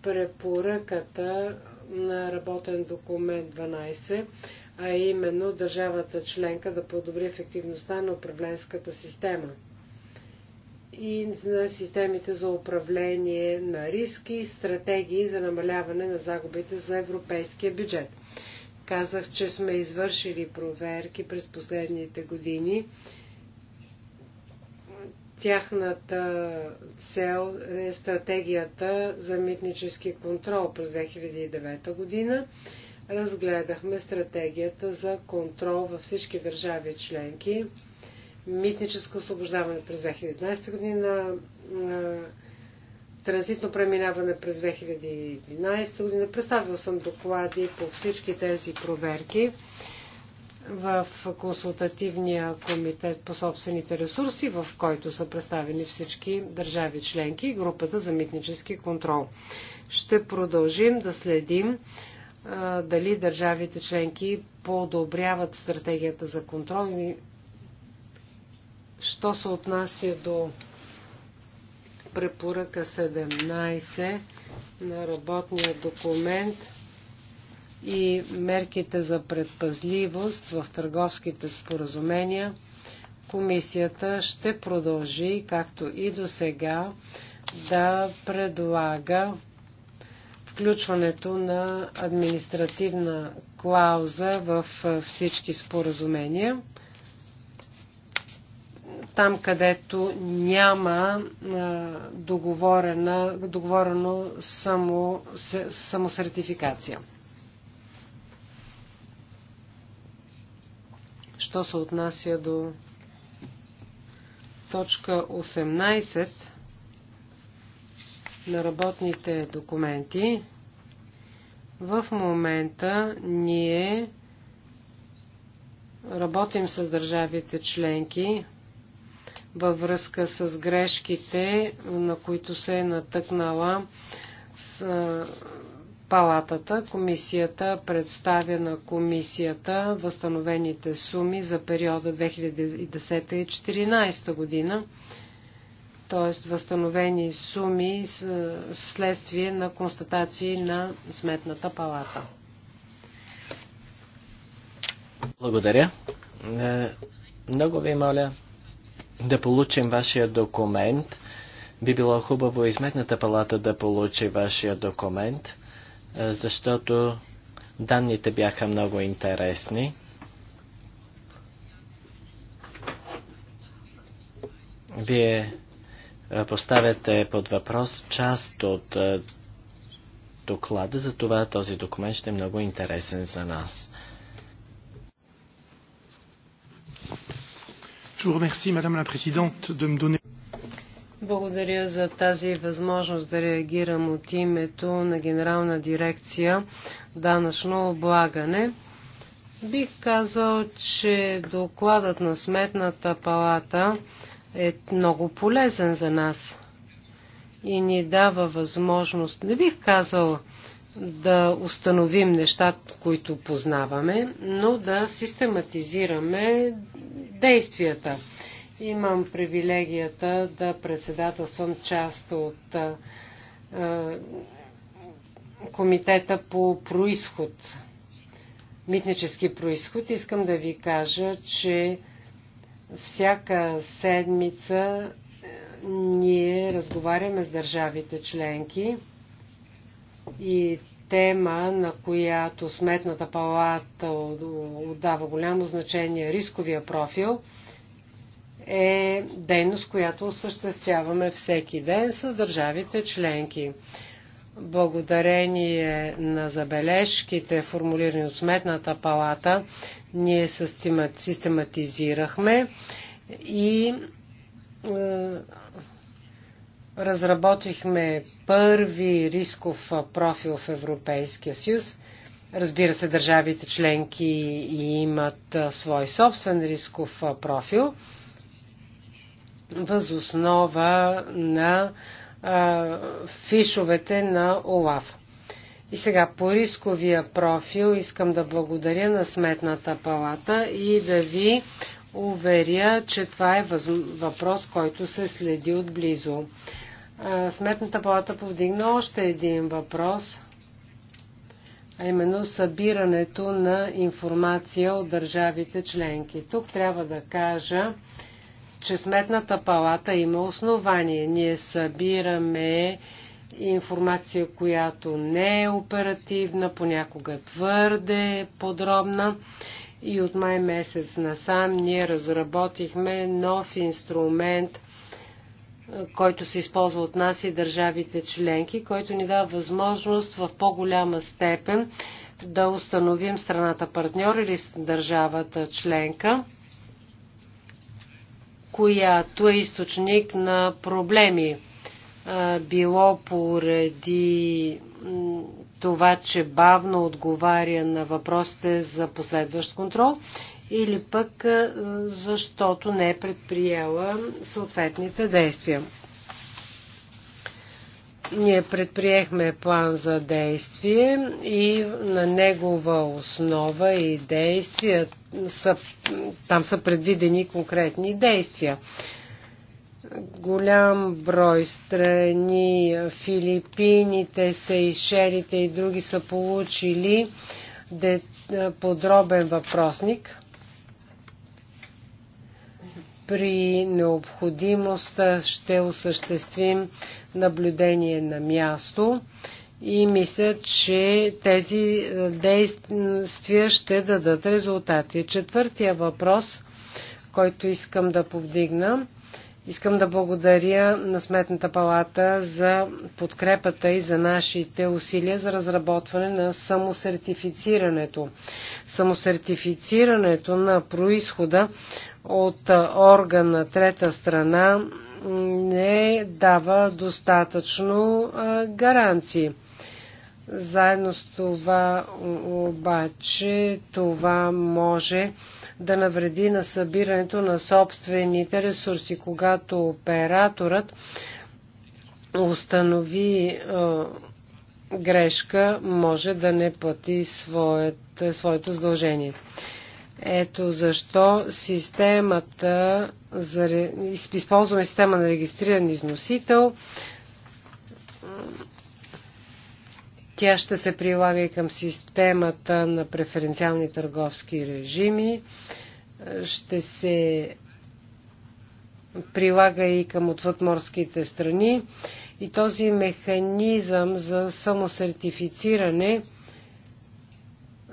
препоръката на работен документ 12 а именно държавата членка да подобри ефективността на управленската система и на системите за управление на риски и стратегии за намаляване на загубите за европейския бюджет. Казах, че сме извършили проверки през последните години. Тяхната цел е стратегията за митнически контрол през 2009 година разгледахме стратегията за контрол във всички държави членки, митническо освобождаване през 2011 година, транзитно преминаване през 2011 година. Представил съм доклади по всички тези проверки в консултативния комитет по собствените ресурси, в който са представени всички държави членки и групата за митнически контрол. Ще продължим да следим дали държавите членки подобряват стратегията за контрол и що се отнася до препоръка 17 на работния документ и мерките за предпазливост в търговските споразумения, комисията ще продължи, както и до сега, да предлага включването на административна клауза в всички споразумения. Там, където няма договорено само, само сертификация. Що се отнася до точка 18, на работните документи, в момента ние работим с държавите членки във връзка с грешките, на които се е натъкнала с палатата. Комисията представя на комисията възстановените суми за периода 2010 и 2014 година т.е. възстановени суми с следствие на констатации на Сметната палата. Благодаря. Е, много ви моля да получим вашия документ. Би било хубаво и Сметната палата да получи вашия документ, е, защото данните бяха много интересни. Вие е, поставяте под въпрос част от е, доклада, За това този документ ще е много интересен за нас. Благодаря за тази възможност да реагирам от името на Генерална дирекция данъчно облагане. Бих казал, че докладът на Сметната палата е много полезен за нас и ни дава възможност, не бих казал да установим нещата, които познаваме, но да систематизираме действията. Имам привилегията да председателствам част от а, комитета по происход, митнически происход. Искам да ви кажа, че всяка седмица е, ние разговаряме с държавите членки и тема, на която Сметната палата отдава голямо значение, рисковия профил, е дейност, която осъществяваме всеки ден с държавите членки благодарение на забележките, формулирани от Сметната палата, ние систематизирахме и е, разработихме първи рисков профил в Европейския съюз. Разбира се, държавите членки имат е, свой собствен рисков е, профил възоснова на а, фишовете на ОЛАФ. И сега по рисковия профил искам да благодаря на Сметната палата и да ви уверя, че това е въпрос, който се следи отблизо. Сметната палата повдигна още един въпрос, а именно събирането на информация от държавите членки. Тук трябва да кажа, че Сметната палата има основание. Ние събираме информация, която не е оперативна, понякога твърде подробна. И от май месец насам ние разработихме нов инструмент, който се използва от нас и държавите членки, който ни дава възможност в по-голяма степен да установим страната партньор или държавата членка която е източник на проблеми. Било поради това, че бавно отговаря на въпросите за последващ контрол или пък защото не е предприела съответните действия. Ние предприехме план за действие и на негова основа и действия са, там са предвидени конкретни действия. Голям брой страни, Филипините, Сейшелите и други са получили подробен въпросник – при необходимост ще осъществим наблюдение на място и мисля, че тези е, действия ще дадат резултати. Четвъртия въпрос, който искам да повдигна. Искам да благодаря на Сметната палата за подкрепата и за нашите усилия за разработване на самосертифицирането. Самосертифицирането на происхода от орган на трета страна не дава достатъчно гаранции. Заедно с това обаче това може да навреди на събирането на собствените ресурси. Когато операторът установи грешка, може да не плати своето задължение. Ето защо системата за, използваме система на регистриран износител. Тя ще се прилага и към системата на преференциални търговски режими. Ще се прилага и към отвъдморските страни. И този механизъм за самосертифициране –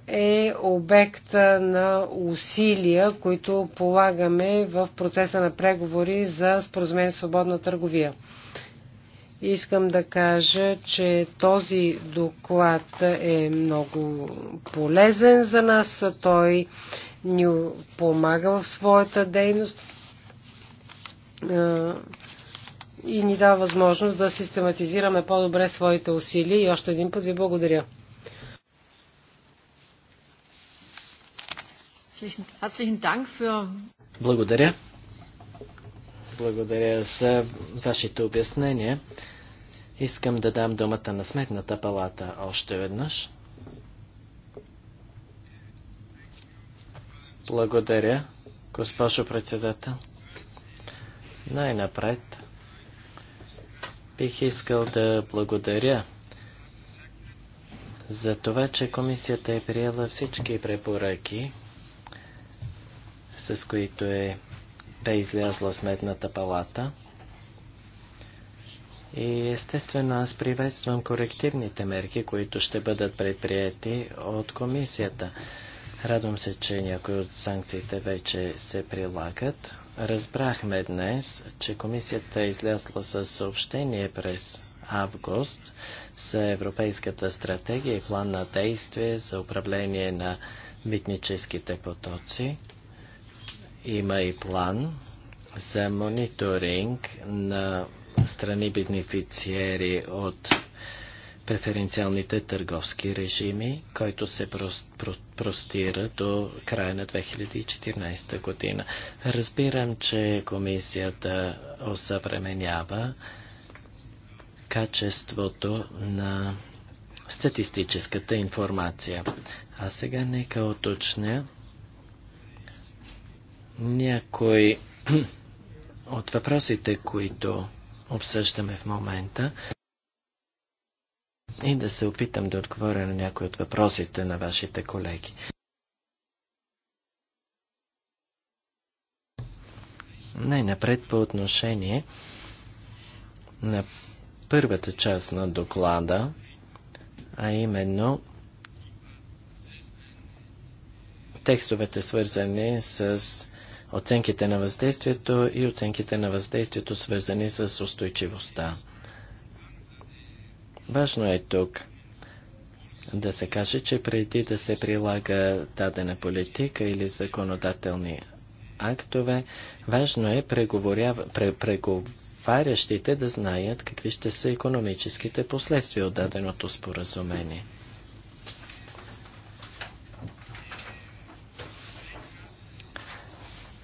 е обект на усилия, които полагаме в процеса на преговори за споразумение свободна търговия. Искам да кажа, че този доклад е много полезен за нас. Той ни помага в своята дейност и ни дава възможност да систематизираме по-добре своите усилия. И още един път ви благодаря. Благодаря. Благодаря за вашите обяснения. Искам да дам думата на Сметната палата още веднъж. Благодаря, госпожо председател. Най-напред бих искал да благодаря за това, че комисията е приела всички препоръки, с които е бе излязла сметната палата. И естествено аз приветствам корективните мерки, които ще бъдат предприяти от комисията. Радвам се, че някои от санкциите вече се прилагат. Разбрахме днес, че комисията е излязла със съобщение през август с Европейската стратегия и план на действие за управление на митническите потоци. Има и план за мониторинг на страни бенефициери от преференциалните търговски режими, който се простира до края на 2014 година. Разбирам, че комисията осъвременява качеството на статистическата информация. А сега нека оточня някои (clears throat) от въпросите, които обсъждаме в момента, и да се опитам да отговоря на някои от въпросите на вашите колеги. Най-напред по отношение на първата част на доклада, а именно текстовете свързани с оценките на въздействието и оценките на въздействието, свързани с устойчивостта. Важно е тук да се каже, че преди да се прилага дадена политика или законодателни актове, важно е преговарящите да знаят какви ще са економическите последствия от даденото споразумение.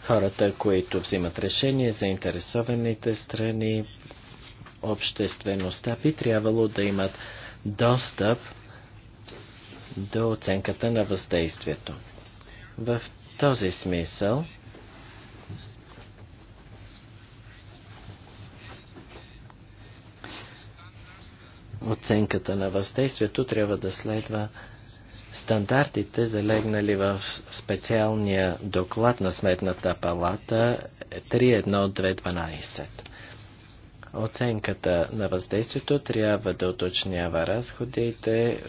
хората, които взимат решение, заинтересованите страни, обществеността би трябвало да имат достъп до оценката на въздействието. В този смисъл оценката на въздействието трябва да следва Стандартите, залегнали в специалния доклад на Сметната палата 3.1.2.12. Е Оценката на въздействието трябва да уточнява разходите,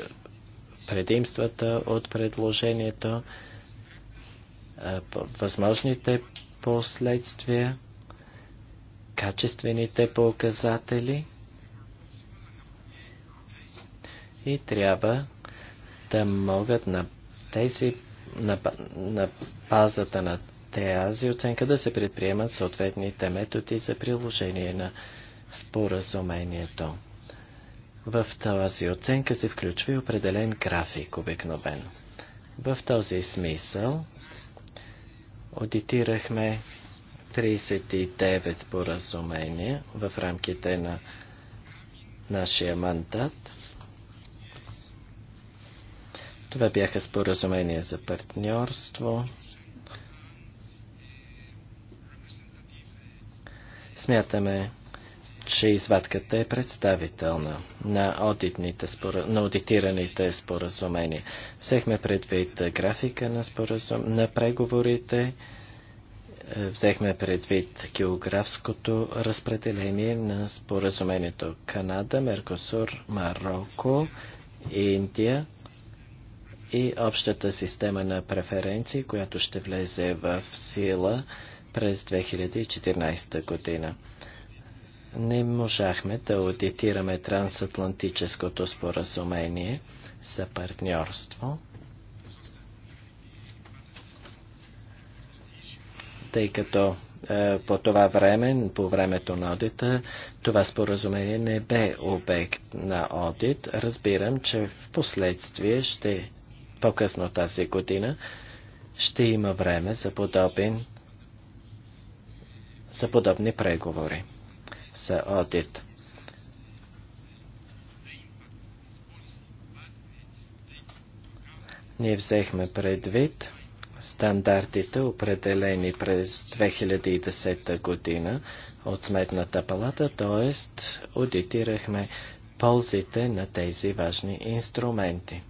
предимствата от предложението, възможните последствия, качествените показатели и трябва да могат на тези на, на базата на тази оценка да се предприемат съответните методи за приложение на споразумението. В тази оценка се включва и определен график обикновено. В този смисъл аудитирахме 39 споразумения в рамките на нашия мандат това бяха споразумения за партньорство. Смятаме, че извадката е представителна на, одитните, на аудитираните споразумения. Взехме предвид графика на, споразум... на преговорите, взехме предвид географското разпределение на споразумението Канада, Меркосур, Марокко, Индия, и общата система на преференции, която ще влезе в сила през 2014 година. Не можахме да аудитираме трансатлантическото споразумение за партньорство, тъй като е, по това време, по времето на одита, това споразумение не бе обект на одит. Разбирам, че в последствие ще по-късно тази година, ще има време за, подобен, за подобни преговори за одит. Ние взехме предвид стандартите, определени през 2010 година от Сметната палата, т.е. аудитирахме ползите на тези важни инструменти.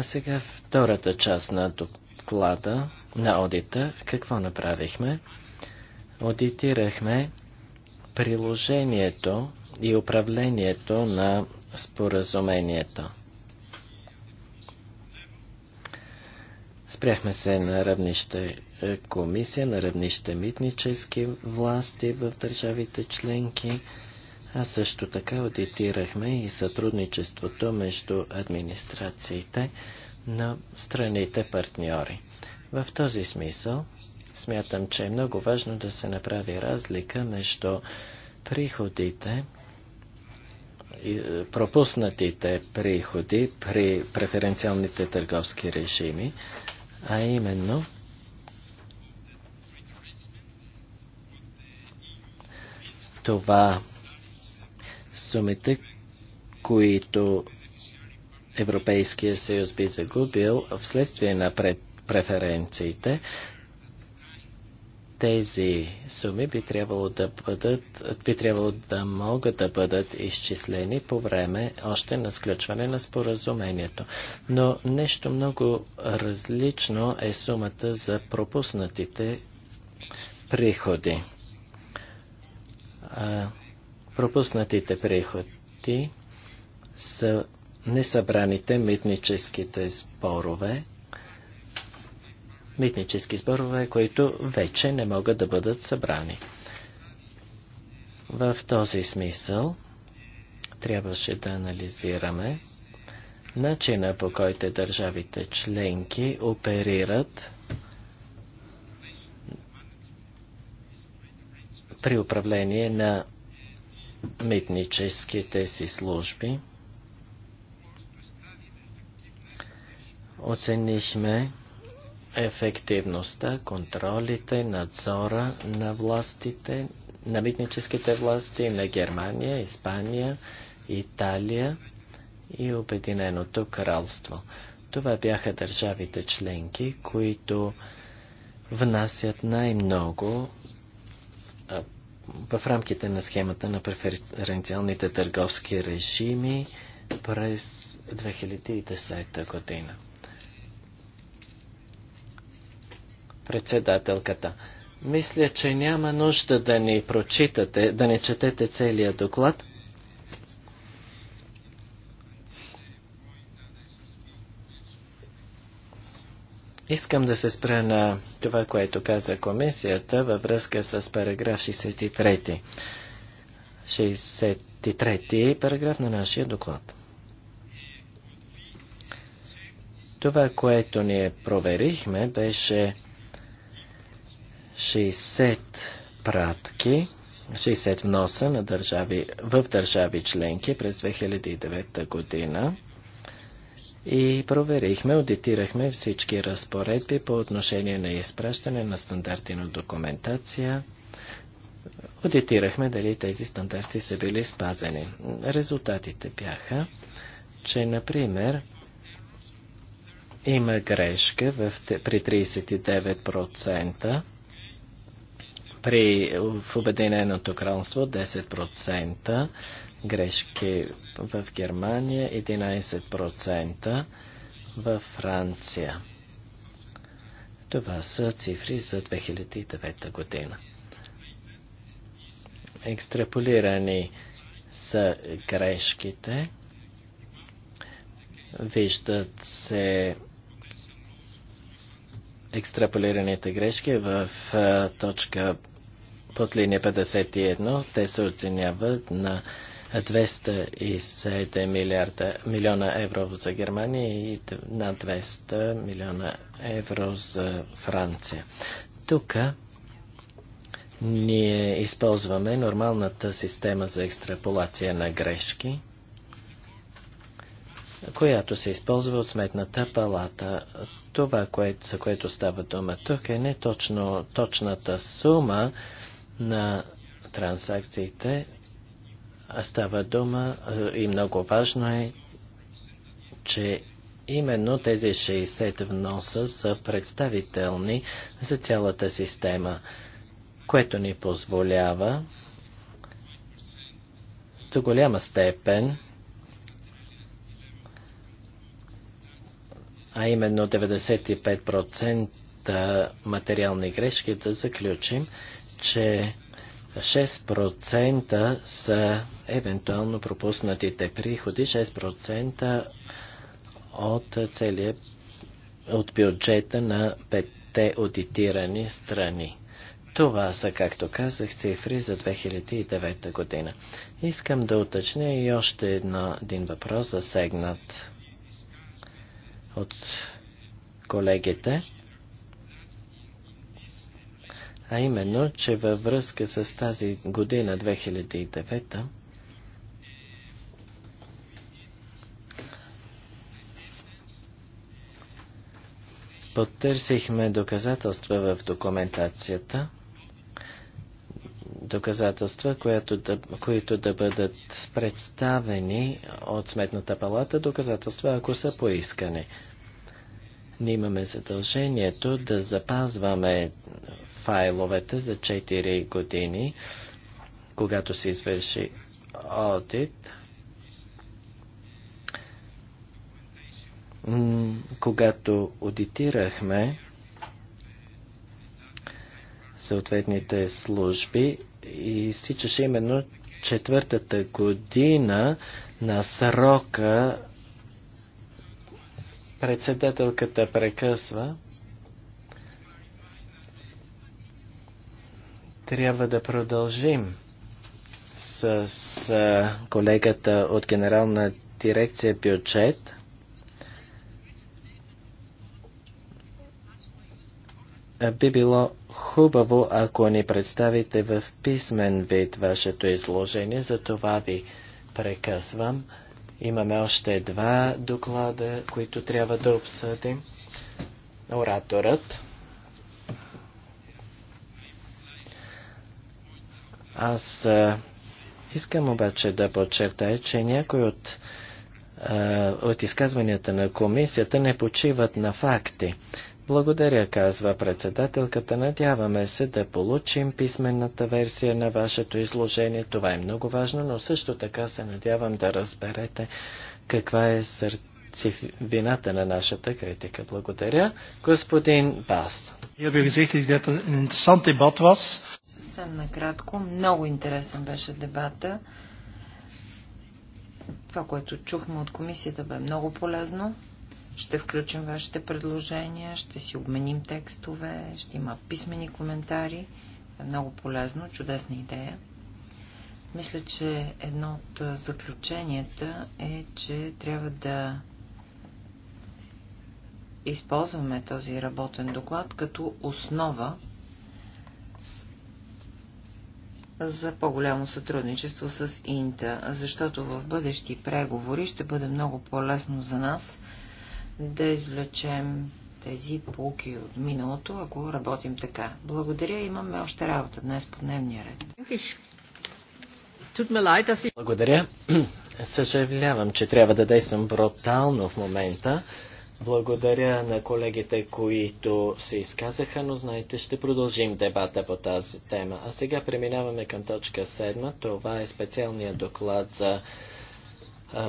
А сега втората част на доклада, на одита. Какво направихме? Одитирахме приложението и управлението на споразумението. Спряхме се на равнище е, комисия, на равнище митнически власти в държавите членки. А също така аудитирахме и сътрудничеството между администрациите на страните партньори. В този смисъл смятам, че е много важно да се направи разлика между приходите и е, пропуснатите приходи при преференциалните търговски режими, а именно това сумите, които Европейския съюз би загубил вследствие на преференциите, тези суми би трябвало да бъдат, би трябвало да могат да бъдат изчислени по време още на сключване на споразумението. Но нещо много различно е сумата за пропуснатите приходи. А, Пропуснатите приходи са несъбраните митническите спорове, митнически спорове, които вече не могат да бъдат събрани. В този смисъл трябваше да анализираме начина по който държавите членки оперират при управление на митническите си служби. Оценихме ефективността, контролите, надзора на властите, на митническите власти на Германия, Испания, Италия и Обединеното кралство. Това бяха държавите членки, които внасят най-много в рамките на схемата на преференциалните търговски режими през 2010 година. Председателката. Мисля, че няма нужда да ни прочитате, да не четете целият доклад. Искам да се спра на това, което каза комисията във връзка с параграф 63. 63 параграф на нашия доклад. Това, което ние проверихме, беше 60 пратки, 60 вноса на държави, в държави членки през 2009 година и проверихме, аудитирахме всички разпоредби по отношение на изпращане на стандарти на документация. Аудитирахме дали тези стандарти са били спазени. Резултатите бяха, че, например, има грешка в, при 39%, при, в Обединеното кралство 10%, грешки в Германия 11%, във Франция. Това са цифри за 2009 година. Екстраполирани са грешките. Виждат се екстраполираните грешки в точка под линия 51. Те се оценяват на 207 милиарда, милиона евро за Германия и над 200 милиона евро за Франция. Тук ние използваме нормалната система за екстраполация на грешки, която се използва от сметната палата. Това, което, за което става дума тук е не точно точната сума на транзакциите, става дума е, и много важно е, че именно тези 60 вноса са представителни за цялата система, което ни позволява до голяма степен а именно 95% материални грешки, да заключим, че 6% са евентуално пропуснатите приходи, 6% от целия от бюджета на петте аудитирани страни. Това са, както казах, цифри за 2009 година. Искам да уточня и още едно, един въпрос, засегнат от колегите а именно, че във връзка с тази година 2009 потърсихме доказателства в документацията, доказателства, която да, които да бъдат представени от Сметната палата, доказателства, ако са поискани. Ние имаме задължението да запазваме файловете за 4 години, когато се извърши аудит. когато аудитирахме съответните служби, изтичаше именно четвъртата година на срока председателката прекъсва. Трябва да продължим с колегата от Генерална дирекция бюджет. Би било хубаво, ако ни представите в писмен вид вашето изложение, за това ви прекъсвам. Имаме още два доклада, които трябва да обсъдим. Ораторът. Аз а, искам обаче да подчертая, че някои от, а, от изказванията на комисията не почиват на факти. Благодаря, казва председателката. Надяваме се да получим писмената версия на вашето изложение. Това е много важно, но също така се надявам да разберете каква е сърцевината на нашата критика. Благодаря, господин Бас. Съвсем накратко. Много интересен беше дебата. Това, което чухме от комисията, бе много полезно. Ще включим вашите предложения, ще си обменим текстове, ще има писмени коментари. Е много полезно, чудесна идея. Мисля, че едно от заключенията е, че трябва да използваме този работен доклад като основа за по-голямо сътрудничество с Инта, защото в бъдещи преговори ще бъде много по-лесно за нас да извлечем тези полки от миналото, ако работим така. Благодаря, имаме още работа днес по дневния ред. Благодаря. (clears throat) Съжалявам, че трябва да действам брутално в момента. Благодаря на колегите, които се изказаха, но знаете, ще продължим дебата по тази тема. А сега преминаваме към точка 7. Това е специалният доклад за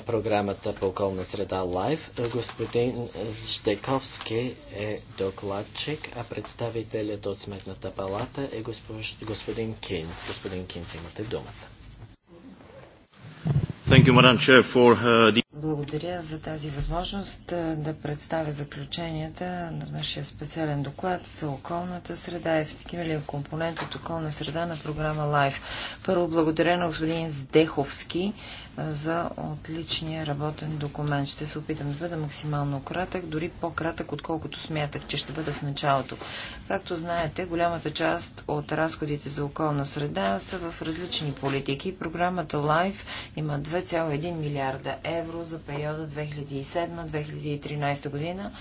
програмата по околна среда Live. Господин Ждековски е докладчик, а представителят от Сметната палата е господин Кинц. Господин Кинц, имате думата. Thank you, Madam Chair, for uh, благодаря за тази възможност да представя заключенията на нашия специален доклад за околната среда и ефективен компонент от околна среда на програма LIFE. Първо благодаря на господин Здеховски за отличния работен документ. Ще се опитам да бъда максимално кратък, дори по-кратък, отколкото смятах, че ще бъда в началото. Както знаете, голямата част от разходите за околна среда са в различни политики. Програмата LIFE има 2,1 милиарда евро за периода 2007-2013 година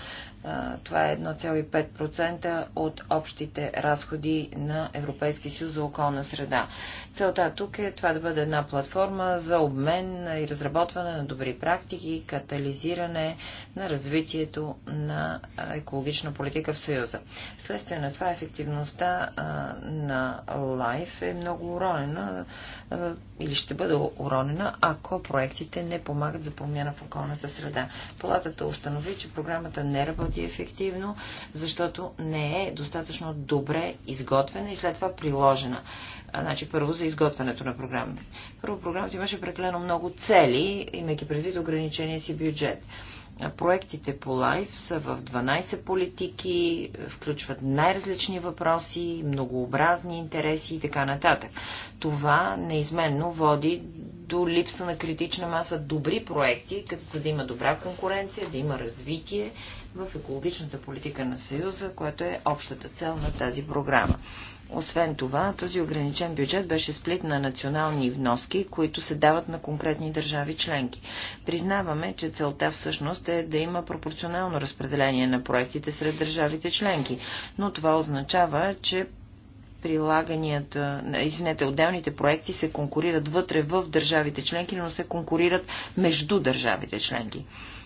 това е 1,5% от общите разходи на Европейски съюз за околна среда. Целта тук е това да бъде една платформа за обмен и разработване на добри практики, катализиране на развитието на екологична политика в Съюза. Следствие на това ефективността на LIFE е много уронена или ще бъде уронена, ако проектите не помагат за промяна в околната среда. Палатата установи, че програмата не работи ефективно, защото не е достатъчно добре изготвена и след това приложена. А, значи първо за изготвянето на програма. Първо програмата имаше прекалено много цели, имайки предвид ограничения си бюджет. Проектите по лайф са в 12 политики, включват най-различни въпроси, многообразни интереси и така нататък. Това неизменно води до липса на критична маса добри проекти, като за да има добра конкуренция, да има развитие в екологичната политика на Съюза, което е общата цел на тази програма. Освен това, този ограничен бюджет беше сплит на национални вноски, които се дават на конкретни държави членки. Признаваме, че целта всъщност е да има пропорционално разпределение на проектите сред държавите членки, но това означава, че прилаганията, извинете, отделните проекти се конкурират вътре в държавите членки, но се конкурират между държавите членки.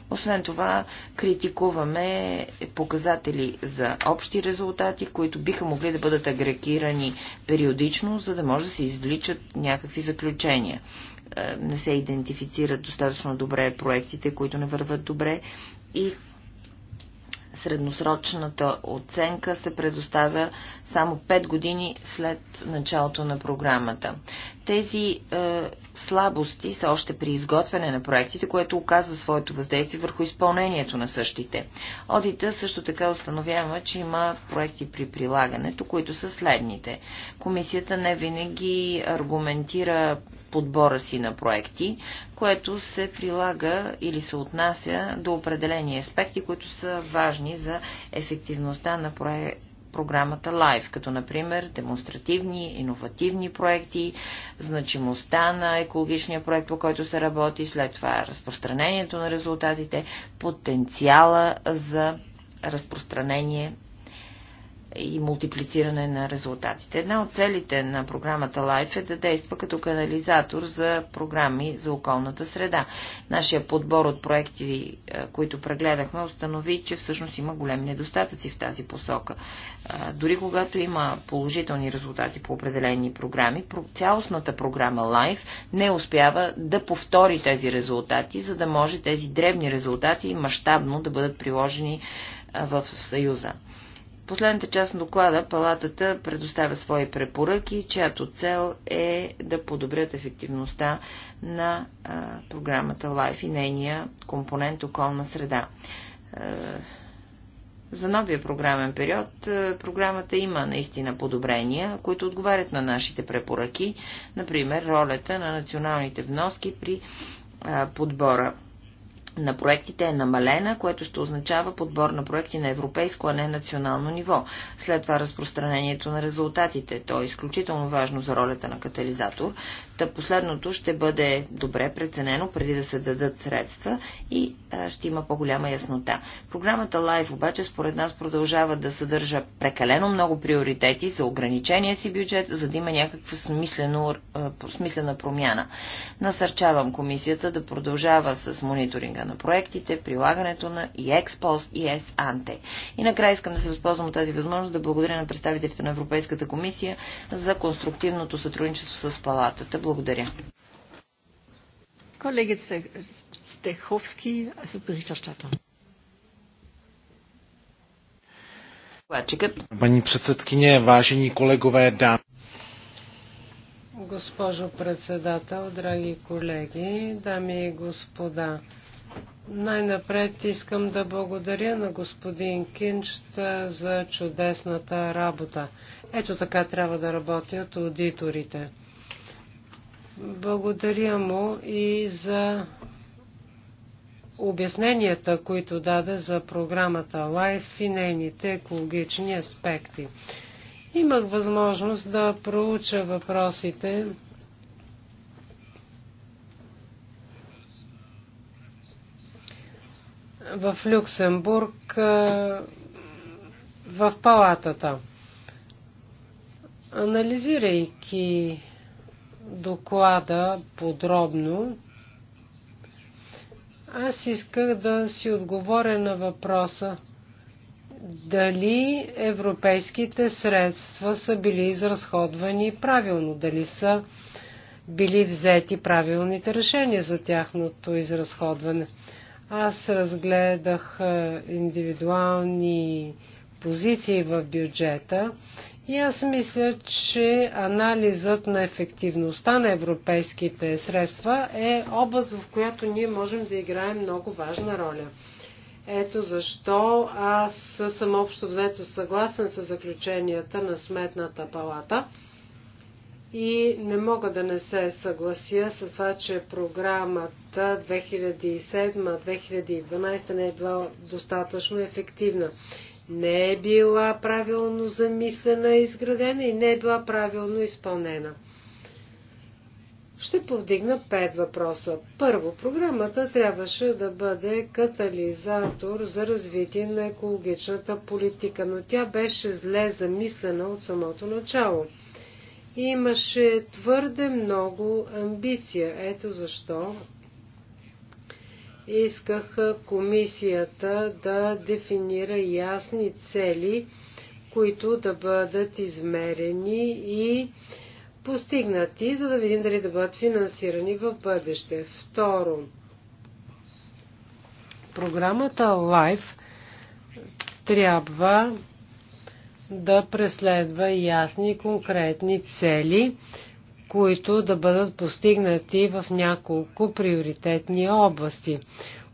Освен това, критикуваме показатели за общи резултати, които биха могли да бъдат агрегирани периодично, за да може да се извличат някакви заключения. Е, не се идентифицират достатъчно добре проектите, които не върват добре и средносрочната оценка се предоставя само 5 години след началото на програмата. Тези е, слабости са още при изготвяне на проектите, което оказва своето въздействие върху изпълнението на същите. Одита също така установява, че има проекти при прилагането, които са следните. Комисията не винаги аргументира подбора си на проекти, което се прилага или се отнася до определени аспекти, които са важни за ефективността на проекта програмата LIFE, като например демонстративни, иновативни проекти, значимостта на екологичния проект, по който се работи, след това разпространението на резултатите, потенциала за разпространение и мултиплициране на резултатите. Една от целите на програмата LIFE е да действа като канализатор за програми за околната среда. Нашия подбор от проекти, е, които прегледахме, установи, че всъщност има големи недостатъци в тази посока. Е, дори когато има положителни резултати по определени програми, цялостната програма LIFE не успява да повтори тези резултати, за да може тези дребни резултати мащабно да бъдат приложени е, в Съюза последната част на доклада палатата предоставя свои препоръки, чиято цел е да подобрят ефективността на а, програмата LIFE и нейния компонент околна среда. А, за новия програмен период програмата има наистина подобрения, които отговарят на нашите препоръки, например ролята на националните вноски при подбора на проектите е намалена, което ще означава подбор на проекти на европейско, а не национално ниво. След това разпространението на резултатите. То е изключително важно за ролята на катализатор, Та последното ще бъде добре преценено преди да се дадат средства и ще има по-голяма яснота. Програмата Life обаче според нас продължава да съдържа прекалено много приоритети за ограничения си бюджет, за да има някаква смислено, смислена промяна. Насърчавам комисията да продължава с мониторинга на проектите, прилагането на и експост и ес анте. И накрая искам да се възползвам от тази възможност да благодаря на представителите на Европейската комисия за конструктивното сътрудничество с палатата. Благодаря. Колегът Стеховски, Berichterstatter. Paní předsedkyně, важени колегове, да. Госпожо председател, драги колеги, дами и господа, най-напред искам да благодаря на господин Кинчт за чудесната работа. Ето така трябва да работят аудиторите. Благодаря му и за обясненията, които даде за програмата LIFE и нейните екологични аспекти. Имах възможност да проуча въпросите, в Люксембург в палатата. Анализирайки доклада подробно. Аз исках да си отговоря на въпроса дали европейските средства са били изразходвани правилно, дали са били взети правилните решения за тяхното изразходване. Аз разгледах е, индивидуални позиции в бюджета и аз мисля, че анализът на ефективността на европейските средства е област, в която ние можем да играем много важна роля. Ето защо аз съм общо взето съгласен с заключенията на Сметната палата и не мога да не се съглася с това, че програмата 2007-2012 не е била достатъчно ефективна не е била правилно замислена и изградена и не е била правилно изпълнена. Ще повдигна пет въпроса. Първо, програмата трябваше да бъде катализатор за развитие на екологичната политика, но тя беше зле замислена от самото начало. Имаше твърде много амбиция. Ето защо Исках комисията да дефинира ясни цели, които да бъдат измерени и постигнати, за да видим дали да бъдат финансирани в бъдеще. Второ, програмата LIFE трябва да преследва ясни и конкретни цели, които да бъдат постигнати в няколко приоритетни области.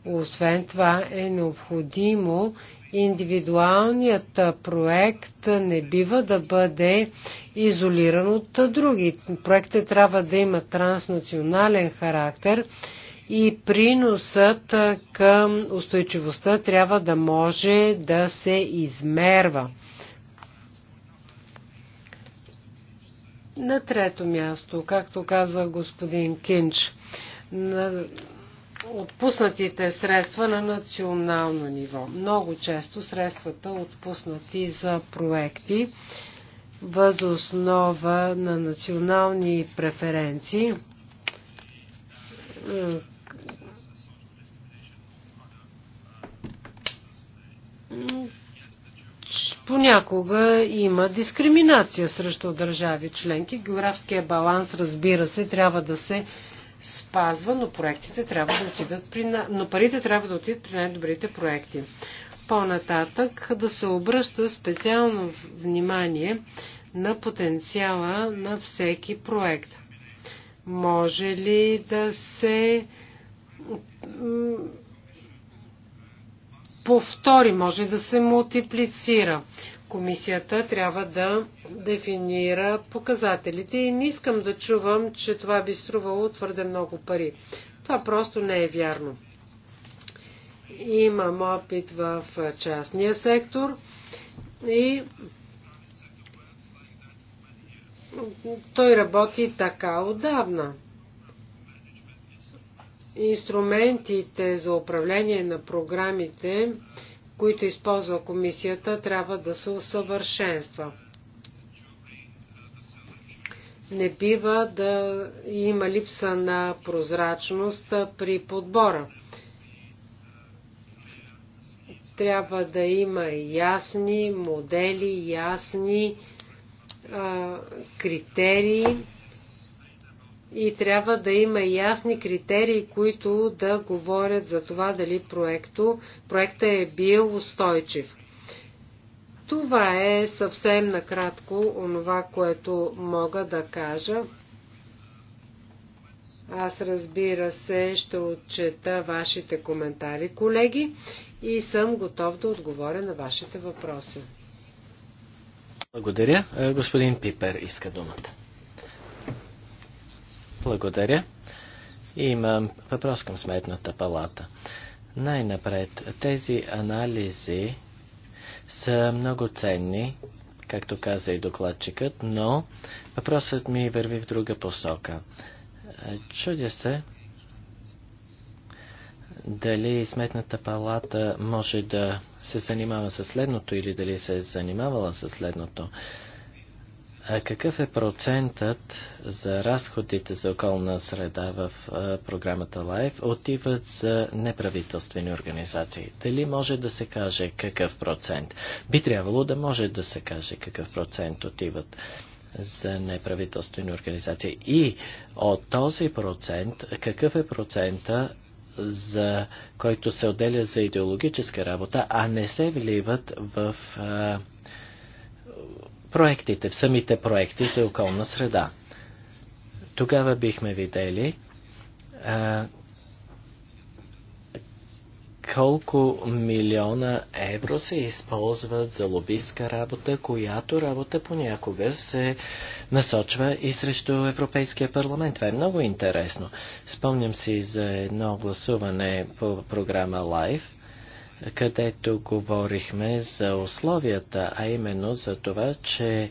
Освен това е необходимо индивидуалният проект не бива да бъде изолиран от други. Проектите трябва да има транснационален характер и приносът към устойчивостта трябва да може да се измерва. На трето място, както каза господин Кинч, на отпуснатите средства на национално ниво. Много често средствата отпуснати за проекти възоснова на национални преференции, понякога има дискриминация срещу държави членки. Географския баланс, разбира се, трябва да се спазва, но проектите трябва да отидат при, но парите трябва да отидат при най-добрите проекти. По-нататък да се обръща специално внимание на потенциала на всеки проект. Може ли да се повтори, може да се мултиплицира. Комисията трябва да дефинира показателите и не искам да чувам, че това би струвало твърде много пари. Това просто не е вярно. Имам опит в частния сектор и той работи така отдавна. Инструментите за управление на програмите, които използва комисията, трябва да се усъвършенства. Не бива да има липса на прозрачност при подбора. Трябва да има ясни модели, ясни а, критерии и трябва да има ясни критерии, които да говорят за това дали проекто, проекта е бил устойчив. Това е съвсем накратко онова, което мога да кажа. Аз разбира се ще отчета вашите коментари, колеги, и съм готов да отговоря на вашите въпроси. Благодаря. Е, господин Пипер иска думата. Благодаря. Имам въпрос към Сметната палата. Най-напред, тези анализи са много ценни, както каза и докладчикът, но въпросът ми върви в друга посока. Чудя се дали Сметната палата може да се занимава с следното или дали се е занимавала с следното. Какъв е процентът за разходите за околна среда в програмата LIFE отиват за неправителствени организации? Дали може да се каже какъв процент? Би трябвало да може да се каже какъв процент отиват за неправителствени организации. И от този процент, какъв е процента за който се отделя за идеологическа работа, а не се вливат в проектите, в самите проекти за околна среда. Тогава бихме видели а, колко милиона евро се използват за лобистка работа, която работа понякога се насочва и срещу Европейския парламент. Това е много интересно. Спомням си за едно гласуване по програма Live – където говорихме за условията, а именно за това, че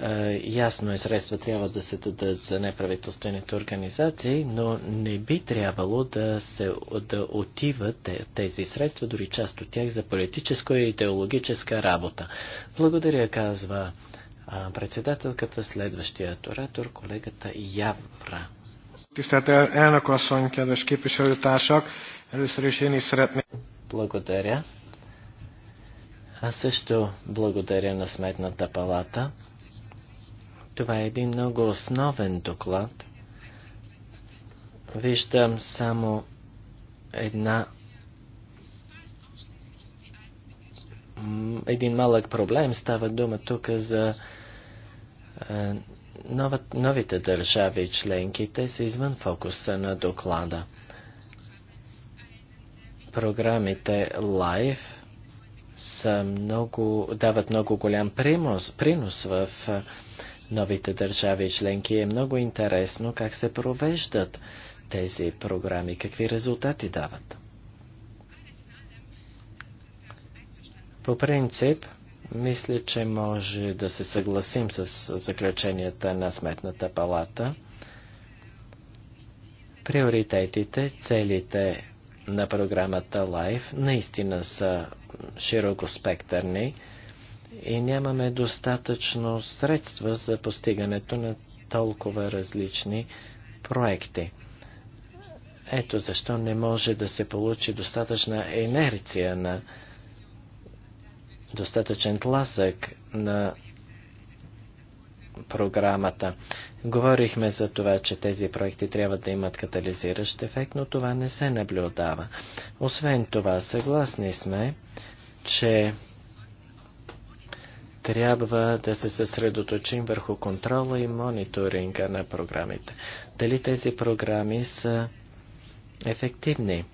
е, ясно е средства трябва да се дадат за неправителствените организации, но не би трябвало да, се, да отиват тези средства, дори част от тях, за политическа и идеологическа работа. Благодаря, казва председателката, следващият оратор, колегата Явра. Тистата elnök asszony, kedves кипиш, Először is én is szeretném. Благодаря. Аз също благодаря на Сметната палата. Това е един много основен доклад. Виждам само една един малък проблем. Става дума тук за е, новите държави членки. Те са извън фокуса на доклада програмите Live са много, дават много голям принос, принос в новите държави и членки. Е много интересно как се провеждат тези програми, какви резултати дават. По принцип, мисля, че може да се съгласим с заключенията на Сметната палата. Приоритетите, целите на програмата LIFE наистина са широкоспектърни и нямаме достатъчно средства за постигането на толкова различни проекти. Ето защо не може да се получи достатъчна инерция на достатъчен тласък на програмата. Говорихме за това, че тези проекти трябва да имат катализиращ ефект, но това не се наблюдава. Освен това, съгласни сме, че трябва да се съсредоточим върху контрола и мониторинга на програмите. Дали тези програми са ефективни?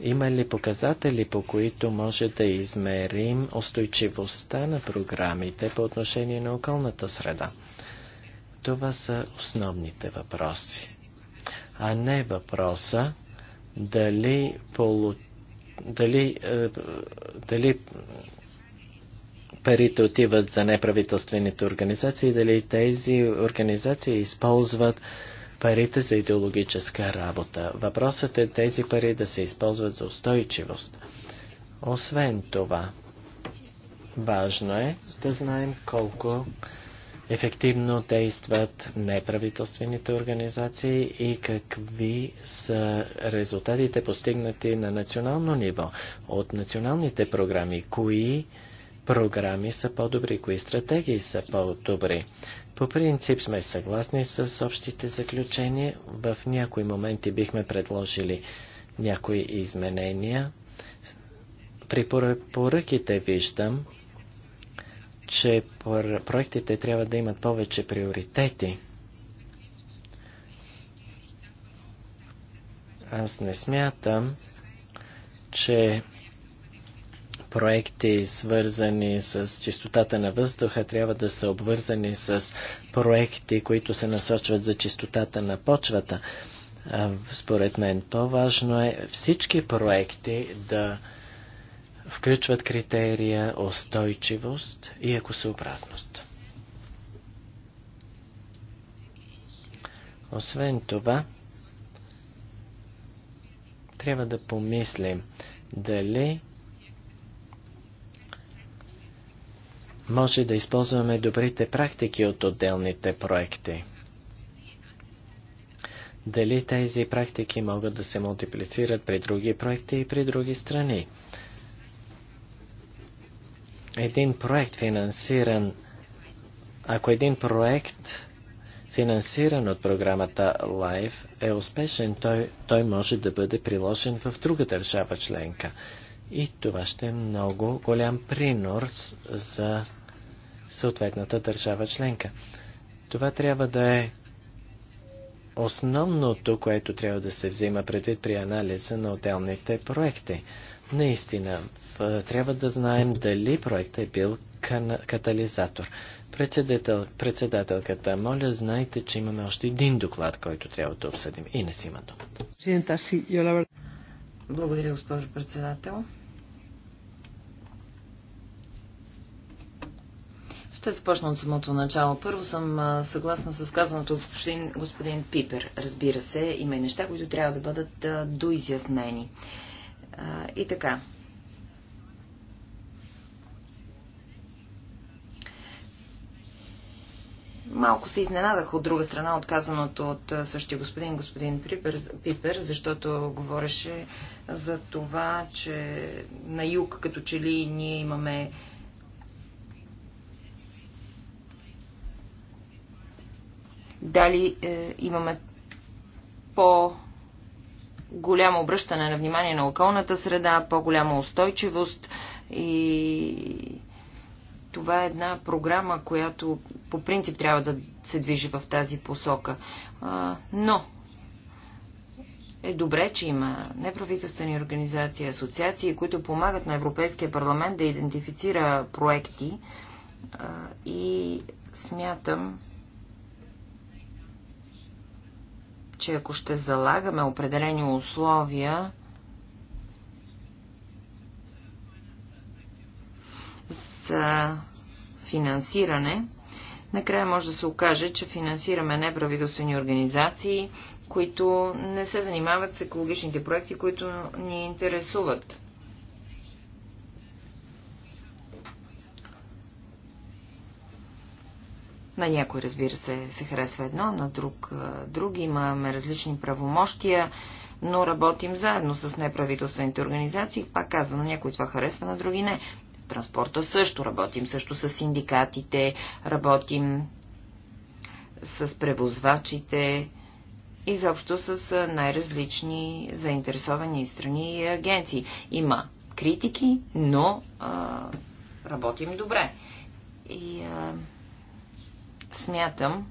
Има ли показатели, по които може да измерим устойчивостта на програмите по отношение на околната среда? Това са основните въпроси, а не въпроса дали, полу... дали, е, дали парите отиват за неправителствените организации, дали тези организации използват парите за идеологическа работа. Въпросът е тези пари да се използват за устойчивост. Освен това, важно е да знаем колко ефективно действат неправителствените организации и какви са резултатите постигнати на национално ниво от националните програми, кои програми са по-добри, кои стратегии са по-добри. По принцип сме съгласни с общите заключения. В някои моменти бихме предложили някои изменения. При поръките виждам, че проектите трябва да имат повече приоритети. Аз не смятам, че проекти, свързани с чистотата на въздуха, трябва да са обвързани с проекти, които се насочват за чистотата на почвата. Според мен по-важно е всички проекти да включват критерия устойчивост и екосъобразност. Освен това, трябва да помислим дали може да използваме добрите практики от отделните проекти. Дали тези практики могат да се мултиплицират при други проекти и при други страни един проект финансиран, ако един проект финансиран от програмата LIFE е успешен, той, той може да бъде приложен в друга държава членка. И това ще е много голям принос за съответната държава членка. Това трябва да е основното, което трябва да се взима предвид при анализа на отделните проекти. Наистина, е, трябва да знаем дали проектът е бил катализатор. Председател, председателката, моля, знайте, че имаме още един доклад, който трябва да обсъдим. И не си има думата. Благодаря, госпожо председател. Ще започна от самото начало. Първо съм съгласна с казаното от господин, господин Пипер. Разбира се, има и неща, които трябва да бъдат доизяснени. И така, Малко се изненадах от друга страна отказаното от същия господин, господин Пипер, Пипер, защото говореше за това, че на юг като че ли ние имаме дали е, имаме по голямо обръщане на внимание на околната среда, по-голяма устойчивост и това е една програма, която по принцип трябва да се движи в тази посока. Но е добре, че има неправителствени организации, асоциации, които помагат на Европейския парламент да идентифицира проекти и смятам, че ако ще залагаме определени условия, финансиране, накрая може да се окаже, че финансираме неправителствени организации, които не се занимават с екологичните проекти, които ни интересуват. На някой, разбира се, се харесва едно, на друг, друг. Имаме различни правомощия, но работим заедно с неправителствените организации. Пак казвам, на някой това харесва, на други не транспорта също. Работим също с синдикатите, работим с превозвачите, и заобщо с най-различни заинтересовани страни и агенции. Има критики, но а, работим добре. И а, смятам,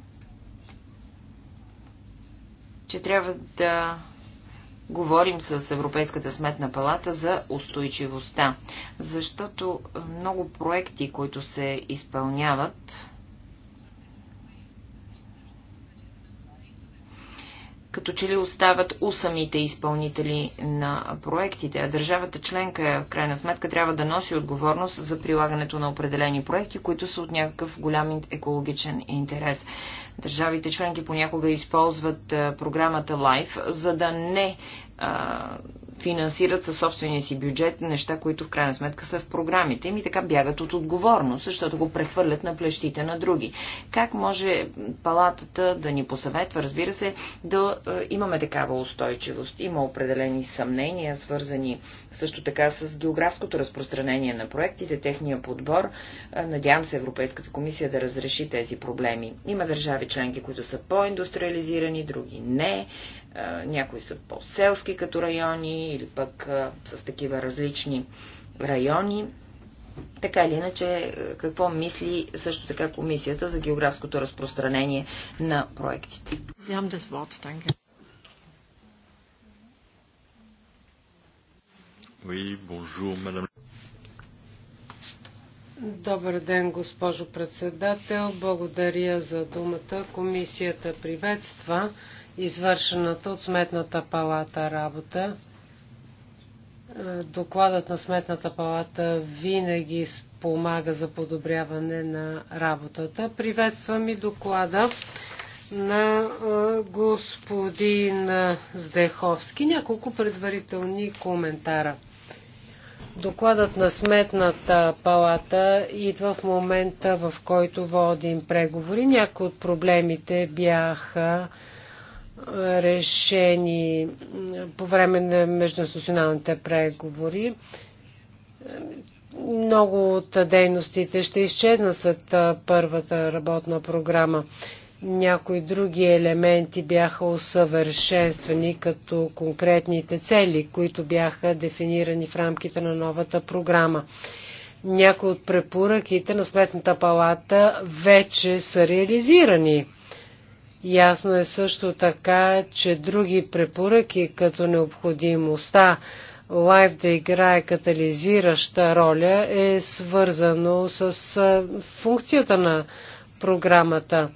че трябва да говорим с Европейската сметна палата за устойчивостта, защото много проекти, които се изпълняват, като че ли остават у самите изпълнители на проектите, а държавата членка в крайна сметка трябва да носи отговорност за прилагането на определени проекти, които са от някакъв голям екологичен интерес. Държавите членки понякога използват програмата LIFE, за да не а, финансират със собствения си бюджет неща, които в крайна сметка са в програмите им и така бягат от отговорност, защото го прехвърлят на плещите на други. Как може палатата да ни посъветва, разбира се, да е, имаме такава устойчивост? Има определени съмнения, свързани също така с географското разпространение на проектите, техния подбор. Е, надявам се Европейската комисия да разреши тези проблеми. Има държави членки, които са по-индустриализирани, други не. Е, някои са по-селски като райони, или пък а, с такива различни райони. Така или иначе, какво мисли също така комисията за географското разпространение на проектите? да Добър ден, госпожо председател. Благодаря за думата. Комисията приветства извършената от Сметната палата работа. Докладът на Сметната палата винаги спомага за подобряване на работата. Приветствам и доклада на господин Здеховски. Няколко предварителни коментара. Докладът на Сметната палата идва в момента, в който водим преговори. Някои от проблемите бяха решени по време на междунационалните преговори. Много от дейностите ще изчезна след първата работна програма. Някои други елементи бяха усъвършенствани като конкретните цели, които бяха дефинирани в рамките на новата програма. Някои от препоръките на Сметната палата вече са реализирани Ясно е също така, че други препоръки, като необходимостта лайф да играе катализираща роля, е свързано с функцията на програмата.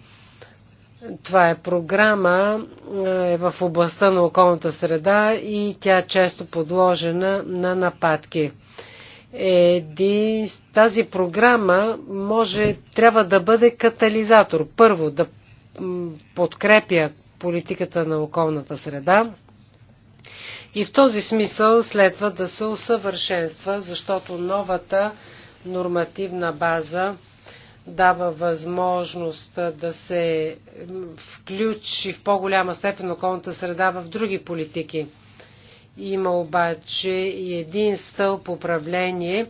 Това е програма е в областта на околната среда и тя е често подложена на нападки. Еди, тази програма може, трябва да бъде катализатор. Първо, да подкрепя политиката на околната среда. И в този смисъл следва да се усъвършенства, защото новата нормативна база дава възможност да се включи в по-голяма степен околната среда в други политики. Има обаче и един стълб управление,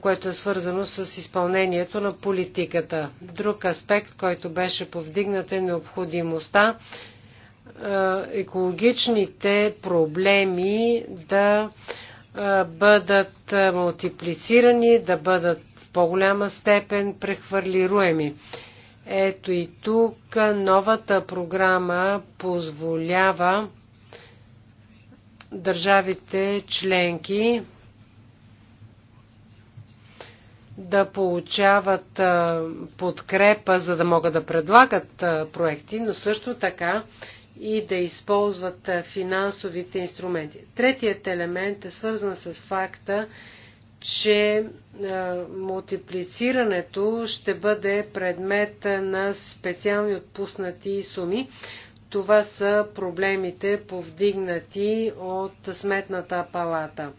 което е свързано с изпълнението на политиката. Друг аспект, който беше повдигнат е необходимостта екологичните проблеми да бъдат мултиплицирани, да бъдат в по-голяма степен прехвърлируеми. Ето и тук новата програма позволява държавите членки да получават подкрепа, за да могат да предлагат проекти, но също така и да използват финансовите инструменти. Третият елемент е свързан с факта, че мултиплицирането ще бъде предмет на специални отпуснати суми. Това са проблемите повдигнати от Сметната палата.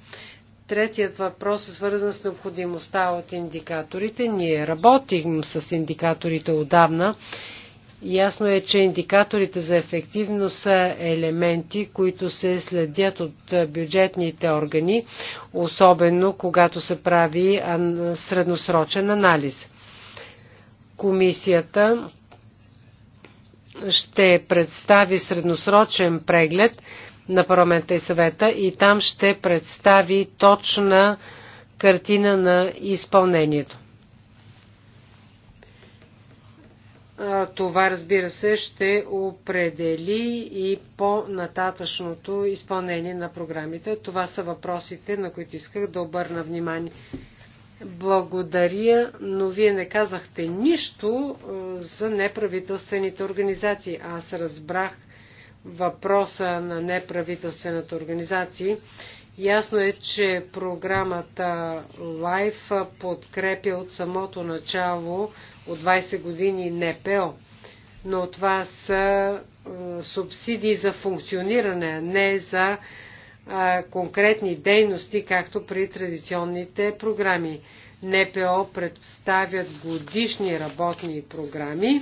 Третият въпрос е свързан с необходимостта от индикаторите. Ние работим с индикаторите отдавна. Ясно е, че индикаторите за ефективност са елементи, които се следят от бюджетните органи, особено когато се прави средносрочен анализ. Комисията ще представи средносрочен преглед на парламента и съвета и там ще представи точна картина на изпълнението. Това, разбира се, ще определи и по-нататъчното изпълнение на програмите. Това са въпросите, на които исках да обърна внимание. Благодаря, но вие не казахте нищо за неправителствените организации. Аз разбрах въпроса на неправителствената организация. Ясно е, че програмата LIFE подкрепя от самото начало от 20 години НПО, но това са е, субсидии за функциониране, не за е, конкретни дейности, както при традиционните програми. НПО представят годишни работни програми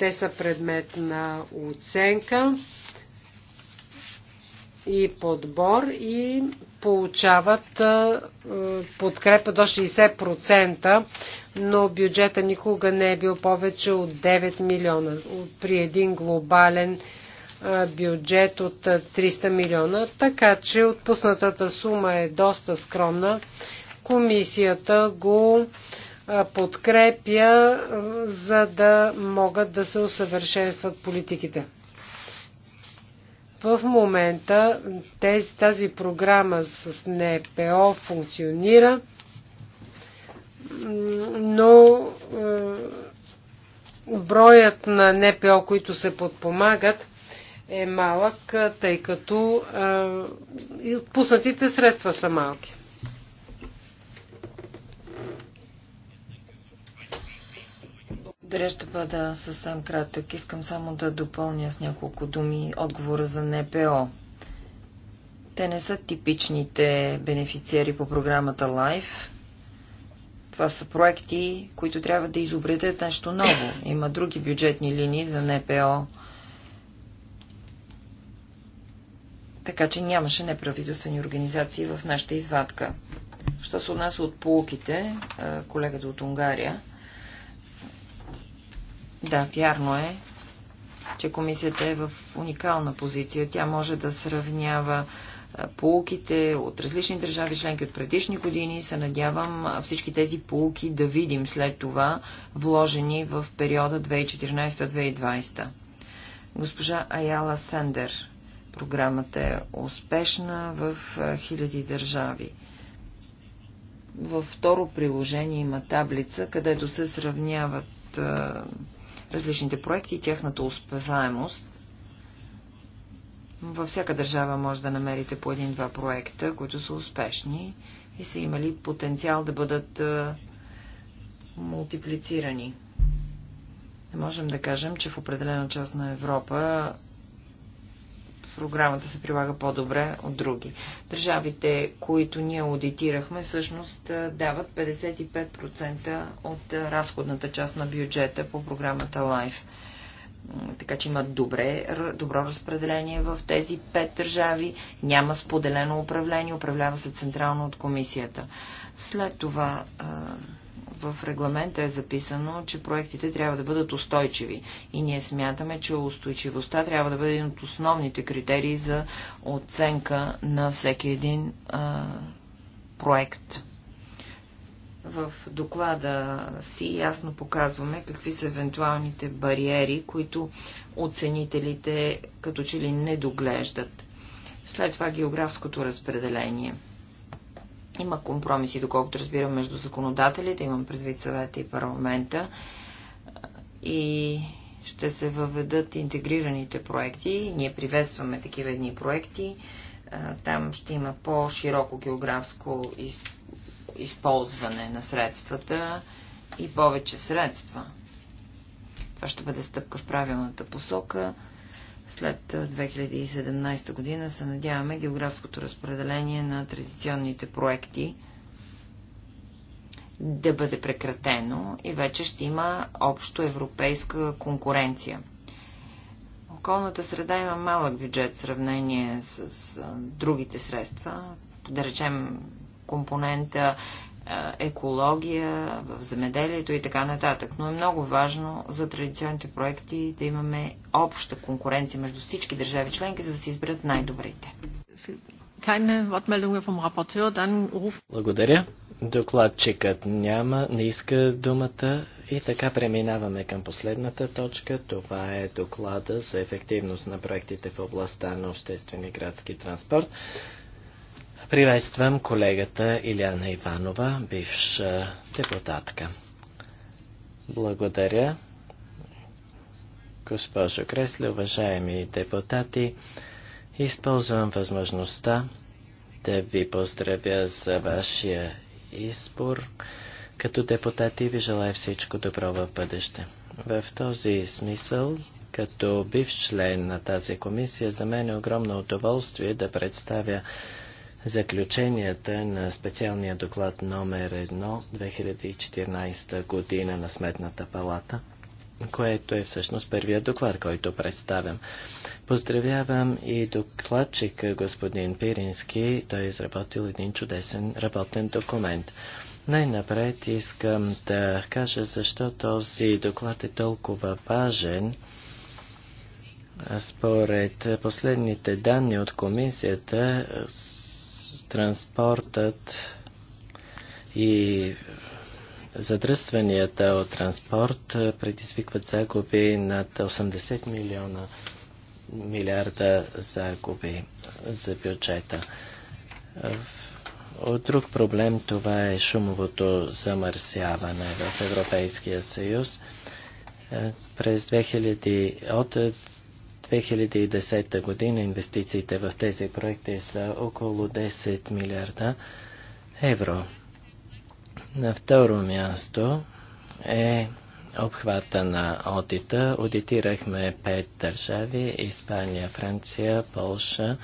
те са предмет на оценка и подбор и получават подкрепа до 60%, но бюджета никога не е бил повече от 9 милиона при един глобален бюджет от 300 милиона, така че отпуснатата сума е доста скромна. Комисията го подкрепя, за да могат да се усъвършенстват политиките. В момента тези, тази програма с НПО функционира, но броят на НПО, които се подпомагат, е малък, тъй като е, отпуснатите средства са малки. Благодаря, ще бъда съвсем кратък. Искам само да допълня с няколко думи отговора за НПО. Те не са типичните бенефициери по програмата LIFE. Това са проекти, които трябва да изобретят нещо ново. Има други бюджетни линии за НПО. Така че нямаше неправителствени организации в нашата извадка. Що се отнася от полуките, колегата от Унгария, да, вярно е, че комисията е в уникална позиция. Тя може да сравнява полуките от различни държави, членки от предишни години. Се надявам всички тези полуки да видим след това вложени в периода 2014-2020. Госпожа Аяла Сендер. Програмата е успешна в хиляди държави. Във второ приложение има таблица, където се сравняват различните проекти и тяхната успеваемост. Във всяка държава може да намерите по един-два проекта, които са успешни и са имали потенциал да бъдат мултиплицирани. Не можем да кажем, че в определена част на Европа програмата се прилага по-добре от други. Държавите, които ние аудитирахме, всъщност дават 55% от разходната част на бюджета по програмата LIFE. Така че имат добре, добро разпределение в тези пет държави. Няма споделено управление, управлява се централно от комисията. След това в регламента е записано, че проектите трябва да бъдат устойчиви и ние смятаме, че устойчивостта трябва да бъде един от основните критерии за оценка на всеки един а, проект. В доклада си ясно показваме какви са евентуалните бариери, които оценителите като че ли не доглеждат. След това географското разпределение – има компромиси, доколкото разбирам, между законодателите, имам предвид съвета и парламента. И ще се въведат интегрираните проекти. Ние приветстваме такива едни проекти. Там ще има по-широко географско из... използване на средствата и повече средства. Това ще бъде стъпка в правилната посока след 2017 година се надяваме географското разпределение на традиционните проекти да бъде прекратено и вече ще има общо европейска конкуренция. Околната среда има малък бюджет в сравнение с другите средства, да речем компонента е, екология, в земеделието и така нататък. Но е много важно за традиционните проекти да имаме обща конкуренция между всички държави членки, за да се изберат най-добрите. Благодаря. Докладчикът няма, не иска думата и така преминаваме към последната точка. Това е доклада за ефективност на проектите в областта на обществени градски транспорт. Приветствам колегата Иляна Иванова, бивша депутатка. Благодаря. Госпожо Кресле, уважаеми депутати, използвам възможността да ви поздравя за вашия избор. Като депутати ви желая всичко добро в бъдеще. В този смисъл, като бив член на тази комисия, за мен е огромно удоволствие да представя заключенията на специалния доклад номер 1 2014 година на Сметната палата, което е всъщност първият доклад, който представям. Поздравявам и докладчика господин Пирински. Той е изработил един чудесен работен документ. Най-напред искам да кажа защо този доклад е толкова важен. Според последните данни от комисията, транспортът и задръстванията от транспорт предизвикват загуби над 80 милиона милиарда загуби за бюджета. От друг проблем това е шумовото замърсяване в Европейския съюз. През 2000, от 2010 година инвестициите в тези проекти са около 10 милиарда евро. На второ място е обхвата на одита. Аудитирахме пет държави – Испания, Франция, Полша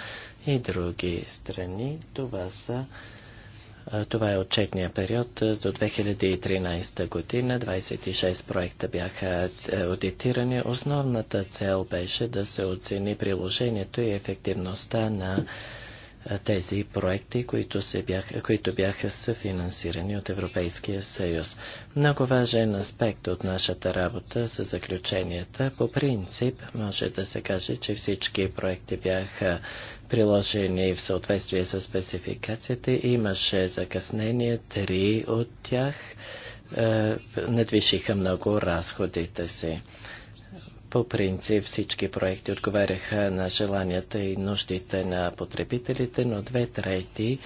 и други страни. Това са това е отчетния период до 2013 година. 26 проекта бяха е, аудитирани. Основната цел беше да се оцени приложението и ефективността на тези проекти, които, се бяха, които бяха съфинансирани от Европейския съюз. Много важен аспект от нашата работа са заключенията. По принцип може да се каже, че всички проекти бяха приложени в съответствие с спецификацията. Имаше закъснение, три от тях е, надвишиха много разходите си. По принцип всички проекти отговаряха на желанията и нуждите на потребителите, но две трети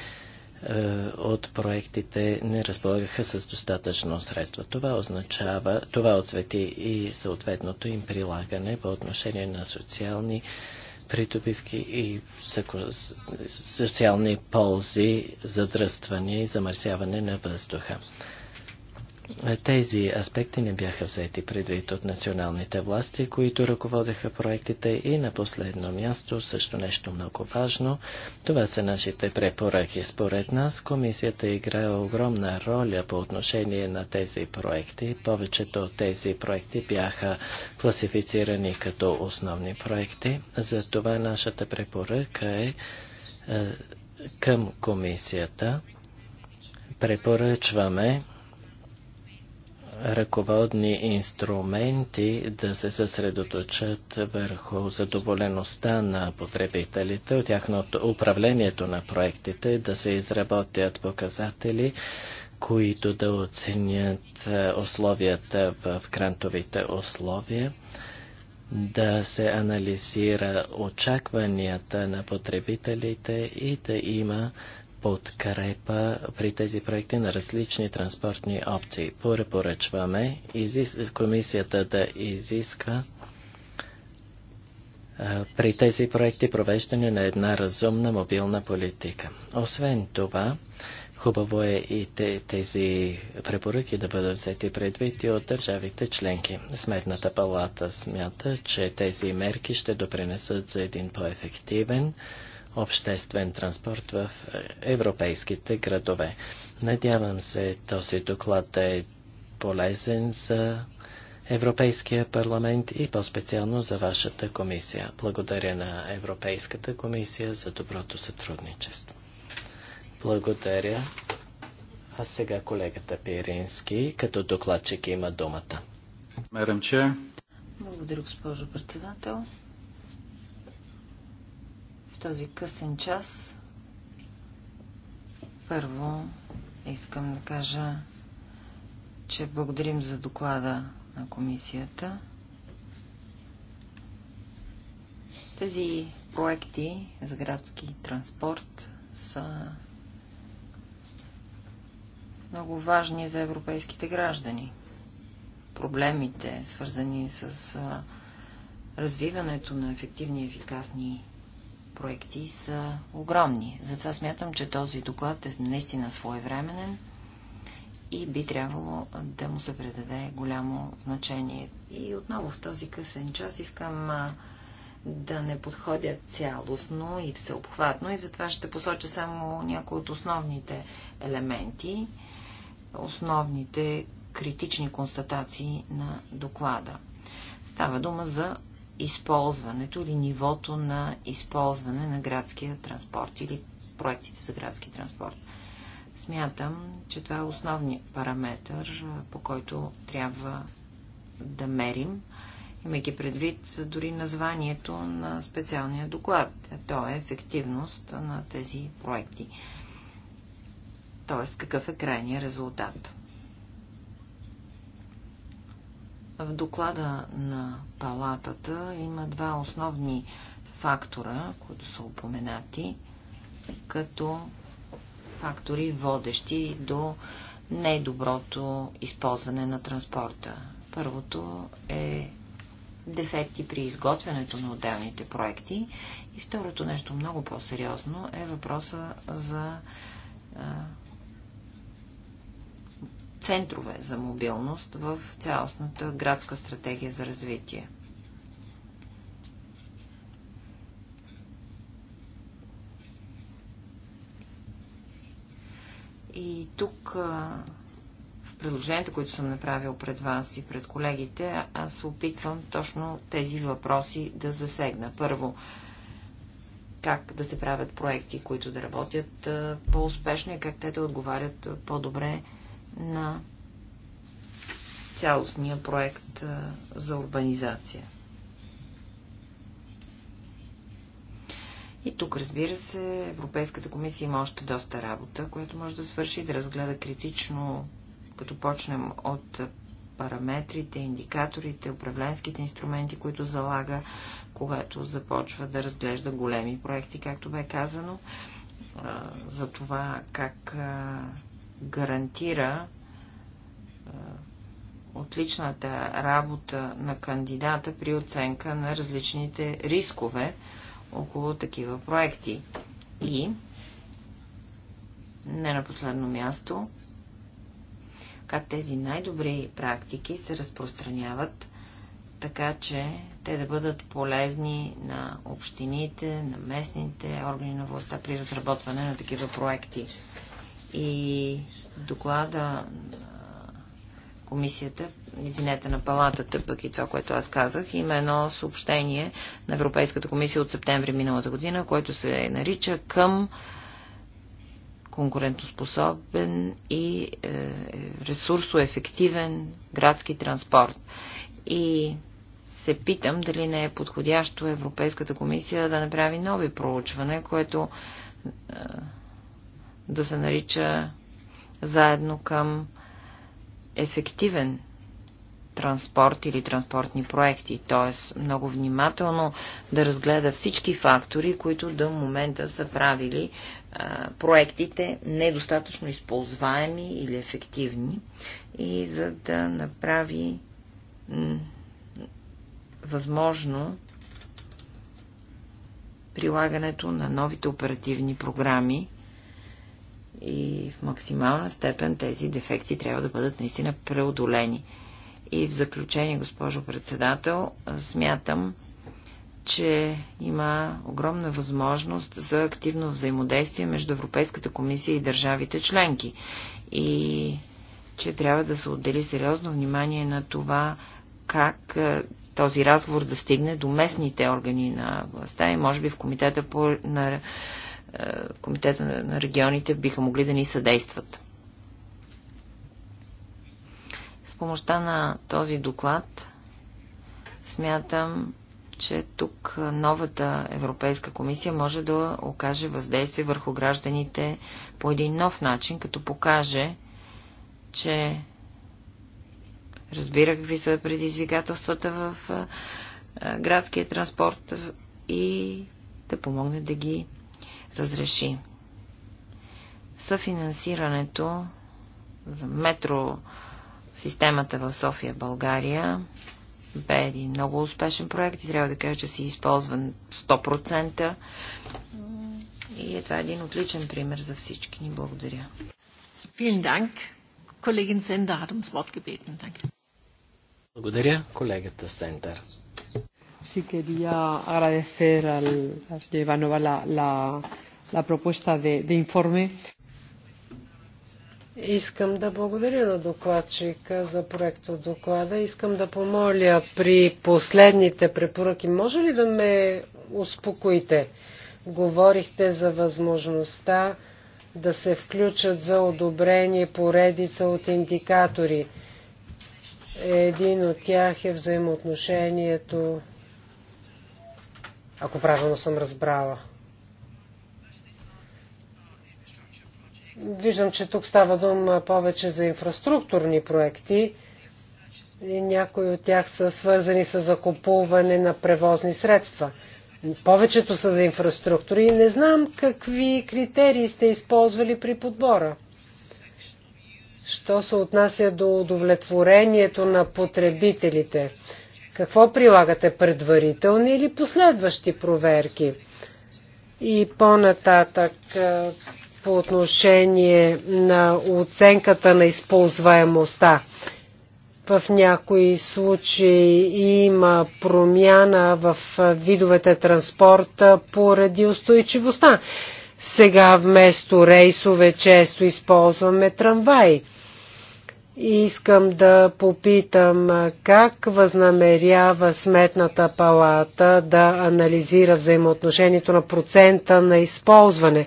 е, от проектите не разполагаха с достатъчно средства. Това означава, това отсвети и съответното им прилагане по отношение на социални придобивки и социални ползи, задръстване и замърсяване на въздуха. Е, тези аспекти не бяха взети предвид от националните власти, които ръководеха проектите и на последно място също нещо много важно. Това са нашите препоръки. Според нас комисията играе огромна роля по отношение на тези проекти. Повечето от тези проекти бяха класифицирани като основни проекти. Затова нашата препоръка е, е към комисията. Препоръчваме ръководни инструменти да се съсредоточат върху задоволеността на потребителите, от тяхното управлението на проектите, да се изработят показатели, които да оценят е, условията в грантовите условия, да се анализира очакванията на потребителите и да има подкрепа при тези проекти на различни транспортни опции. Порепоръчваме комисията да изиска при тези проекти провеждане на една разумна мобилна политика. Освен това, хубаво е и тези препоръки да бъдат взети предвид и от държавите членки. Сметната палата смята, че тези мерки ще допринесат за един по-ефективен обществен транспорт в европейските градове. Надявам се този доклад да е полезен за Европейския парламент и по-специално за вашата комисия. Благодаря на Европейската комисия за доброто сътрудничество. Благодаря. А сега колегата Пирински като докладчик има думата. Благодаря, госпожо председател този късен час първо искам да кажа, че благодарим за доклада на комисията. Тези проекти за градски транспорт са много важни за европейските граждани. Проблемите, свързани с развиването на ефективни и ефикасни проекти са огромни. Затова смятам, че този доклад е наистина своевременен и би трябвало да му се предаде голямо значение. И отново в този късен час искам да не подходя цялостно и всеобхватно и затова ще посоча само някои от основните елементи, основните критични констатации на доклада. Става дума за използването или нивото на използване на градския транспорт или проектите за градски транспорт. Смятам, че това е основният параметр, по който трябва да мерим, имайки предвид дори названието на специалния доклад. То е ефективност на тези проекти. Тоест, какъв е крайният резултат. В доклада на палатата има два основни фактора, които са упоменати, като фактори водещи до недоброто използване на транспорта. Първото е дефекти при изготвянето на отделните проекти и второто нещо много по-сериозно е въпроса за центрове за мобилност в цялостната градска стратегия за развитие. И тук в предложенията, които съм направил пред вас и пред колегите, аз се опитвам точно тези въпроси да засегна. Първо, как да се правят проекти, които да работят по-успешно и как те да отговарят по-добре на цялостния проект за урбанизация. И тук, разбира се, Европейската комисия има още доста работа, която може да свърши, да разгледа критично, като почнем от параметрите, индикаторите, управленските инструменти, които залага, когато започва да разглежда големи проекти, както бе казано, за това как гарантира е, отличната работа на кандидата при оценка на различните рискове около такива проекти. И, не на последно място, как тези най-добри практики се разпространяват, така че те да бъдат полезни на общините, на местните органи на властта при разработване на такива проекти и доклада на комисията, извинете, на палатата, пък и това, което аз казах, има едно съобщение на Европейската комисия от септември миналата година, което се нарича към конкурентоспособен и е, ресурсоефективен градски транспорт. И се питам дали не е подходящо Европейската комисия да направи нови проучване, което е, да се нарича заедно към ефективен транспорт или транспортни проекти. Т.е. много внимателно да разгледа всички фактори, които до момента са правили а, проектите недостатъчно използваеми или ефективни и за да направи възможно прилагането на новите оперативни програми и в максимална степен тези дефекти трябва да бъдат наистина преодолени. И в заключение, госпожо председател, смятам, че има огромна възможност за активно взаимодействие между Европейската комисия и държавите членки. И че трябва да се отдели сериозно внимание на това как е, този разговор да стигне до местните органи на властта и може би в комитета по, на е, комитета на регионите биха могли да ни съдействат. С помощта на този доклад смятам, че тук новата Европейска комисия може да окаже въздействие върху гражданите по един нов начин, като покаже, че разбира какви са предизвикателствата в е, е, градския транспорт и да помогне да ги разреши. Съфинансирането за метро системата в София, България, бе един много успешен проект и трябва да кажа, че си използван 100%. И е това е един отличен пример за всички ни. Благодаря. Благодаря, колегата Сендър sí quería agradecer al, a Ivanova la, la, la propuesta de, de informe. Искам да благодаря на докладчика за проекто доклада. Искам да помоля при последните препоръки. Може ли да ме успокоите? Говорихте за възможността да се включат за одобрение поредица от индикатори. Един от тях е взаимоотношението ако правилно съм разбрала. Виждам, че тук става дума повече за инфраструктурни проекти и някои от тях са свързани с закупуване на превозни средства. Повечето са за инфраструктури и не знам какви критерии сте използвали при подбора. Що се отнася до удовлетворението на потребителите? Какво прилагате? Предварителни или последващи проверки? И по-нататък по отношение на оценката на използваемостта. В някои случаи има промяна в видовете транспорта поради устойчивостта. Сега вместо рейсове често използваме трамваи. Искам да попитам как възнамерява Сметната палата да анализира взаимоотношението на процента на използване.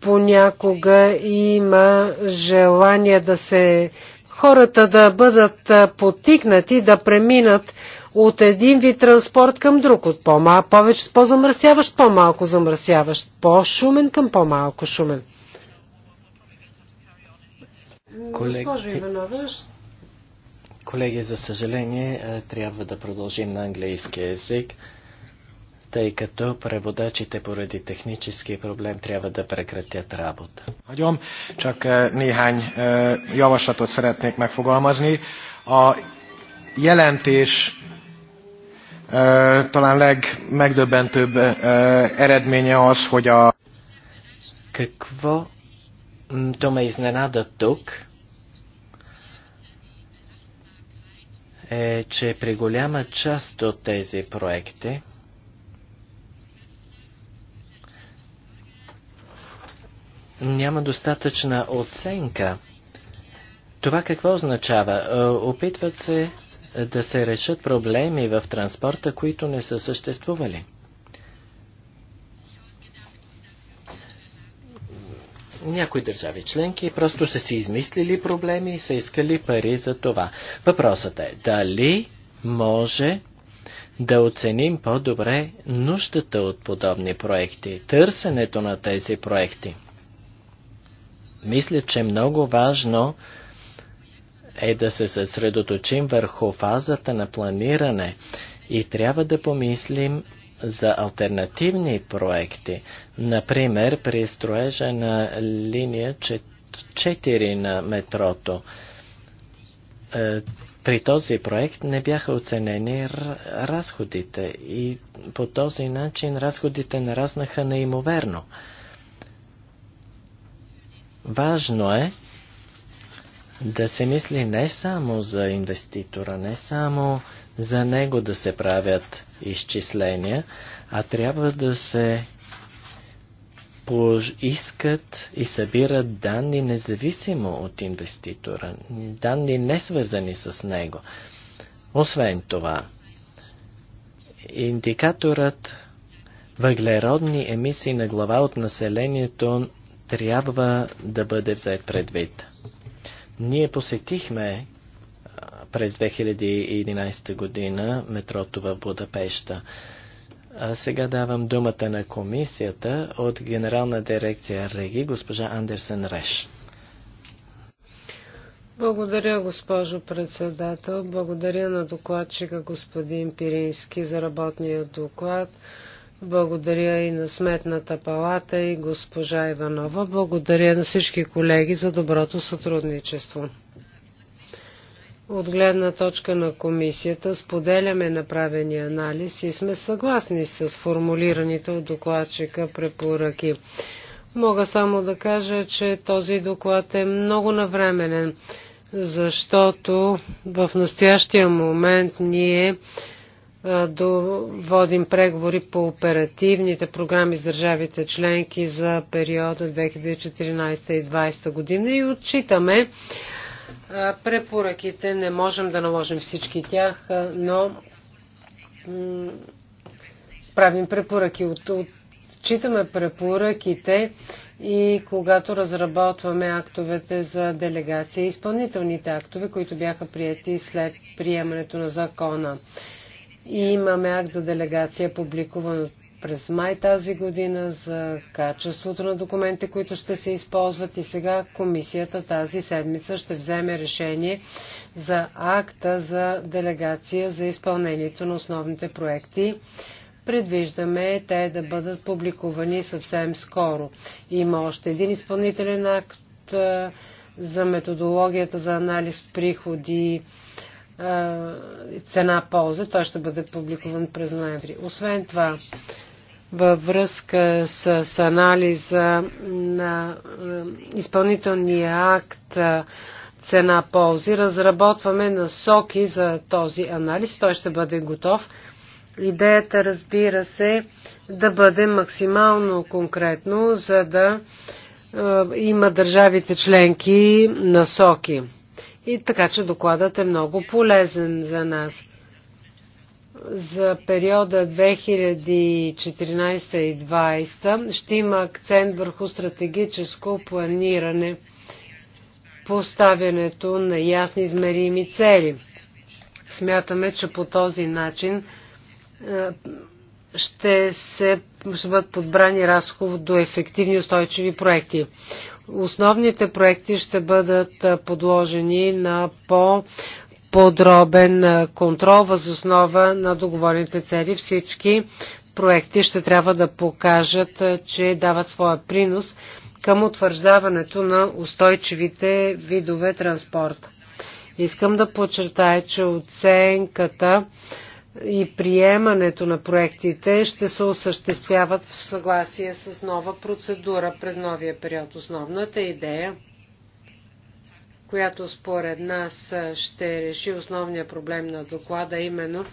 Понякога има желание да се хората да бъдат потикнати да преминат от един вид транспорт към друг, от по-малко, повече с по-замърсяващ, по-малко замърсяващ, по-шумен към по-малко шумен. Колеги, колеги, за съжаление, е, трябва да продължим на английски язик, тъй като преводачите поради технически проблем трябва да прекратят работа. Hagyom, csak е, néhány е, javaslatot szeretnék megfogalmazni. A jelentés talán legmegdöbbentőbb e, eredménye az, hogy a... Какво то ме изненада тук е, че при голяма част от тези проекти няма достатъчна оценка. Това какво означава? Е, опитват се да се решат проблеми в транспорта, които не са съществували. някои държави членки просто са си измислили проблеми и са искали пари за това. Въпросът е дали може да оценим по-добре нуждата от подобни проекти, търсенето на тези проекти. Мисля, че много важно е да се съсредоточим върху фазата на планиране и трябва да помислим за альтернативни проекти, например при строежа на линия 4 на метрото. Е, при този проект не бяха оценени разходите и по този начин разходите нараснаха неимоверно. Важно е да се мисли не само за инвеститора, не само за него да се правят изчисления, а трябва да се искат и събират данни независимо от инвеститора, данни не свързани с него. Освен това, индикаторът въглеродни емисии на глава от населението трябва да бъде взет предвид. Ние посетихме през 2011 година метрото в Будапешта. А сега давам думата на комисията от Генерална дирекция Реги, госпожа Андерсен Реш. Благодаря, госпожо председател. Благодаря на докладчика господин Пирински за работния доклад. Благодаря и на Сметната палата и госпожа Иванова. Благодаря на всички колеги за доброто сътрудничество. От гледна точка на комисията споделяме направения анализ и сме съгласни с формулираните от докладчика препоръки. Мога само да кажа, че този доклад е много навременен, защото в настоящия момент ние водим преговори по оперативните програми с държавите членки за периода 2014 и 2020 година и отчитаме препоръките. Не можем да наложим всички тях, но правим препоръки. От, отчитаме препоръките и когато разработваме актовете за делегация, изпълнителните актове, които бяха прияти след приемането на закона. И имаме акт за делегация, публикуван от през май тази година за качеството на документите, които ще се използват и сега комисията тази седмица ще вземе решение за акта за делегация за изпълнението на основните проекти. Предвиждаме те да бъдат публикувани съвсем скоро. Има още един изпълнителен акт за методологията за анализ приходи цена-полза. Той ще бъде публикуван през ноември. Освен това, във връзка с, с анализа на е, изпълнителния акт е, цена-ползи. Разработваме насоки за този анализ. Той ще бъде готов. Идеята, разбира се, да бъде максимално конкретно, за да е, има държавите членки насоки. И така, че докладът е много полезен за нас за периода 2014 и 2020 ще има акцент върху стратегическо планиране, поставянето на ясни измерими цели. Смятаме, че по този начин ще се ще бъдат подбрани до ефективни устойчиви проекти. Основните проекти ще бъдат подложени на по- подробен контрол въз основа на договорените цели. Всички проекти ще трябва да покажат, че дават своя принос към утвърждаването на устойчивите видове транспорт. Искам да подчертая, че оценката и приемането на проектите ще се осъществяват в съгласие с нова процедура през новия период. Основната идея която според нас ще реши основния проблем на доклада, именно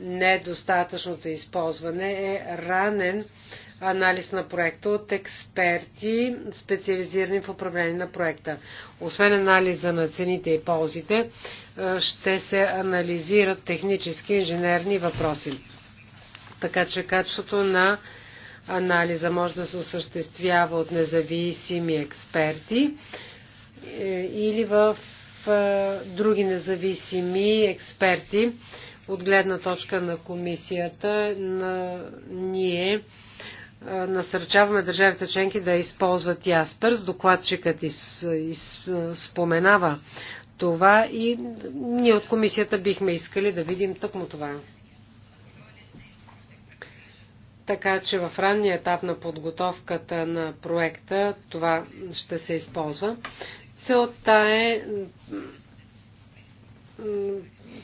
недостатъчното използване, е ранен анализ на проекта от експерти, специализирани в управление на проекта. Освен анализа на цените и ползите, ще се анализират технически инженерни въпроси. Така че качеството на анализа може да се осъществява от независими експерти е, или в е, други независими експерти от гледна точка на комисията. На, ние е, насърчаваме държавите членки да използват Ясперс. Докладчикът споменава това и ние от комисията бихме искали да видим тъкмо това. Така че в ранния етап на подготовката на проекта това ще се използва. Целта е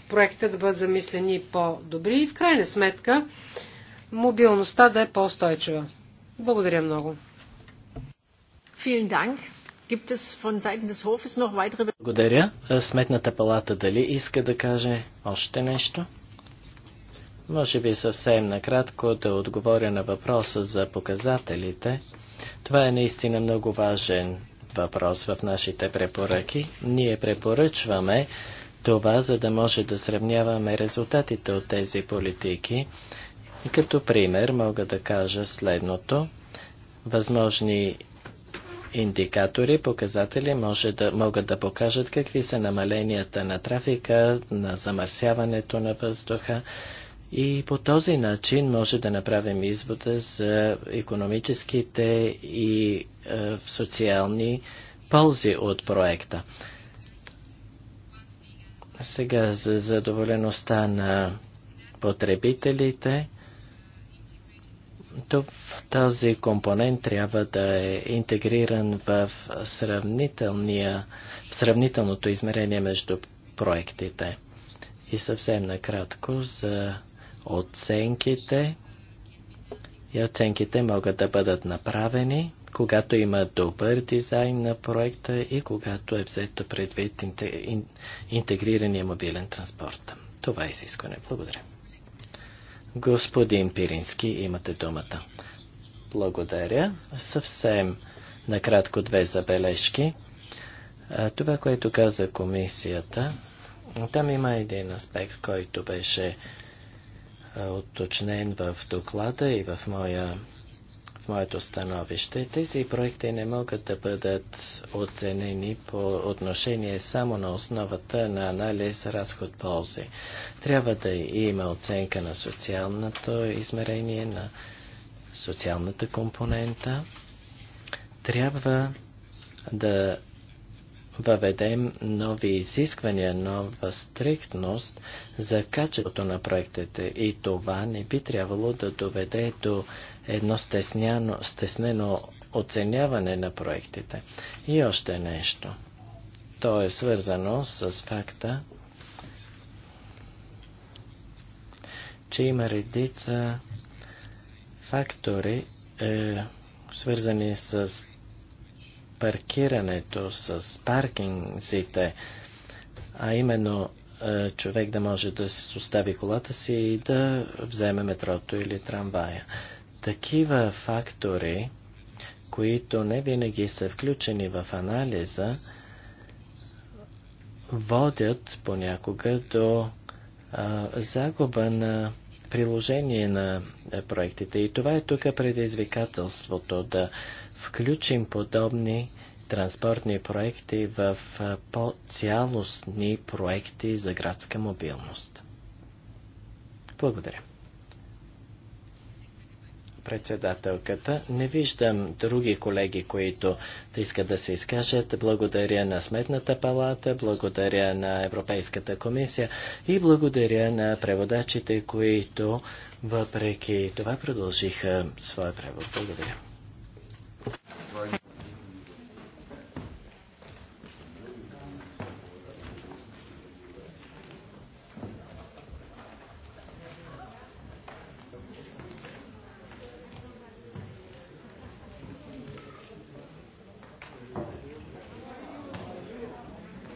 проекта да бъдат замислени по-добри и в крайна сметка мобилността да е по-устойчива. Благодаря много. Благодаря. Сметната палата дали иска да каже още нещо? Може би съвсем накратко да отговоря на въпроса за показателите. Това е наистина много важен въпрос в нашите препоръки. Ние препоръчваме това, за да може да сравняваме резултатите от тези политики. И като пример мога да кажа следното. Възможни индикатори, показатели може да, могат да покажат какви са намаленията на трафика, на замърсяването на въздуха, и по този начин може да направим извода за економическите и е, социални ползи от проекта. Сега за задоволеността на потребителите. този компонент трябва да е интегриран в, сравнителния, в сравнителното измерение между проектите. И съвсем накратко за оценките и оценките могат да бъдат направени, когато има добър дизайн на проекта и когато е взето предвид интегрирания мобилен транспорт. Това е изискване. Благодаря. Господин Пирински, имате думата. Благодаря. Съвсем накратко две забележки. Това, което каза комисията, там има един аспект, който беше уточнен в доклада и в, моя, в моето становище. Тези проекти не могат да бъдат оценени по отношение само на основата на анализ разход-ползи. Трябва да има оценка на социалното измерение, на социалната компонента. Трябва да въведем нови изисквания, нова стриктност за качеството на проектите и това не би трябвало да доведе до едно стесняно, стеснено оценяване на проектите. И още нещо. То е свързано с факта, че има редица фактори, е, свързани с паркирането, с паркингзите, а именно е, човек да може да се остави колата си и да вземе метрото или трамвая. Такива фактори, които не винаги са включени в анализа, водят понякога до а, загуба на приложение на е, проектите. И това е тук предизвикателството да включим подобни транспортни проекти в по-цялостни проекти за градска мобилност. Благодаря. Председателката, не виждам други колеги, които да искат да се изкажат. Благодаря на Сметната палата, благодаря на Европейската комисия и благодаря на преводачите, които въпреки това продължиха своя превод. Благодаря.